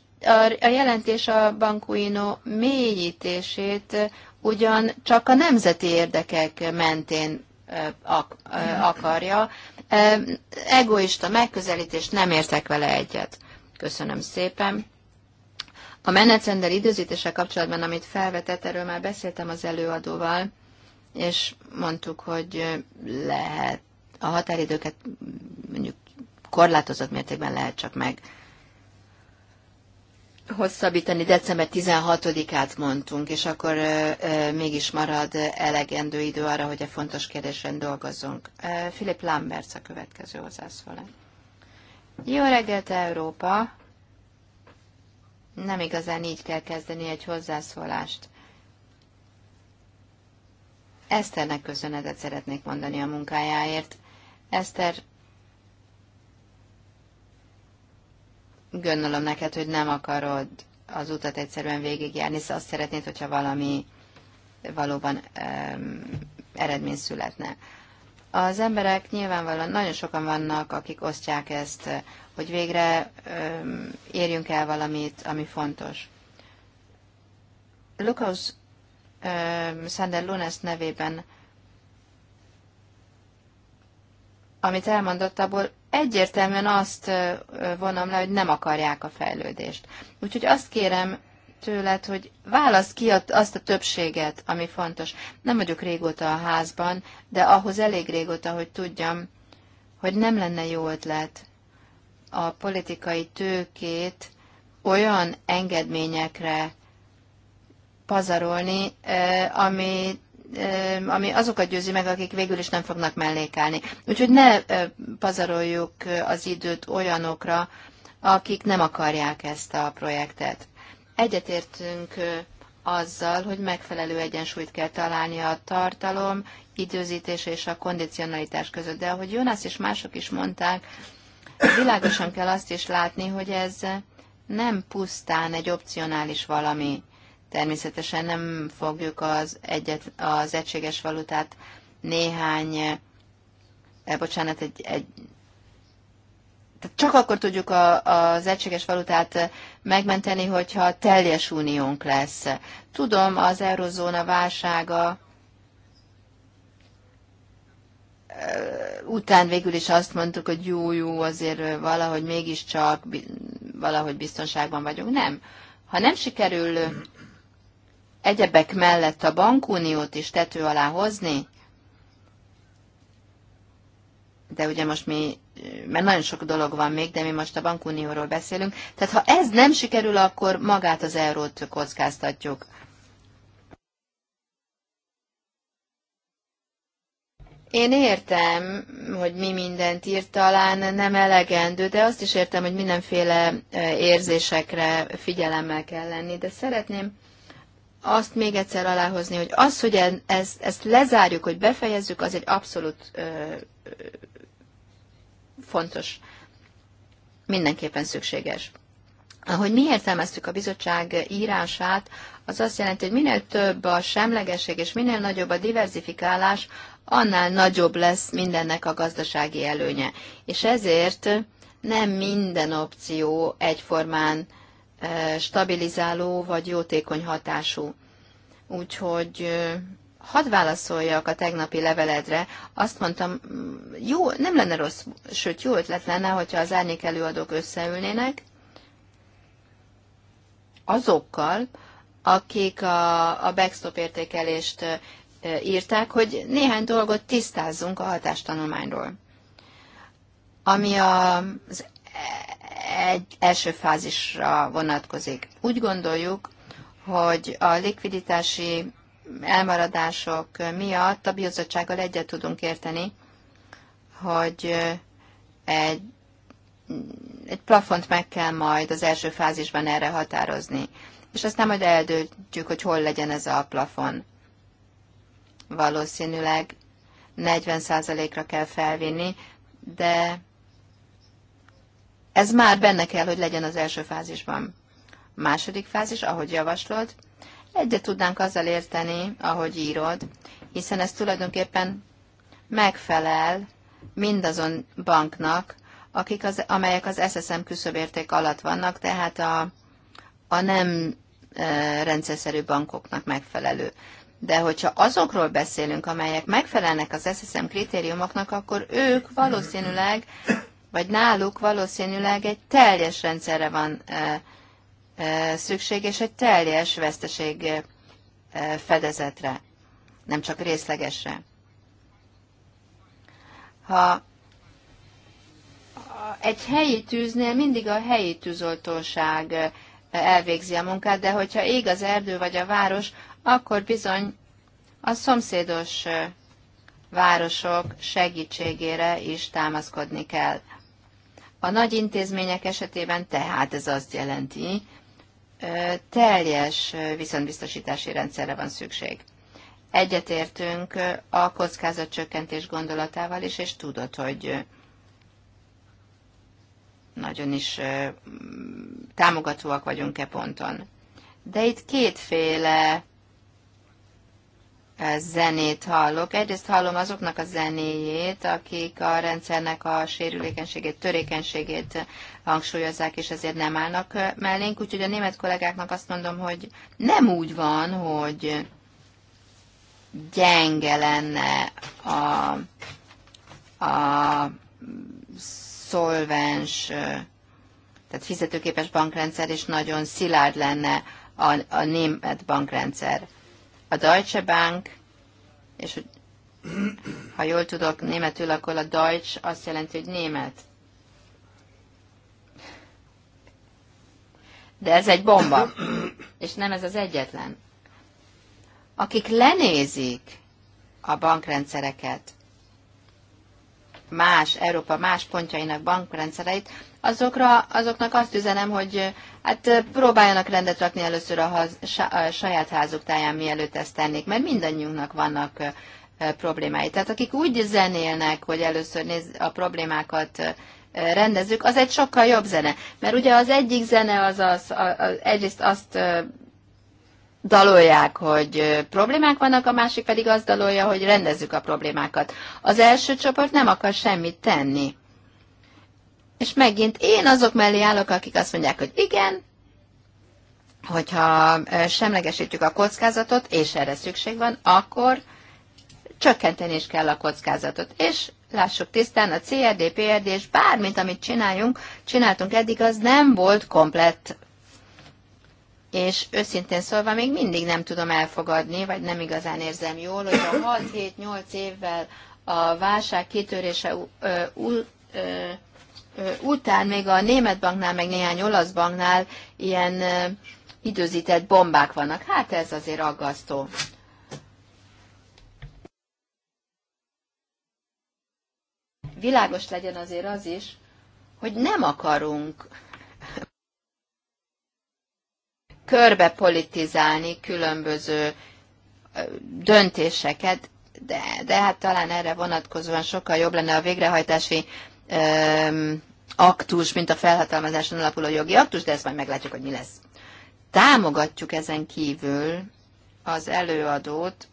a, jelentés a bankuino mélyítését ugyan csak a nemzeti érdekek mentén akarja. Egoista megközelítés, nem értek vele egyet. Köszönöm szépen. A menetrendel időzítése kapcsolatban, amit felvetett, erről már beszéltem az előadóval, és mondtuk, hogy lehet a határidőket mondjuk korlátozott mértékben lehet csak meg hosszabbítani, december 16-át mondtunk, és akkor ö, ö, mégis marad elegendő idő arra, hogy a fontos kérdésen dolgozzunk. Filip Lamberts a következő hozzászólás. Jó reggelt, Európa! Nem igazán így kell kezdeni egy hozzászólást. Eszternek köszönetet szeretnék mondani a munkájáért. Eszter, gondolom neked, hogy nem akarod az utat egyszerűen végigjárni, szóval azt szeretnéd, hogyha valami valóban um, eredmény születne. Az emberek nyilvánvalóan nagyon sokan vannak, akik osztják ezt, hogy végre um, érjünk el valamit, ami fontos. Lukasz um, Sander Lunes nevében amit elmondott, abból egyértelműen azt vonom le, hogy nem akarják a fejlődést. Úgyhogy azt kérem tőled, hogy válasz ki azt a többséget, ami fontos. Nem vagyok régóta a házban, de ahhoz elég régóta, hogy tudjam, hogy nem lenne jó ötlet a politikai tőkét olyan engedményekre pazarolni, ami ami azokat győzi meg, akik végül is nem fognak mellékelni. Úgyhogy ne pazaroljuk az időt olyanokra, akik nem akarják ezt a projektet. Egyetértünk azzal, hogy megfelelő egyensúlyt kell találni a tartalom, időzítés és a kondicionalitás között. De ahogy Jonas és mások is mondták, világosan kell azt is látni, hogy ez nem pusztán egy opcionális valami. Természetesen nem fogjuk az, egyet, az egységes valutát néhány, eh, bocsánat, egy, egy tehát csak akkor tudjuk a, az egységes valutát megmenteni, hogyha teljes uniónk lesz. Tudom, az eurozóna válsága eh, után végül is azt mondtuk, hogy jó, jó, azért valahogy mégiscsak valahogy biztonságban vagyunk. Nem. Ha nem sikerül egyebek mellett a bankuniót is tető alá hozni, de ugye most mi, mert nagyon sok dolog van még, de mi most a bankunióról beszélünk, tehát ha ez nem sikerül, akkor magát az eurót kockáztatjuk. Én értem, hogy mi mindent írt, talán nem elegendő, de azt is értem, hogy mindenféle eh, érzésekre figyelemmel kell lenni, de szeretném azt még egyszer aláhozni, hogy az, hogy ez, ezt lezárjuk, hogy befejezzük, az egy abszolút ö, ö, fontos, mindenképpen szükséges. Ahogy mi értelmeztük a bizottság írását, az azt jelenti, hogy minél több a semlegesség és minél nagyobb a diversifikálás, annál nagyobb lesz mindennek a gazdasági előnye. És ezért nem minden opció egyformán stabilizáló vagy jótékony hatású. Úgyhogy hadd válaszoljak a tegnapi leveledre. Azt mondtam, mm, jó, nem lenne rossz, sőt jó ötlet lenne, hogyha az árnyék előadók összeülnének azokkal, akik a, a backstop értékelést írták, hogy néhány dolgot tisztázzunk a hatástanulmányról. Ami a, az egy első fázisra vonatkozik. Úgy gondoljuk, hogy a likviditási elmaradások miatt a bizottsággal egyet tudunk érteni, hogy egy, egy plafont meg kell majd az első fázisban erre határozni, és aztán majd eldöntjük, hogy hol legyen ez a plafon. Valószínűleg 40%-ra kell felvinni, de ez már benne kell, hogy legyen az első fázisban. második fázis, ahogy javaslod, egyet tudnánk azzal érteni, ahogy írod, hiszen ez tulajdonképpen megfelel mindazon banknak, akik az, amelyek az SSM küszöbérték alatt vannak, tehát a, a nem e, rendszerszerű bankoknak megfelelő. De hogyha azokról beszélünk, amelyek megfelelnek az SSM kritériumoknak, akkor ők valószínűleg vagy náluk valószínűleg egy teljes rendszerre van szükség, és egy teljes veszteség fedezetre, nem csak részlegesre. Ha egy helyi tűznél mindig a helyi tűzoltóság elvégzi a munkát, de hogyha ég az erdő vagy a város, akkor bizony a szomszédos városok segítségére is támaszkodni kell. A nagy intézmények esetében tehát ez azt jelenti, teljes viszontbiztosítási rendszerre van szükség. Egyetértünk a kockázatcsökkentés gondolatával is, és tudod, hogy nagyon is támogatóak vagyunk e ponton. De itt kétféle zenét hallok. Egyrészt hallom azoknak a zenéjét, akik a rendszernek a sérülékenységét, törékenységét hangsúlyozzák, és ezért nem állnak mellénk. Úgyhogy a német kollégáknak azt mondom, hogy nem úgy van, hogy gyenge lenne a, a szolvens, tehát fizetőképes bankrendszer, és nagyon szilárd lenne a, a német bankrendszer a Deutsche Bank, és ha jól tudok németül, akkor a Deutsch azt jelenti, hogy német. De ez egy bomba, és nem ez az egyetlen. Akik lenézik a bankrendszereket, más, Európa más pontjainak bankrendszereit, azokra, azoknak azt üzenem, hogy hát próbáljanak rendet rakni először a, haz, a saját házuk táján, mielőtt ezt tennék, mert mindannyiunknak vannak problémái. Tehát akik úgy zenélnek, hogy először néz a problémákat rendezzük, az egy sokkal jobb zene. Mert ugye az egyik zene az, az, az egyrészt azt dalolják, hogy problémák vannak, a másik pedig azt dalolja, hogy rendezzük a problémákat. Az első csoport nem akar semmit tenni. És megint én azok mellé állok, akik azt mondják, hogy igen, hogyha semlegesítjük a kockázatot, és erre szükség van, akkor csökkenteni is kell a kockázatot. És lássuk tisztán, a CRD, PRD és bármit, amit csináljunk, csináltunk eddig, az nem volt komplett. És őszintén szólva még mindig nem tudom elfogadni, vagy nem igazán érzem jól, hogy a 6-7-8 évvel a válság kitörése után még a német banknál, meg néhány olasz banknál ilyen időzített bombák vannak. Hát ez azért aggasztó. Világos legyen azért az is, hogy nem akarunk körbe politizálni különböző döntéseket, de, de hát talán erre vonatkozóan sokkal jobb lenne a végrehajtási aktus, mint a felhatalmazáson alapuló jogi aktus, de ezt majd meglátjuk, hogy mi lesz. Támogatjuk ezen kívül az előadót,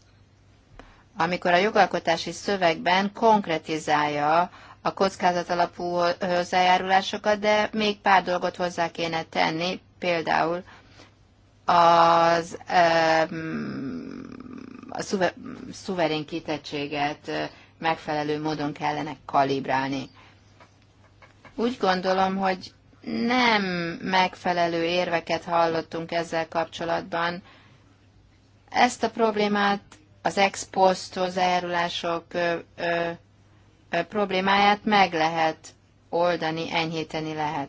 amikor a jogalkotási szövegben konkretizálja a kockázat alapú hozzájárulásokat, de még pár dolgot hozzá kéne tenni, például az a szuver, szuverén kitettséget megfelelő módon kellene kalibrálni. Úgy gondolom, hogy nem megfelelő érveket hallottunk ezzel kapcsolatban. Ezt a problémát az ex post hozzájárulások ö, ö, ö, problémáját meg lehet oldani, enyhíteni lehet.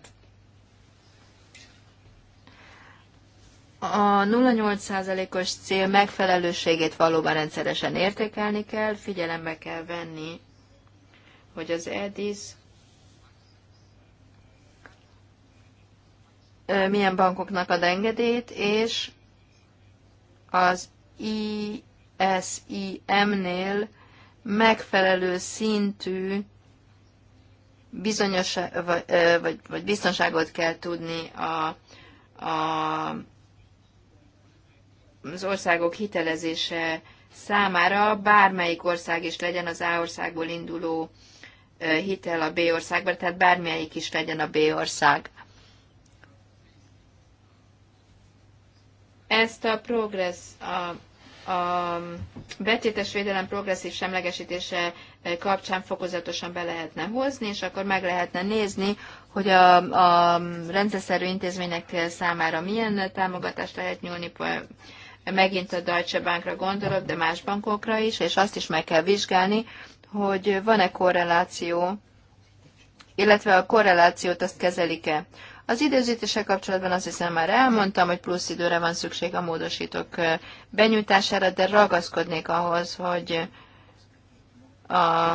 A 0,8%-os cél megfelelőségét valóban rendszeresen értékelni kell, figyelembe kell venni, hogy az EDIS milyen bankoknak ad engedélyt, és az ISIM-nél megfelelő szintű bizonyos, vagy, vagy, vagy biztonságot kell tudni a, a, az országok hitelezése számára, bármelyik ország is legyen az A országból induló hitel a B országban, tehát bármelyik is legyen a B ország. ezt a progress, a, a betétes védelem progresszív semlegesítése e, kapcsán fokozatosan be lehetne hozni, és akkor meg lehetne nézni, hogy a, a rendszerű intézmények számára milyen támogatást lehet nyúlni, megint a Deutsche Bankra gondolok, de más bankokra is, és azt is meg kell vizsgálni, hogy van-e korreláció, illetve a korrelációt azt kezelik-e. Az időzítéssel kapcsolatban azt hiszem már elmondtam, hogy plusz időre van szükség a módosítók benyújtására, de ragaszkodnék ahhoz, hogy a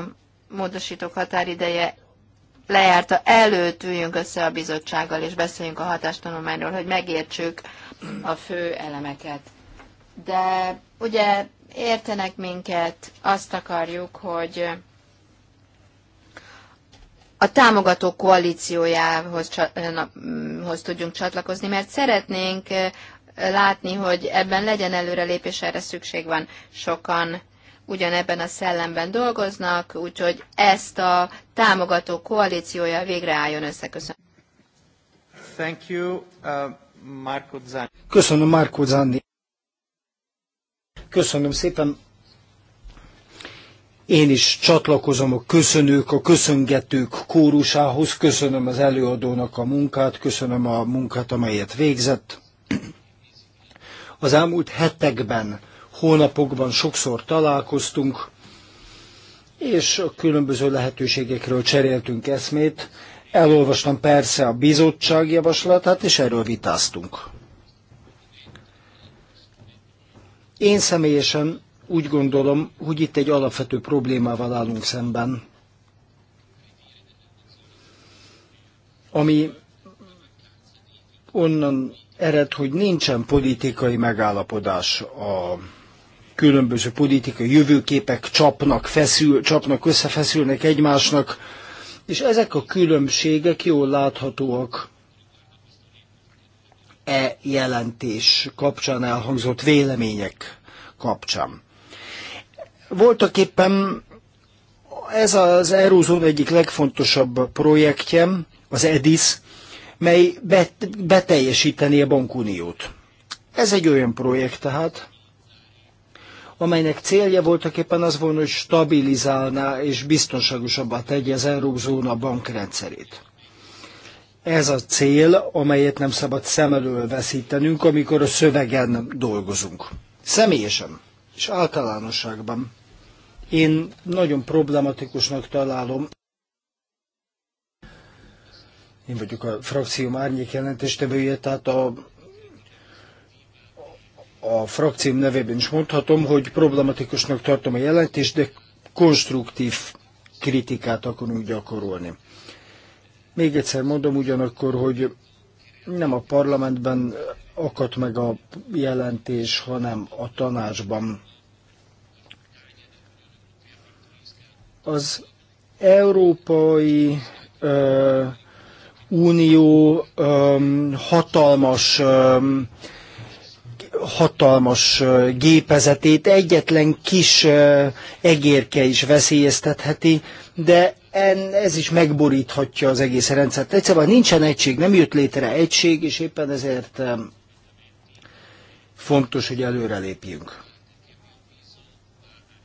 módosítók határideje lejárta előtt üljünk össze a bizottsággal, és beszéljünk a hatástanulmányról, hogy megértsük a fő elemeket. De ugye értenek minket, azt akarjuk, hogy a támogató koalíciójához hoz tudjunk csatlakozni, mert szeretnénk látni, hogy ebben legyen előrelépés, erre szükség van. Sokan ugyanebben a szellemben dolgoznak, úgyhogy ezt a támogató koalíciója végre álljon össze. Köszönöm. Thank you, uh, Marco Zanni. Köszönöm, Marco Zanni. Köszönöm szépen. Én is csatlakozom a köszönők, a köszöngetők kórusához, köszönöm az előadónak a munkát, köszönöm a munkát, amelyet végzett. Az elmúlt hetekben, hónapokban sokszor találkoztunk, és a különböző lehetőségekről cseréltünk eszmét. Elolvastam persze a bizottság javaslatát, és erről vitáztunk. Én személyesen úgy gondolom, hogy itt egy alapvető problémával állunk szemben, ami onnan ered, hogy nincsen politikai megállapodás a különböző politikai jövőképek csapnak, feszül, csapnak, összefeszülnek egymásnak, és ezek a különbségek jól láthatóak e jelentés kapcsán elhangzott vélemények kapcsán. Voltak éppen ez az Eurózón egyik legfontosabb projektje, az EDIS, mely beteljesíteni a bankuniót. Ez egy olyan projekt tehát, amelynek célja voltak éppen az volna, hogy stabilizálná és biztonságosabbá tegye az eurózóna bankrendszerét. Ez a cél, amelyet nem szabad szem elől veszítenünk, amikor a szövegen dolgozunk. Személyesen és általánosságban én nagyon problematikusnak találom. Én vagyok a frakció árnyék jelentéstevője, tehát a, a frakcióm nevében is mondhatom, hogy problematikusnak tartom a jelentést, de konstruktív kritikát akarunk gyakorolni. Még egyszer mondom ugyanakkor, hogy nem a parlamentben akadt meg a jelentés, hanem a tanácsban Az Európai ö, Unió ö, hatalmas ö, hatalmas gépezetét egyetlen kis egérke is veszélyeztetheti, de en, ez is megboríthatja az egész rendszert. Egyszerűen szóval nincsen egység, nem jött létre egység, és éppen ezért fontos, hogy előrelépjünk.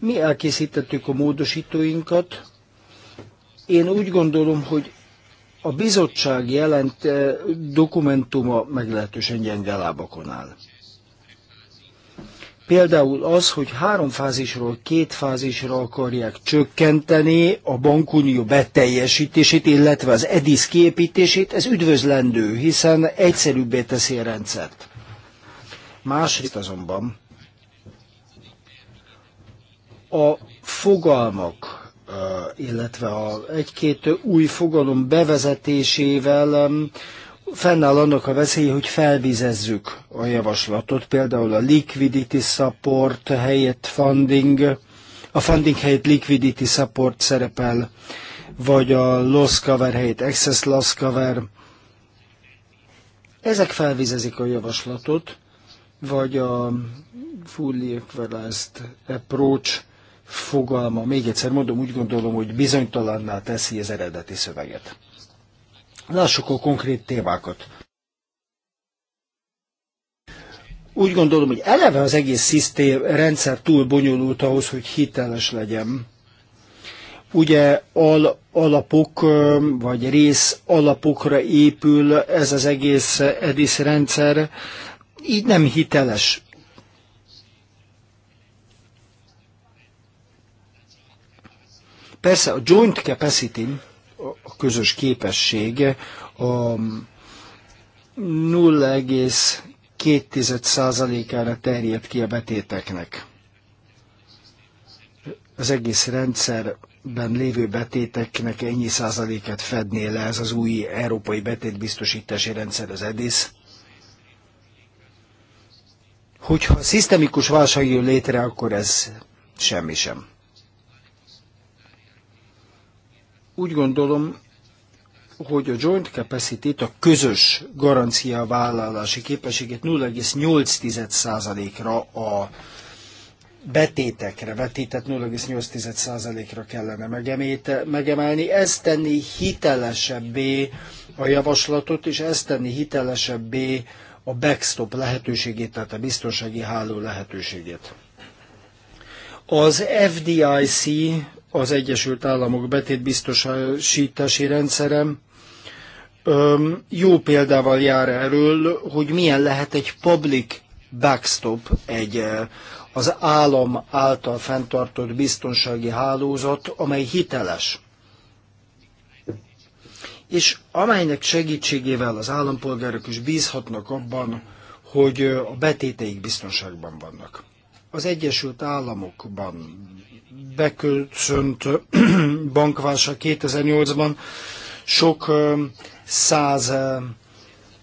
Mi elkészítettük a módosítóinkat. Én úgy gondolom, hogy a bizottság jelent eh, dokumentuma meglehetősen gyenge lábakon áll. Például az, hogy három fázisról két fázisra akarják csökkenteni a bankunió beteljesítését, illetve az EDIS kiépítését, ez üdvözlendő, hiszen egyszerűbbé teszi a rendszert. Másrészt azonban a fogalmak, illetve a egy-két új fogalom bevezetésével fennáll annak a veszélye, hogy felvizezzük a javaslatot, például a liquidity support helyett funding, a funding helyett liquidity support szerepel, vagy a loss cover helyett excess loss cover. Ezek felvizezik a javaslatot, vagy a fully equalized approach fogalma, még egyszer mondom, úgy gondolom, hogy bizonytalanná teszi az eredeti szöveget. Lássuk a konkrét témákat. Úgy gondolom, hogy eleve az egész szisztém, rendszer túl bonyolult ahhoz, hogy hiteles legyen. Ugye al, alapok, vagy rész alapokra épül ez az egész EDIS rendszer, így nem hiteles Persze a joint capacity, a közös képesség a 0,2%-ára terjed ki a betéteknek. Az egész rendszerben lévő betéteknek ennyi százalékát fedné le ez az új európai betétbiztosítási rendszer, az EDIS hogyha szisztemikus válság jön létre, akkor ez semmi sem. Úgy gondolom, hogy a joint capacity a közös garancia vállalási képességet 0,8%-ra a betétekre vetített 0,8%-ra kellene megemelni. Ez tenni hitelesebbé a javaslatot, és ez tenni hitelesebbé a backstop lehetőségét, tehát a biztonsági háló lehetőségét. Az FDIC az Egyesült Államok betétbiztosítási rendszerem jó példával jár erről, hogy milyen lehet egy public backstop, egy az állam által fenntartott biztonsági hálózat, amely hiteles, és amelynek segítségével az állampolgárok is bízhatnak abban, hogy a betéteik biztonságban vannak. Az Egyesült Államokban beköszönt *clears throat* bankválság 2008-ban sok száz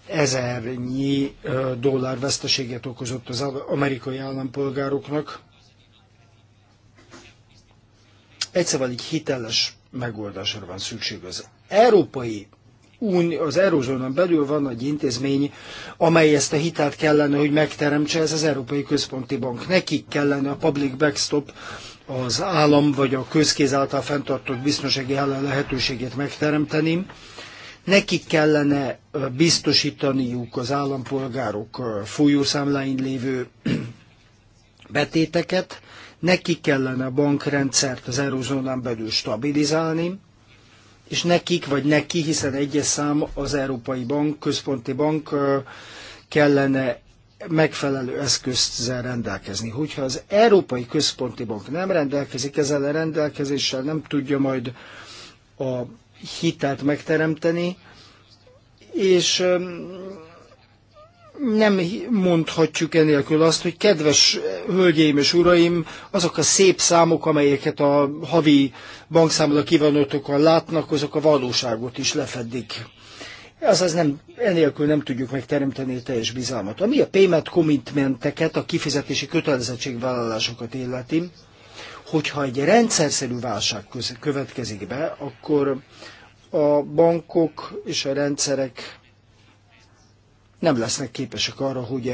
ezernyi dollár veszteséget okozott az amerikai állampolgároknak. Egyszerűen egy hiteles megoldásra van szükség. Az Európai Unió, az Eurózónán belül van egy intézmény, amely ezt a hitelt kellene, hogy megteremtse, ez az Európai Központi Bank. Nekik kellene a public backstop, az állam vagy a közkéz által fenntartott biztonsági állam lehetőségét megteremteni. Nekik kellene biztosítaniuk az állampolgárok folyószámláin lévő *clears throat* betéteket, nekik kellene a bankrendszert az eurozónán belül stabilizálni, és nekik vagy neki, hiszen egyes szám az Európai Bank, Központi Bank kellene megfelelő eszközzel rendelkezni. Hogyha az Európai Központi Bank nem rendelkezik ezzel a rendelkezéssel, nem tudja majd a hitelt megteremteni, és nem mondhatjuk enélkül azt, hogy kedves hölgyeim és uraim, azok a szép számok, amelyeket a havi bankszámla kivonatokon látnak, azok a valóságot is lefedik azaz nem, enélkül nem tudjuk megteremteni a teljes bizalmat. Ami a payment commitmenteket, a kifizetési kötelezettségvállalásokat illeti, hogyha egy rendszerszerű válság következik be, akkor a bankok és a rendszerek nem lesznek képesek arra, hogy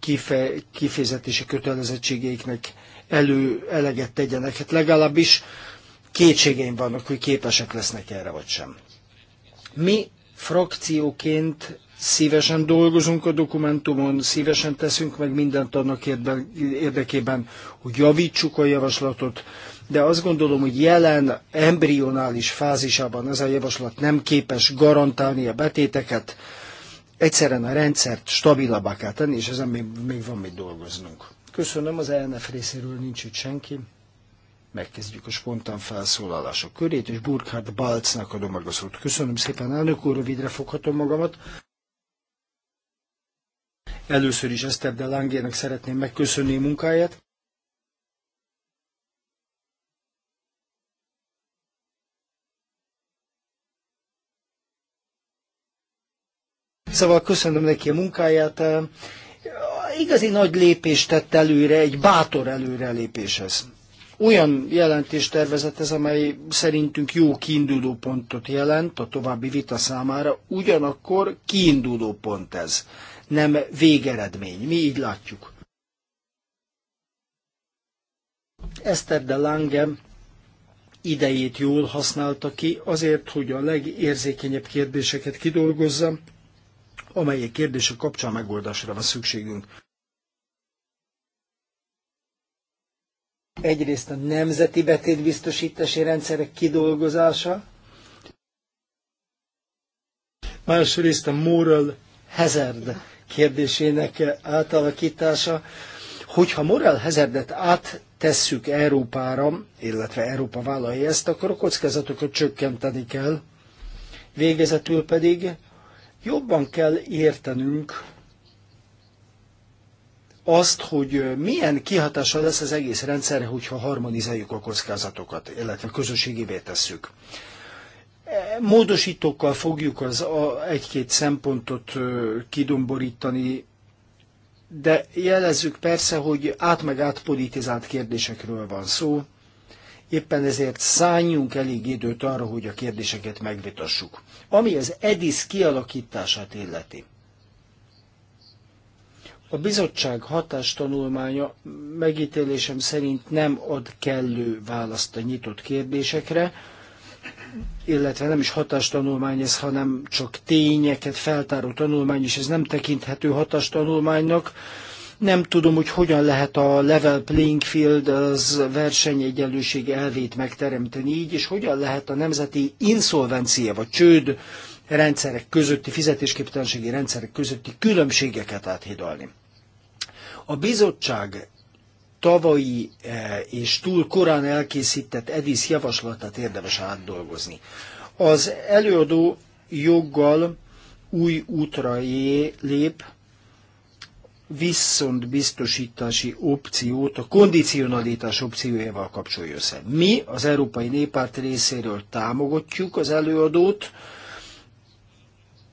kife, kifizetési kötelezettségeiknek elő eleget tegyenek. Hát legalábbis kétségeim vannak, hogy képesek lesznek erre vagy sem. Mi Frakcióként szívesen dolgozunk a dokumentumon, szívesen teszünk meg mindent annak érdekében, hogy javítsuk a javaslatot, de azt gondolom, hogy jelen embrionális fázisában ez a javaslat nem képes garantálni a betéteket, egyszerűen a rendszert stabilabbá kell tenni, és ezen még, még van mit dolgoznunk. Köszönöm, az ENF részéről nincs itt senki megkezdjük a spontán felszólalások körét, és Burkhard Balcnak adom meg a szót. Köszönöm szépen, elnök úr, rövidre foghatom magamat. Először is Eszter de Langének szeretném megköszönni munkáját. Szóval köszönöm neki a munkáját. Igazi nagy lépést tett előre, egy bátor előrelépéshez olyan jelentéstervezet ez, amely szerintünk jó kiinduló pontot jelent a további vita számára, ugyanakkor kiinduló pont ez, nem végeredmény. Mi így látjuk. Eszter de Lange idejét jól használta ki azért, hogy a legérzékenyebb kérdéseket kidolgozza, amelyek kérdések kapcsán megoldásra van szükségünk. Egyrészt a nemzeti betétbiztosítási rendszerek kidolgozása, másrészt a moral hazard kérdésének átalakítása. Hogyha moral hazardet áttesszük Európára, illetve Európa vállalja ezt, akkor a kockázatokat csökkenteni kell. Végezetül pedig jobban kell értenünk azt, hogy milyen kihatással lesz az egész rendszerre, hogyha harmonizáljuk a kockázatokat, illetve közösségévé tesszük. E, módosítókkal fogjuk az egy-két szempontot kidomborítani, de jelezzük persze, hogy át meg át politizált kérdésekről van szó, éppen ezért szálljunk elég időt arra, hogy a kérdéseket megvitassuk. Ami az EDIS kialakítását illeti. A bizottság hatástanulmánya megítélésem szerint nem ad kellő választ a nyitott kérdésekre, illetve nem is hatástanulmány ez, hanem csak tényeket feltáró tanulmány, és ez nem tekinthető hatástanulmánynak. Nem tudom, hogy hogyan lehet a level playing field, az versenyegyenlőség elvét megteremteni így, és hogyan lehet a nemzeti inszolvencia vagy csőd rendszerek közötti, fizetésképtelenségi rendszerek közötti különbségeket áthidalni. A bizottság tavalyi eh, és túl korán elkészített EDIS javaslatát érdemes átdolgozni. Az előadó joggal új útra lép, viszont biztosítási opciót a kondicionalitás opciójával kapcsolja össze. Mi az Európai Néppárt részéről támogatjuk az előadót,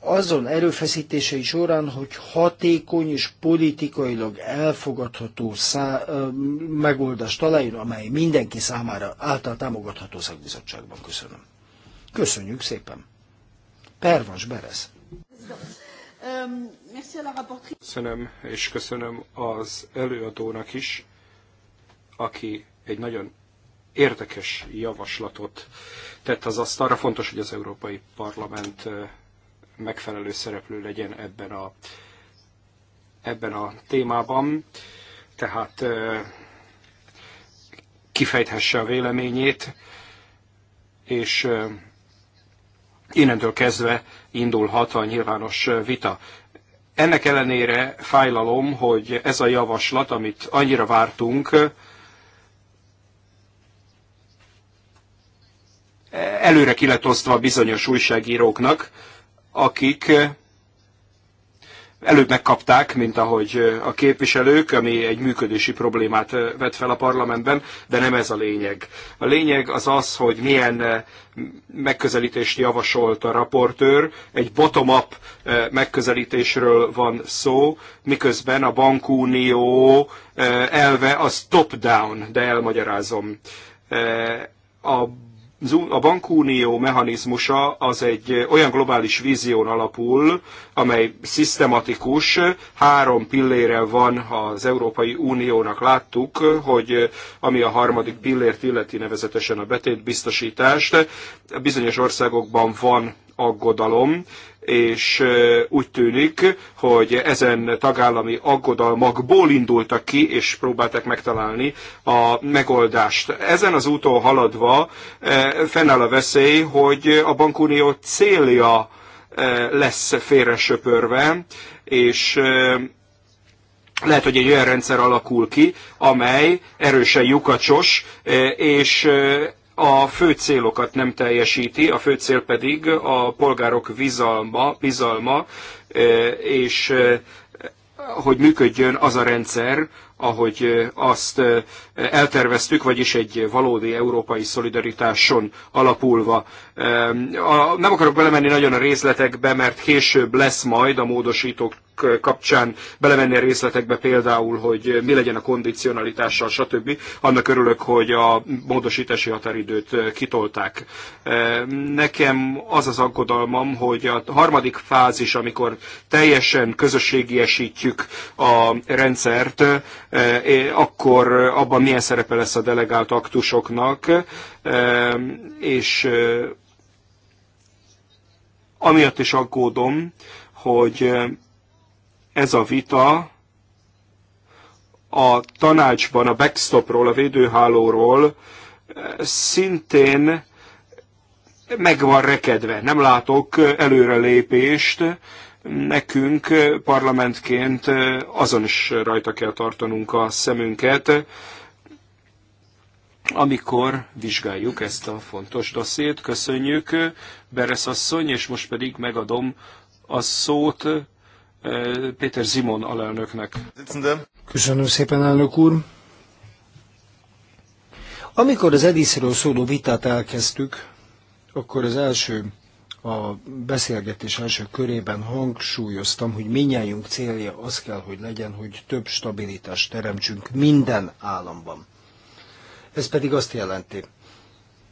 azon erőfeszítései során, hogy hatékony és politikailag elfogadható szá- megoldást találjon, amely mindenki számára által támogatható szakbizottságban. Köszönöm. Köszönjük szépen. Pervas Beres. Köszönöm, és köszönöm az előadónak is, aki egy nagyon érdekes javaslatot tett az asztalra. Fontos, hogy az Európai Parlament megfelelő szereplő legyen ebben a, ebben a témában. Tehát kifejthesse a véleményét, és innentől kezdve indulhat a nyilvános vita. Ennek ellenére fájlalom, hogy ez a javaslat, amit annyira vártunk, előre kiletoztva bizonyos újságíróknak, akik eh, előbb megkapták, mint ahogy eh, a képviselők, ami egy működési problémát eh, vet fel a parlamentben, de nem ez a lényeg. A lényeg az az, hogy milyen megközelítést javasolt a raportőr. Egy bottom-up megközelítésről van szó, miközben a bankunió elve az top-down, de elmagyarázom. A a bankunió mechanizmusa az egy olyan globális vízión alapul, amely szisztematikus, három pillére van az Európai Uniónak. Láttuk, hogy ami a harmadik pillért illeti nevezetesen a betétbiztosítást, bizonyos országokban van aggodalom, és úgy tűnik, hogy ezen tagállami aggodalmakból indultak ki, és próbálták megtalálni a megoldást. Ezen az úton haladva fennáll a veszély, hogy a bankunió célja lesz félresöpörve, és lehet, hogy egy olyan rendszer alakul ki, amely erősen lyukacsos, és a fő célokat nem teljesíti, a fő cél pedig a polgárok bizalma, bizalma és hogy működjön az a rendszer, ahogy azt elterveztük, vagyis egy valódi európai szolidaritáson alapulva. Nem akarok belemenni nagyon a részletekbe, mert később lesz majd a módosítók kapcsán belemenni a részletekbe például, hogy mi legyen a kondicionalitással, stb. Annak örülök, hogy a módosítási határidőt kitolták. Nekem az az aggodalmam, hogy a harmadik fázis, amikor teljesen közösségiesítjük a rendszert, akkor abban milyen szerepe lesz a delegált aktusoknak, és amiatt is aggódom, hogy ez a vita a tanácsban a backstopról, a védőhálóról eh, szintén meg van rekedve. Nem látok előrelépést, nekünk eh, parlamentként eh, azon is rajta kell tartanunk a szemünket, amikor vizsgáljuk ezt a fontos dossziét. Köszönjük, Beres asszony, és most pedig megadom a szót Péter Zimon alelnöknek. Köszönöm szépen, elnök úr. Amikor az Edisről szóló vitát elkezdtük, akkor az első a beszélgetés első körében hangsúlyoztam, hogy minnyájunk célja az kell, hogy legyen, hogy több stabilitást teremtsünk minden államban. Ez pedig azt jelenti,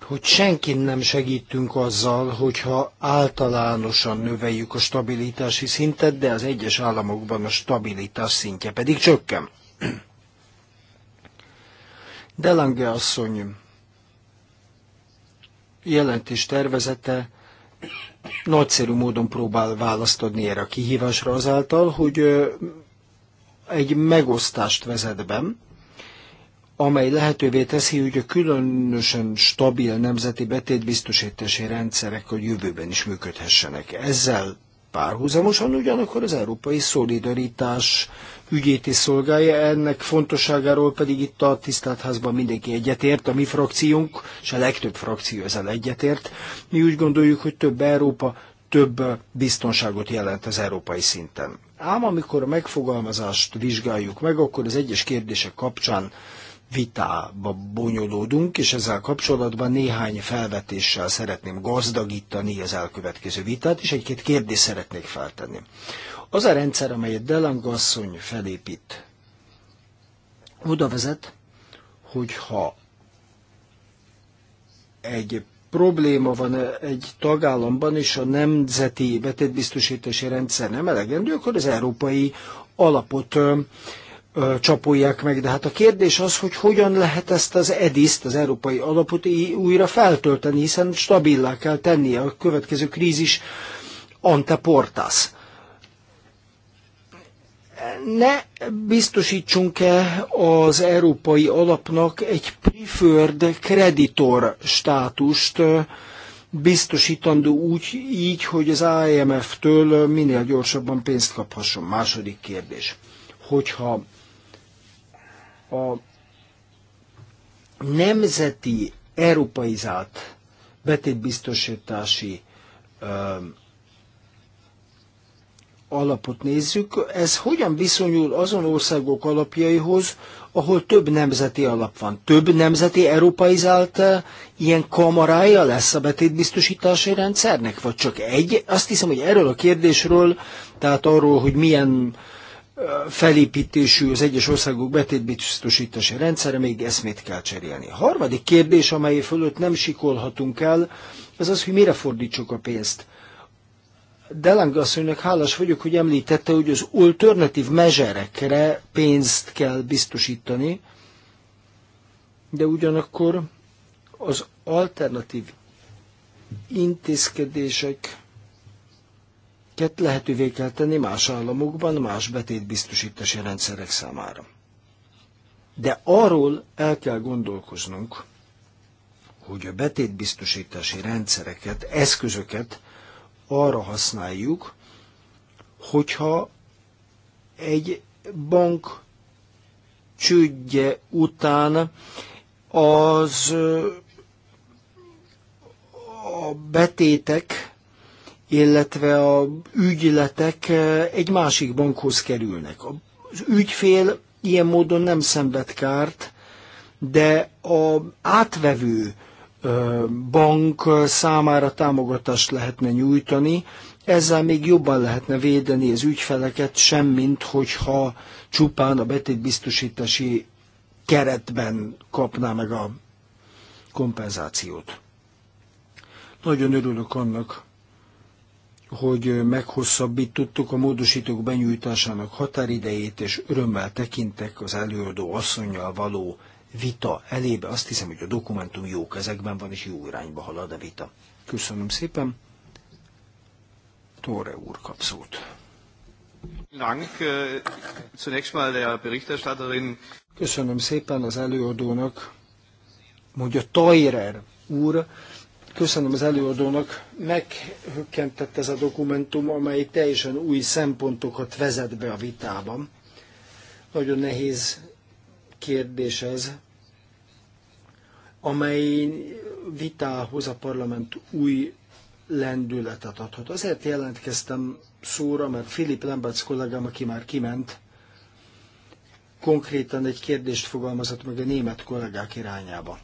hogy senkin nem segítünk azzal, hogyha általánosan növeljük a stabilitási szintet, de az egyes államokban a stabilitás szintje pedig csökken. *clears throat* Delange asszony jelentés tervezete nagyszerű módon próbál választ adni erre a kihívásra azáltal, hogy egy megosztást vezet be, amely lehetővé teszi, hogy a különösen stabil nemzeti betétbiztosítási rendszerek a jövőben is működhessenek. Ezzel párhuzamosan ugyanakkor az európai szolidaritás ügyét is szolgálja, ennek fontosságáról pedig itt a tisztátházban mindenki egyetért, a mi frakciónk, és a legtöbb frakció ezzel egyetért. Mi úgy gondoljuk, hogy több Európa több biztonságot jelent az európai szinten. Ám amikor a megfogalmazást vizsgáljuk meg, akkor az egyes kérdések kapcsán vitába bonyolódunk, és ezzel kapcsolatban néhány felvetéssel szeretném gazdagítani az elkövetkező vitát, és egy-két kérdést szeretnék feltenni. Az a rendszer, amelyet Delang asszony felépít, oda vezet, hogyha egy probléma van egy tagállamban, és a nemzeti betétbiztosítási rendszer nem elegendő, akkor az európai alapot csapolják meg. De hát a kérdés az, hogy hogyan lehet ezt az edis az Európai Alapot újra feltölteni, hiszen stabilá kell tennie a következő krízis anteportas. Ne biztosítsunk-e az európai alapnak egy preferred kreditor státust, biztosítandó úgy, így, hogy az IMF-től minél gyorsabban pénzt kaphasson. Második kérdés. Hogyha a nemzeti európaizált betétbiztosítási ö, alapot nézzük, ez hogyan viszonyul azon országok alapjaihoz, ahol több nemzeti alap van. Több nemzeti európaizált ilyen kamarája lesz a betétbiztosítási rendszernek, vagy csak egy? Azt hiszem, hogy erről a kérdésről, tehát arról, hogy milyen uh, felépítésű az egyes országok betétbiztosítási rendszere, még eszmét kell cserélni. A harmadik kérdés, amely fölött nem sikolhatunk el, az az, hogy mire fordítsuk a pénzt. Delang asszonynak hálás vagyok, hogy említette, hogy az alternatív mezserekre pénzt kell biztosítani, de ugyanakkor az alternatív intézkedések Ket lehetővé kell tenni más államokban, más betétbiztosítási rendszerek számára. De arról el kell gondolkoznunk, hogy a betétbiztosítási rendszereket, eszközöket arra használjuk, hogyha egy bank csődje után az a betétek illetve a ügyletek eh, egy másik bankhoz kerülnek. Az ügyfél ilyen módon nem szenved kárt, de a átvevő eh, bank számára támogatást lehetne nyújtani, ezzel még jobban lehetne védeni az ügyfeleket, semmint hogyha csupán a betétbiztosítási keretben kapná meg a kompenzációt. Nagyon örülök annak, hogy meghosszabbítottuk a módosítók benyújtásának határidejét, és örömmel tekintek az előadó asszonynal való vita elébe. Azt hiszem, hogy a dokumentum jó kezekben van, és jó irányba halad a vita. Köszönöm szépen. Tóre úr kap szót. Eh, Köszönöm szépen az előadónak, mondja Tajrer úr, köszönöm az előadónak, meghökkentett ez a dokumentum, amely teljesen új szempontokat vezet be a vitában. Nagyon nehéz kérdés ez, amely vitához a parlament új lendületet adhat. Azért jelentkeztem szóra, mert Filip Lembec kollégám, aki már kiment, konkrétan egy kérdést fogalmazott meg a német kollégák irányába.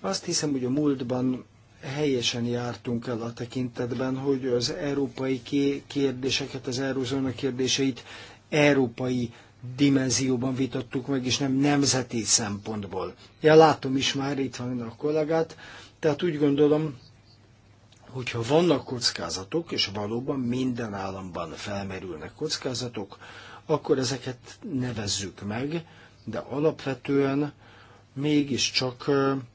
Azt hiszem, hogy a múltban helyesen jártunk el a tekintetben, hogy az európai kérdéseket, az eurozóna kérdéseit európai dimenzióban vitattuk meg, és nem nemzeti szempontból. Ja, látom is már, itt van a kollégát, tehát úgy gondolom, hogyha vannak kockázatok, és valóban minden államban felmerülnek kockázatok, akkor ezeket nevezzük meg, de alapvetően mégiscsak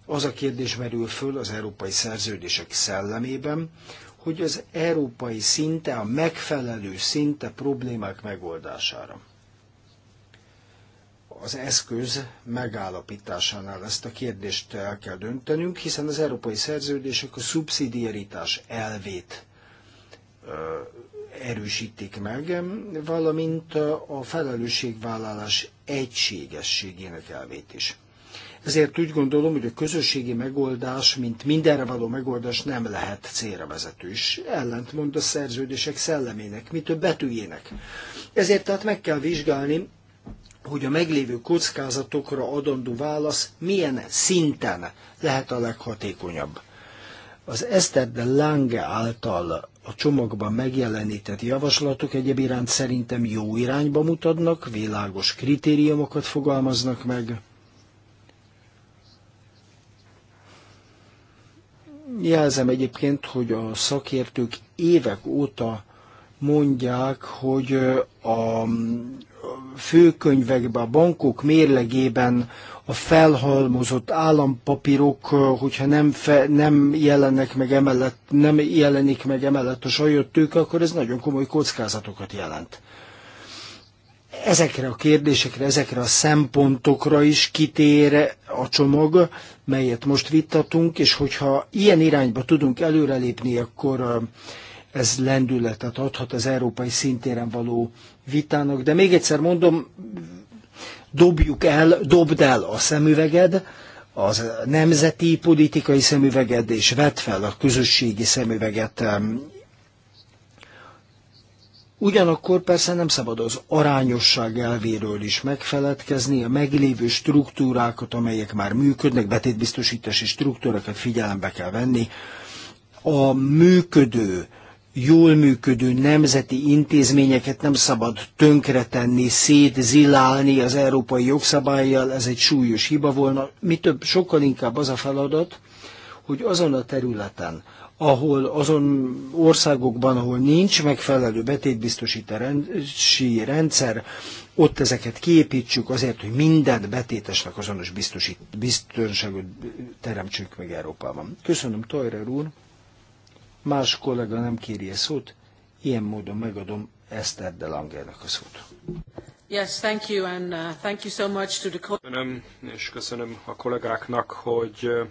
az a kérdés merül föl az európai szerződések szellemében, hogy az európai szinte, a megfelelő szinte problémák megoldására. Az eszköz megállapításánál ezt a kérdést el kell döntenünk, hiszen az európai szerződések a szubszidiaritás elvét erősítik meg, valamint a felelősségvállalás egységességének elvét is. Ezért úgy gondolom, hogy a közösségi megoldás, mint mindenre való megoldás nem lehet célra vezető, és ellentmond a szerződések szellemének, mint a betűjének. Ezért tehát meg kell vizsgálni, hogy a meglévő kockázatokra adandó válasz milyen szinten lehet a leghatékonyabb. Az Eszter de Lange által a csomagban megjelenített javaslatok egyéb iránt szerintem jó irányba mutatnak, világos kritériumokat fogalmaznak meg, Jelzem egyébként, hogy a szakértők évek óta mondják, hogy a főkönyvekben, a bankok mérlegében a felhalmozott állampapírok, hogyha nem, fe, nem jelennek meg emellett, nem jelenik meg emellett a sajott tőke, akkor ez nagyon komoly kockázatokat jelent ezekre a kérdésekre, ezekre a szempontokra is kitér a csomag, melyet most vittatunk, és hogyha ilyen irányba tudunk előrelépni, akkor ez lendületet adhat az európai szintéren való vitának. De még egyszer mondom, dobjuk el, dobd el a szemüveged, az nemzeti politikai szemüveged, és vedd fel a közösségi szemüveget Ugyanakkor persze nem szabad az arányosság elvéről is megfeledkezni, a meglévő struktúrákat, amelyek már működnek, betétbiztosítási struktúrákat figyelembe kell venni. A működő, jól működő nemzeti intézményeket nem szabad tönkretenni, szétzilálni az európai jogszabályjal, ez egy súlyos hiba volna. Mi több, sokkal inkább az a feladat, hogy azon a területen, ahol azon országokban, ahol nincs megfelelő betétbiztosítási rendszer, ott ezeket kiépítsük azért, hogy minden betétesnek azonos biztosít, biztonságot teremtsük meg Európában. Köszönöm, Toyrer úr. Más kollega nem kéri a e szót. Ilyen módon megadom Eszter de Langernek a szót. Yes, thank you, and uh, thank you so much to the... Köszönöm, és köszönöm a kollégáknak, hogy uh,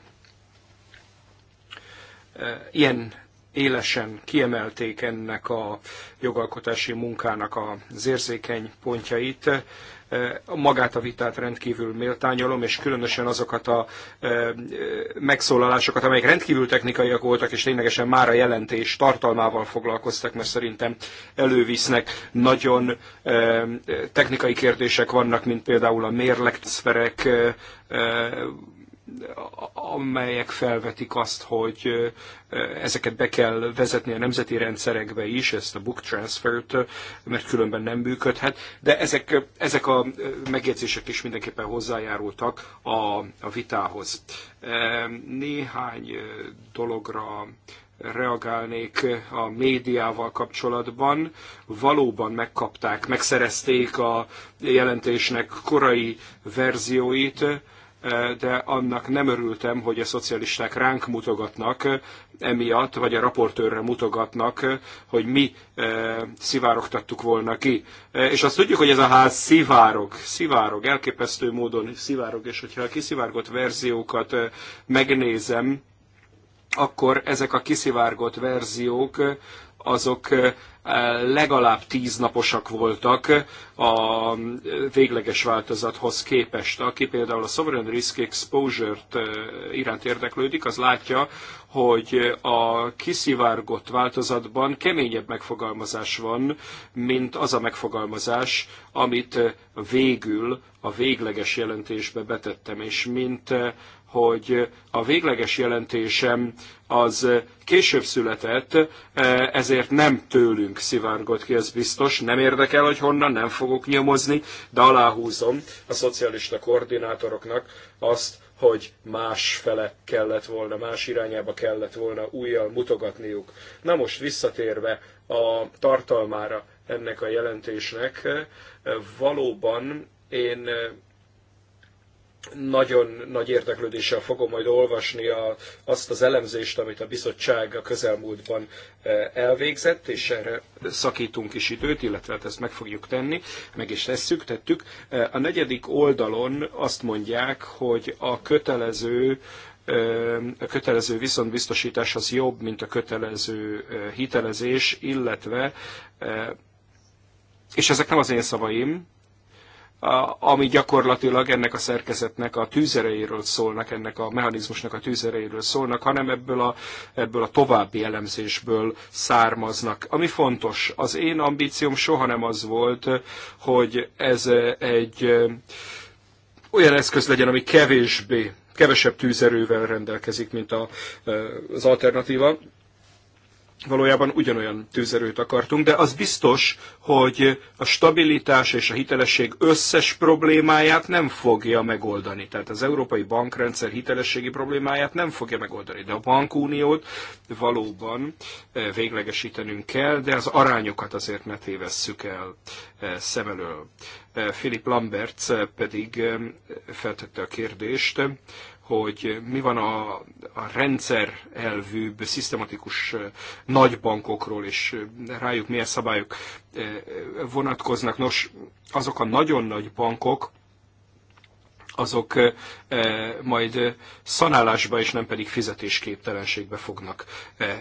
Eh, ilyen élesen kiemelték ennek a jogalkotási munkának az érzékeny pontjait. Eh, magát a vitát rendkívül méltányolom, és különösen azokat a eh, megszólalásokat, amelyek rendkívül technikaiak voltak, és ténylegesen már a jelentés tartalmával foglalkoztak, mert szerintem elővisznek. Nagyon technikai kérdések vannak, mint például a mérlegszferek, amelyek felvetik azt, hogy ezeket be kell vezetni a nemzeti rendszerekbe is, ezt a book transfert, mert különben nem működhet, de ezek, ezek a megjegyzések is mindenképpen hozzájárultak a, a vitához. Néhány dologra reagálnék a médiával kapcsolatban. Valóban megkapták, megszerezték a jelentésnek korai verzióit, de annak nem örültem, hogy a szocialisták ránk mutogatnak emiatt, vagy a raportőrre mutogatnak, hogy mi e, szivárogtattuk volna ki. E, és azt tudjuk, hogy ez a ház szivárog, szivárog, elképesztő módon szivárog, és hogyha a kiszivárgott verziókat e, megnézem, akkor ezek a kiszivárgott verziók azok legalább tíz naposak voltak a végleges változathoz képest. Aki például a Sovereign Risk Exposure-t iránt érdeklődik, az látja, hogy a kiszivárgott változatban keményebb megfogalmazás van, mint az a megfogalmazás, amit végül a végleges jelentésbe betettem, és mint hogy a végleges jelentésem az később született, ezért nem tőlünk szivárgott ki, ez biztos. Nem érdekel, hogy honnan, nem fogok nyomozni, de aláhúzom a szocialista koordinátoroknak azt, hogy más fele kellett volna, más irányába kellett volna újjal mutogatniuk. Na most visszatérve a tartalmára ennek a jelentésnek, valóban én nagyon nagy érdeklődéssel fogom majd olvasni a, azt az elemzést, amit a bizottság a közelmúltban e, elvégzett, és erre szakítunk is időt, illetve hát ezt meg fogjuk tenni, meg is tesszük, tettük. E, a negyedik oldalon azt mondják, hogy a kötelező e, a kötelező viszontbiztosítás az jobb, mint a kötelező hitelezés, illetve, és ezek nem az én szavaim, ami gyakorlatilag ennek a szerkezetnek a tűzereiről szólnak, ennek a mechanizmusnak a tűzereiről szólnak, hanem ebből a, ebből a további elemzésből származnak. Ami fontos, az én ambícióm soha nem az volt, hogy ez egy olyan eszköz legyen, ami kevésbé, kevesebb tűzerővel rendelkezik, mint a, az alternatíva, valójában ugyanolyan tűzerőt akartunk, de az biztos, hogy a stabilitás és a hitelesség összes problémáját nem fogja megoldani. Tehát az európai bankrendszer hitelességi problémáját nem fogja megoldani, de a bankuniót valóban eh, véglegesítenünk kell, de az arányokat azért ne tévesszük el eh, szem elől. Eh, Philip Lambert pedig feltette a kérdést, hogy mi van a, a rendszer elvűbb, szisztematikus nagybankokról, és rájuk milyen szabályok vonatkoznak. Nos, azok a nagyon nagy bankok, azok majd szanálásba és nem pedig fizetésképtelenségbe fognak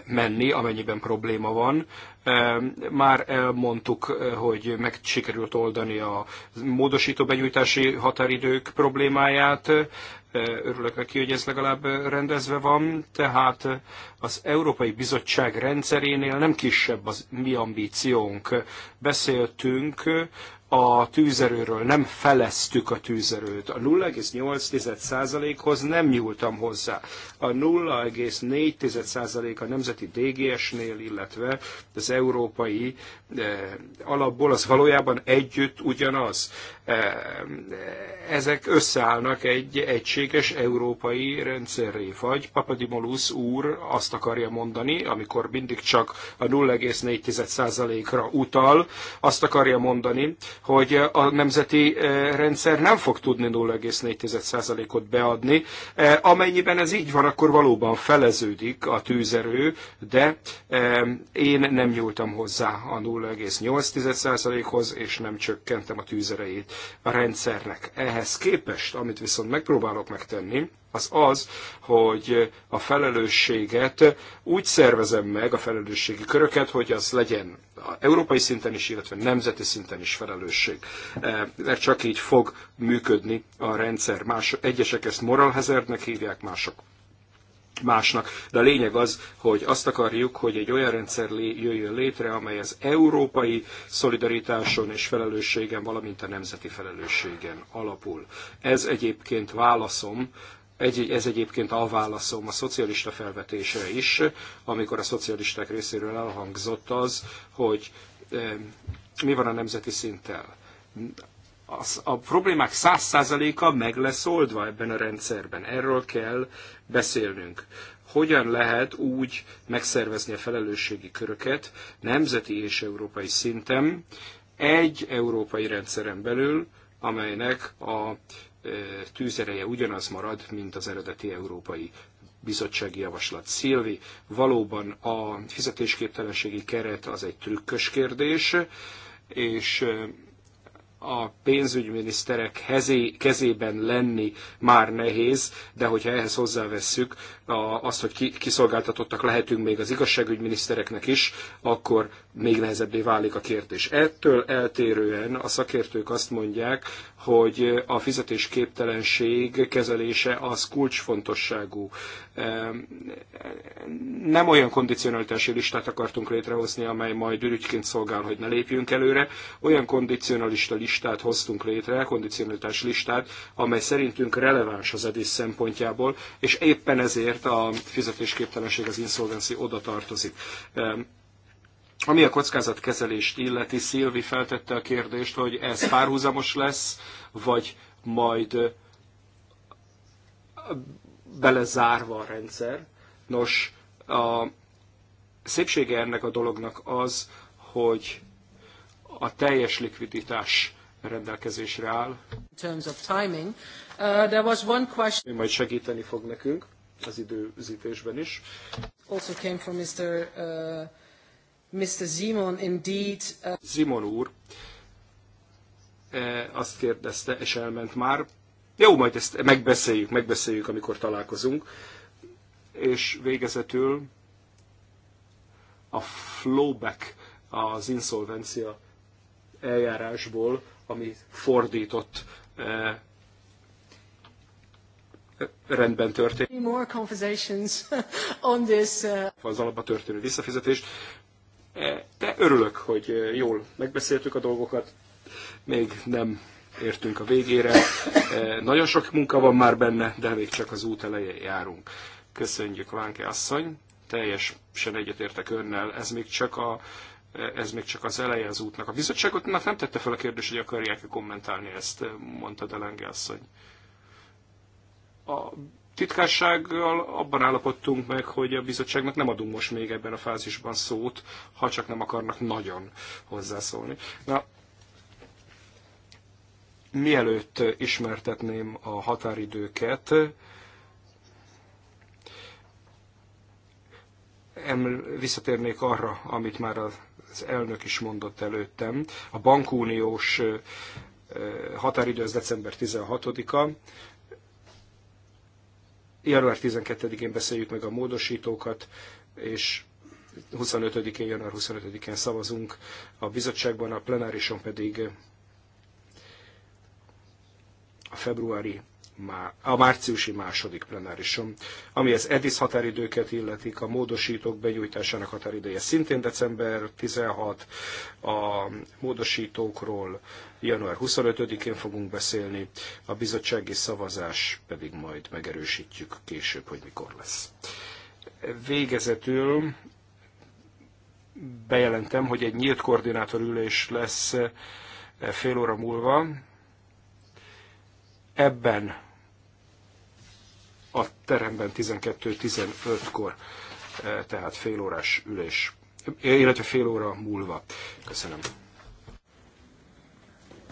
menni, amennyiben probléma van. Már elmondtuk, hogy meg sikerült oldani a módosító benyújtási határidők problémáját. Örülök neki, hogy ez legalább rendezve van. Tehát az Európai Bizottság rendszerénél nem kisebb az mi ambíciónk. Beszéltünk a tűzerőről, nem feleztük a tűzerőt. A 0,8%-hoz nem nyúltam hozzá. A 0,4% a nemzeti DGS-nél, illetve az európai eh, alapból, az valójában együtt ugyanaz ezek összeállnak egy egységes európai rendszerré. Vagy Papadimolusz úr azt akarja mondani, amikor mindig csak a 0,4%-ra utal, azt akarja mondani, hogy a nemzeti eh, rendszer nem fog tudni 0,4%-ot beadni. Eh, amennyiben ez így van, akkor valóban feleződik a tűzerő, de eh, én nem nyúltam hozzá a 0,8%-hoz, és nem csökkentem a tűzerejét a rendszernek. Ehhez képest, amit viszont megpróbálok megtenni, az az, hogy a felelősséget úgy szervezem meg, a felelősségi köröket, hogy az legyen európai szinten is, illetve nemzeti szinten is felelősség. E, mert csak így fog működni a rendszer. Más, egyesek ezt moral hazardnek hívják, mások másnak. De a lényeg az, hogy azt akarjuk, hogy egy olyan rendszer jöjjön létre, amely az európai szolidaritáson és felelősségen, valamint a nemzeti felelősségen alapul. Ez egyébként válaszom egy, ez egyébként a válaszom a szocialista felvetésre is, amikor a szocialisták részéről elhangzott az, hogy eh, mi van a nemzeti szinttel az, a problémák száz százaléka meg lesz oldva ebben a rendszerben. Erről kell beszélnünk. Hogyan lehet úgy megszervezni a felelősségi köröket nemzeti és európai szinten egy európai rendszeren belül, amelynek a e, tűzereje ugyanaz marad, mint az eredeti európai bizottsági javaslat. Szilvi, valóban a fizetésképtelenségi keret az egy trükkös kérdés, és e, a pénzügyminiszterek hezé, kezében lenni már nehéz, de hogyha ehhez hozzávesszük a, azt, hogy ki, kiszolgáltatottak lehetünk még az igazságügyminisztereknek is, akkor még nehezebbé válik a kérdés. Ettől eltérően a szakértők azt mondják, hogy a fizetésképtelenség kezelése az kulcsfontosságú. Nem olyan kondicionalitási listát akartunk létrehozni, amely majd ürügyként szolgál, hogy ne lépjünk előre. Olyan kondicionalista listát hoztunk létre, kondicionalitás listát, amely szerintünk releváns az edés szempontjából, és éppen ezért a fizetésképtelenség az insolvency oda tartozik. Ami a kockázatkezelést illeti, Szilvi feltette a kérdést, hogy ez párhuzamos lesz, vagy majd belezárva a rendszer. Nos, a szépsége ennek a dolognak az, hogy a teljes likviditás rendelkezésre áll. In terms of timing, uh, there was one question. Majd segíteni fog nekünk az időzítésben is. Also came from Mr. Uh, Mr. Zimon indeed... Zimon uh, úr e, azt kérdezte, és elment már. Jó, majd ezt megbeszéljük, megbeszéljük, amikor találkozunk. És végezetül a flowback, az insolvencia eljárásból, ami fordított e, rendben történik. More conversations *laughs* on this, uh, Az alapban történő visszafizetést. De örülök, hogy jól megbeszéltük a dolgokat, még nem értünk a végére. Nagyon sok munka van már benne, de még csak az út elején járunk. Köszönjük, Lánke asszony, teljesen egyetértek önnel, ez még csak a ez még csak az eleje az útnak. A bizottságot nem tette fel a kérdés, hogy akarják-e kommentálni ezt, mondta Delenge asszony. A titkársággal abban állapodtunk meg, hogy a bizottságnak nem adunk most még ebben a fázisban szót, ha csak nem akarnak nagyon hozzászólni. Na, mielőtt ismertetném a határidőket, visszatérnék arra, amit már az elnök is mondott előttem. A bankuniós határidő az december 16-a január 12-én beszéljük meg a módosítókat, és 25-én, január 25-én szavazunk a bizottságban, a plenárison pedig a februári a márciusi második plenárison. Ami az EDIS határidőket illetik, a módosítók benyújtásának határideje szintén december 16, a módosítókról január 25-én fogunk beszélni, a bizottsági szavazás pedig majd megerősítjük később, hogy mikor lesz. Végezetül bejelentem, hogy egy nyílt koordinátorülés lesz eh, fél óra múlva. Ebben a teremben 12-15-kor, eh, tehát órás ülés, illetve fél óra múlva. Köszönöm.